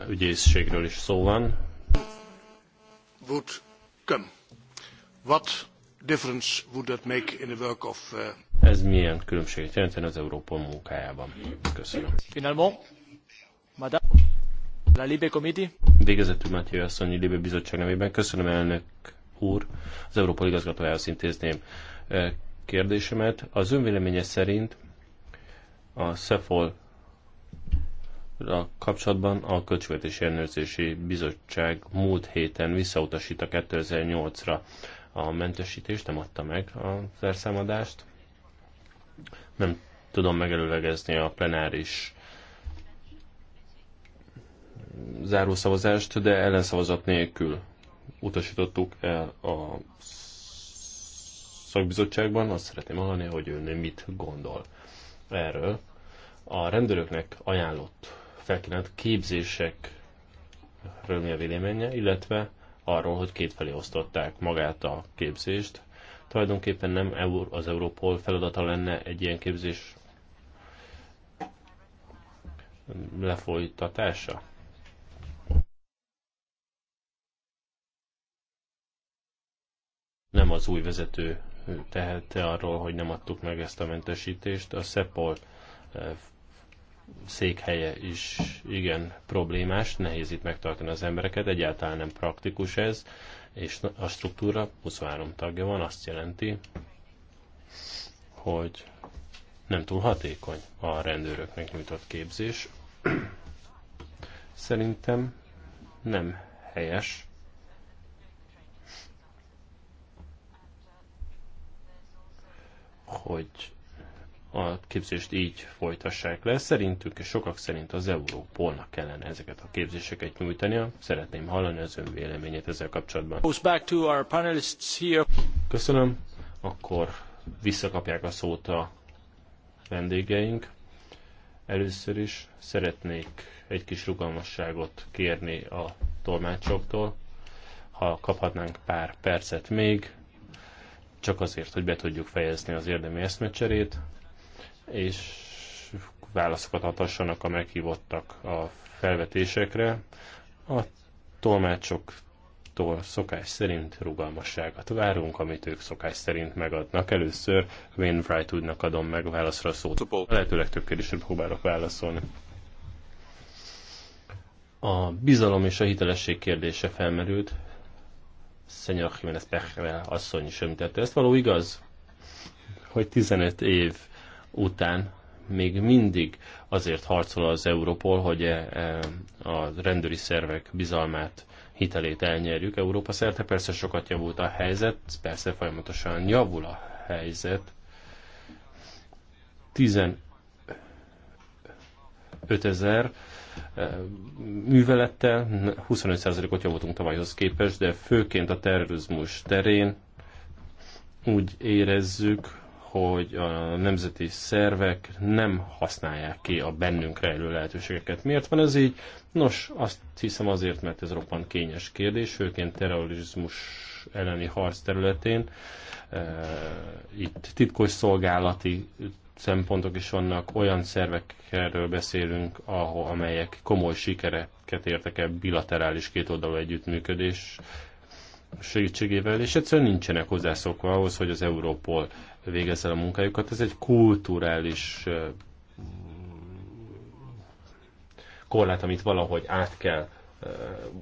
ügyészségről is szó van. Would come. What difference would that make in the work of... Uh... Ez milyen különbséget jelentene az Európa munkájában? Köszönöm. Finalement, La Libe Committee. Végezetül Mátyai Asszony, Libe Bizottság nevében köszönöm elnök úr, az Európai Igazgatójához intézném eh, kérdésemet. Az önvéleménye szerint a CEFOL a kapcsolatban a Költségvetési Ellenőrzési Bizottság múlt héten visszautasítta 2008-ra a mentesítést, nem adta meg a felszámadást. Nem tudom megelőlegezni a plenáris zárószavazást, de ellenszavazat nélkül utasítottuk el a szakbizottságban. Azt szeretném hallani, hogy ön mit gondol erről. A rendőröknek ajánlott felkínált képzésekről mi a véleménye, illetve arról, hogy kétfelé osztották magát a képzést. Tulajdonképpen nem az Europol feladata lenne egy ilyen képzés lefolytatása? nem az új vezető tehette arról, hogy nem adtuk meg ezt a mentesítést. A Szepol székhelye is igen problémás, nehéz itt megtartani az embereket, egyáltalán nem praktikus ez, és a struktúra 23 tagja van, azt jelenti, hogy nem túl hatékony a rendőröknek nyújtott képzés. Szerintem nem helyes hogy a képzést így folytassák le. Szerintük és sokak szerint az Európolnak kellene ezeket a képzéseket nyújtania. Szeretném hallani az ön véleményét ezzel kapcsolatban. Köszönöm. Akkor visszakapják a szót a vendégeink. Először is szeretnék egy kis rugalmasságot kérni a tolmácsoktól. Ha kaphatnánk pár percet még, csak azért, hogy be tudjuk fejezni az érdemi eszmecserét, és válaszokat adhassanak a meghívottak a felvetésekre. A tolmácsoktól szokás szerint rugalmasságot várunk, amit ők szokás szerint megadnak. Először Wainwright úgynak adom meg a válaszra a szót. A lehetőleg több kérdésre próbálok válaszolni. A bizalom és a hitelesség kérdése felmerült, Szenyor Jiménez Pechre asszony is említette. Ezt való igaz, hogy 15 év után még mindig azért harcol az Európol, hogy e, e, a rendőri szervek bizalmát, hitelét elnyerjük Európa szerte. Persze sokat javult a helyzet, persze folyamatosan javul a helyzet. 15 ezer művelettel. 25%-ot javultunk tavalyhoz képest, de főként a terrorizmus terén úgy érezzük, hogy a nemzeti szervek nem használják ki a bennünk rejlő lehetőségeket. Miért van ez így? Nos, azt hiszem azért, mert ez roppant kényes kérdés, főként terrorizmus elleni harc területén. Itt titkos szolgálati szempontok is vannak, olyan szervekről beszélünk, ahol, amelyek komoly sikereket értek el bilaterális kétoldalú együttműködés segítségével, és egyszerűen nincsenek hozzászokva ahhoz, hogy az Európol végezzel a munkájukat. Ez egy kulturális korlát, amit valahogy át kell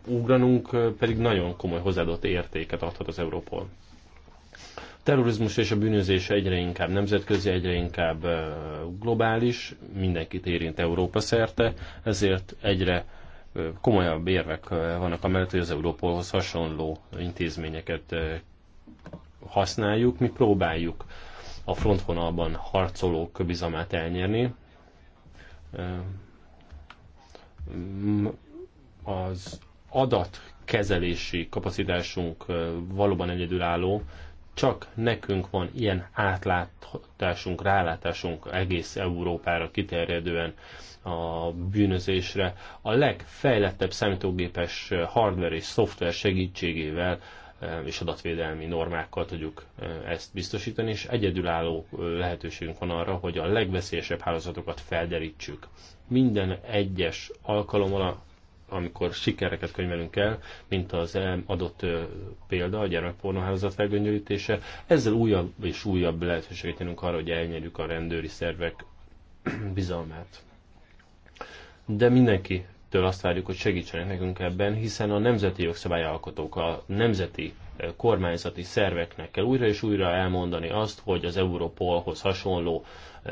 ugranunk, pedig nagyon komoly hozzáadott értéket adhat az Európol terrorizmus és a bűnözés egyre inkább nemzetközi, egyre inkább globális, mindenkit érint Európa szerte, ezért egyre komolyabb érvek vannak amellett, hogy az Európolhoz hasonló intézményeket használjuk, mi próbáljuk a frontvonalban harcolók bizalmát elnyerni. Az adatkezelési kapacitásunk valóban egyedülálló, csak nekünk van ilyen átlátásunk, rálátásunk egész Európára kiterjedően a bűnözésre. A legfejlettebb számítógépes hardware és szoftver segítségével eh, és adatvédelmi normákkal tudjuk eh, ezt biztosítani, és egyedülálló eh, lehetőségünk van arra, hogy a legveszélyesebb hálózatokat felderítsük. Minden egyes alkalommal amikor sikereket könyvelünk el, mint az adott példa, a gyermekpornóhálózat felgöngyölítése, ezzel újabb és újabb lehetőséget nyerünk arra, hogy elnyerjük a rendőri szervek bizalmát. De mindenki től azt várjuk, hogy segítsenek nekünk ebben, hiszen a nemzeti jogszabályalkotók, a nemzeti kormányzati szerveknek kell újra és újra elmondani azt, hogy az Európolhoz hasonló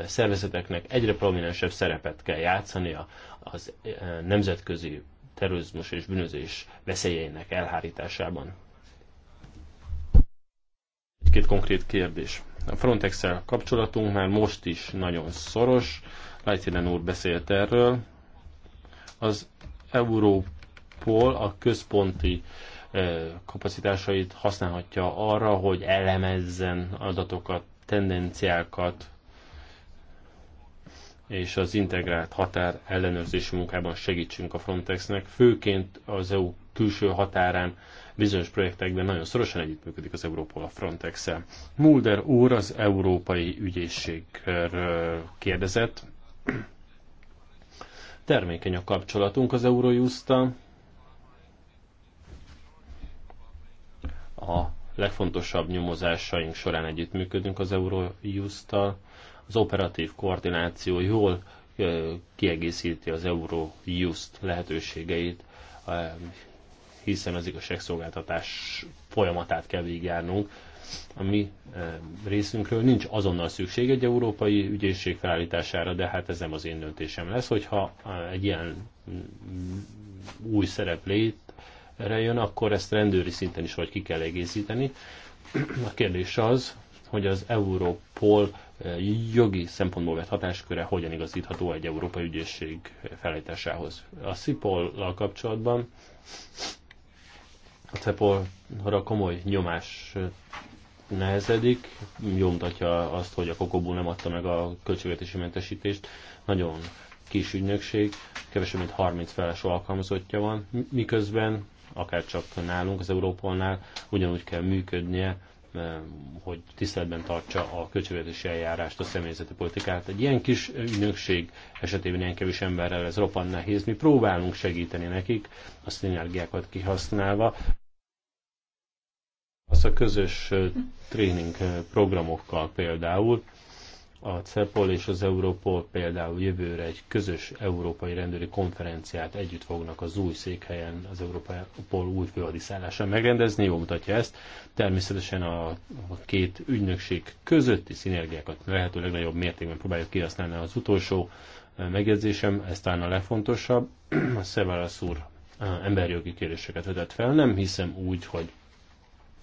szervezeteknek egyre prominensebb szerepet kell játszania az nemzetközi terrorizmus és bűnözés veszélyeinek elhárításában. Két konkrét kérdés. A frontex kapcsolatunk már most is nagyon szoros. Lajtinen úr beszélt erről. Az Európol a központi e, kapacitásait használhatja arra, hogy elemezzen adatokat, tendenciákat, és az integrált határ ellenőrzés munkában segítsünk a Frontexnek, főként az EU külső határán bizonyos projektekben nagyon szorosan együttműködik az Európol a frontex -el. Mulder úr az Európai Ügyészségről kérdezett. Termékeny a kapcsolatunk az eurojust -a. A legfontosabb nyomozásaink során együttműködünk az eurojust -a. Az operatív koordináció jól kiegészíti az Eurojust lehetőségeit, hiszen az igazságszolgáltatás folyamatát kell végigjárnunk. A mi részünkről nincs azonnal szükség egy európai ügyészség felállítására, de hát ez nem az én döntésem lesz, hogyha egy ilyen mm, új szereplét jön, akkor ezt rendőri szinten is vagy ki kell egészíteni. A kérdés az, hogy az Európol eh, jogi szempontból vett hatásköre hogyan igazítható egy európai ügyészség felállításához. A CIPOL-lal kapcsolatban a CEPOL-ra komoly nyomás nehezedik, Jó mutatja azt, hogy a Kokobú nem adta meg a költségvetési mentesítést, nagyon kis ügynökség, kevesebb mint 30 feles alkalmazottja van, miközben akár csak nálunk, az Európolnál ugyanúgy kell működnie, Eh, hogy tiszteletben tartsa a költségvetési eljárást, a személyzeti politikát. Egy ilyen kis ügynökség esetében ilyen kevés emberrel ez roppant nehéz. Mi próbálunk segíteni nekik a szinergiákat kihasználva, azt a közös eh, tréning eh, programokkal például, a CEPOL és az európol például jövőre egy közös európai rendőri konferenciát együtt fognak az új székhelyen, az európol új főhadiszállásán megrendezni, jó mutatja ezt. Természetesen a, a két ügynökség közötti szinergiákat lehető legnagyobb mértékben próbáljuk kihasználni az utolsó eh, megjegyzésem, ez talán a legfontosabb. A Szeválasz úr eh, emberjogi kérdéseket vetett fel. Nem hiszem úgy, hogy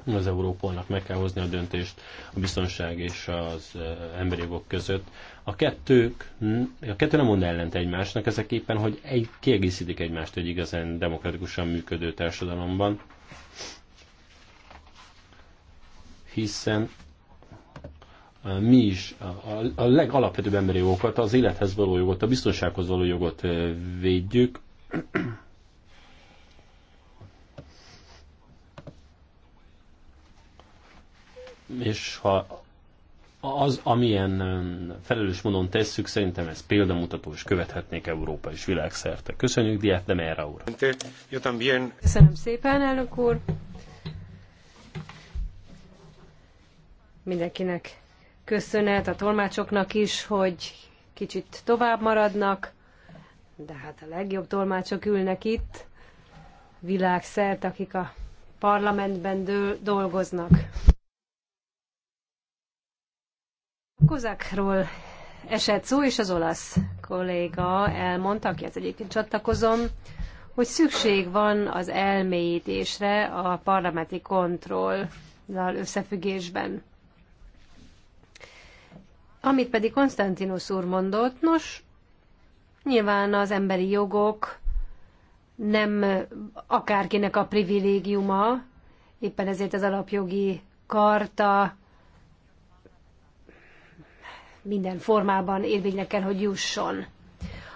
az Európolnak meg kell hozni a döntést a biztonság és az emberi jogok között. A, kettők, a kettő nem mond ellent egymásnak, ezek éppen, hogy egy, kiegészítik egymást egy igazán demokratikusan működő társadalomban, hiszen mi is a, a legalapvetőbb emberi jogokat, az élethez való jogot, a biztonsághoz való jogot védjük, és ha az, amilyen felelős módon tesszük, szerintem ez példamutató, és követhetnék Európa és világszerte. Köszönjük, Diát Demerra úr! Köszönöm szépen, elnök úr! Mindenkinek köszönet, a tolmácsoknak is, hogy kicsit tovább maradnak, de hát a legjobb tolmácsok ülnek itt, világszerte, akik a parlamentben dolgoznak. Kozákról esett szó, és az olasz kolléga elmondta, akihez egyébként csatlakozom, hogy szükség van az elmélyítésre a parlamenti kontrollal összefüggésben. Amit pedig Konstantinus úr mondott, nos, nyilván az emberi jogok nem akárkinek a privilégiuma, éppen ezért az alapjogi karta minden formában érvényre kell, hogy jusson.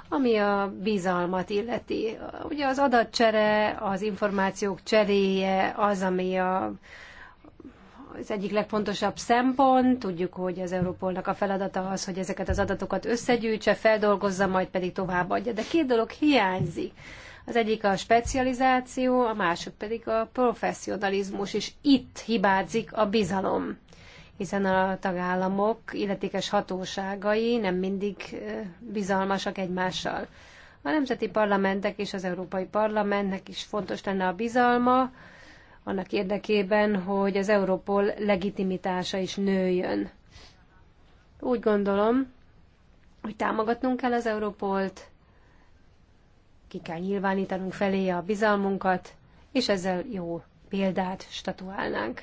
Ami a bizalmat illeti. Ugye az adatcsere, az információk cseréje az, ami a, az egyik legfontosabb szempont. Tudjuk, hogy az Európolnak a feladata az, hogy ezeket az adatokat összegyűjtse, feldolgozza, majd pedig továbbadja. De két dolog hiányzik. Az egyik a specializáció, a másik pedig a professzionalizmus, és itt hibázik a bizalom hiszen a tagállamok illetékes hatóságai nem mindig bizalmasak egymással. A nemzeti parlamentek és az Európai Parlamentnek is fontos lenne a bizalma, annak érdekében, hogy az Európol legitimitása is nőjön. Úgy gondolom, hogy támogatnunk kell az Európolt, ki kell nyilvánítanunk felé a bizalmunkat, és ezzel jó példát statuálnánk.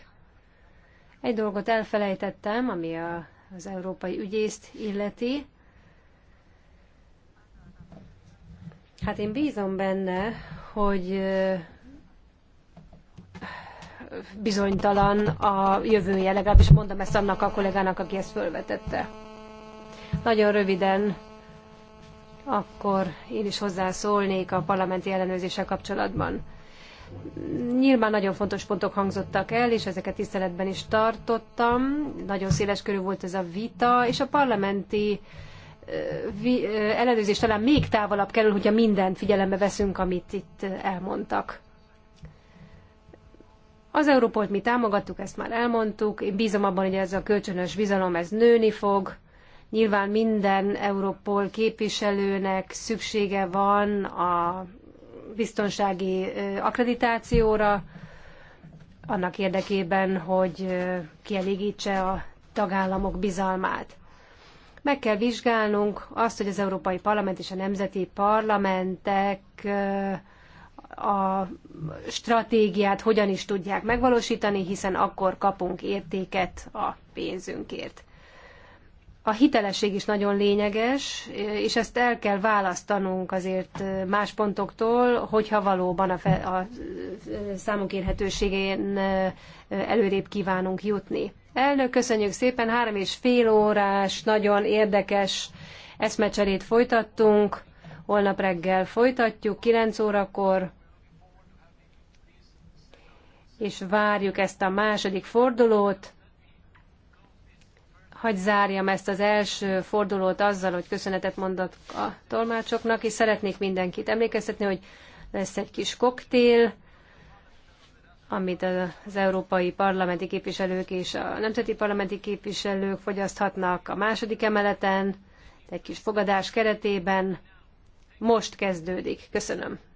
Egy dolgot elfelejtettem, ami a, az európai ügyészt illeti. Hát én bízom benne, hogy bizonytalan a jövője, legalábbis mondom ezt annak a kollégának, aki ezt fölvetette. Nagyon röviden akkor én is hozzászólnék a parlamenti ellenőrzéssel kapcsolatban. Nyilván nagyon fontos pontok hangzottak el, és ezeket tiszteletben is tartottam. Nagyon széles körül volt ez a vita, és a parlamenti ellenőrzés talán még távolabb kerül, hogyha mindent figyelembe veszünk, amit itt elmondtak. Az Európolt mi támogattuk, ezt már elmondtuk. Én bízom abban, hogy ez a kölcsönös bizalom, ez nőni fog. Nyilván minden Európol képviselőnek szüksége van a biztonsági akkreditációra, annak érdekében, hogy kielégítse a tagállamok bizalmát. Meg kell vizsgálnunk azt, hogy az Európai Parlament és a nemzeti parlamentek a stratégiát hogyan is tudják megvalósítani, hiszen akkor kapunk értéket a pénzünkért a hitelesség is nagyon lényeges, és ezt el kell választanunk azért más pontoktól, hogyha valóban a, fe, a számunk érhetőségén előrébb kívánunk jutni. Elnök, köszönjük szépen, három és fél órás, nagyon érdekes eszmecserét folytattunk. Holnap reggel folytatjuk, 9 órakor, és várjuk ezt a második fordulót. Hagy zárjam ezt az első fordulót azzal, hogy köszönetet mondok a tolmácsoknak, és szeretnék mindenkit emlékeztetni, hogy lesz egy kis koktél, amit az európai parlamenti képviselők és a nemzeti parlamenti képviselők fogyaszthatnak a második emeleten, egy kis fogadás keretében. Most kezdődik. Köszönöm.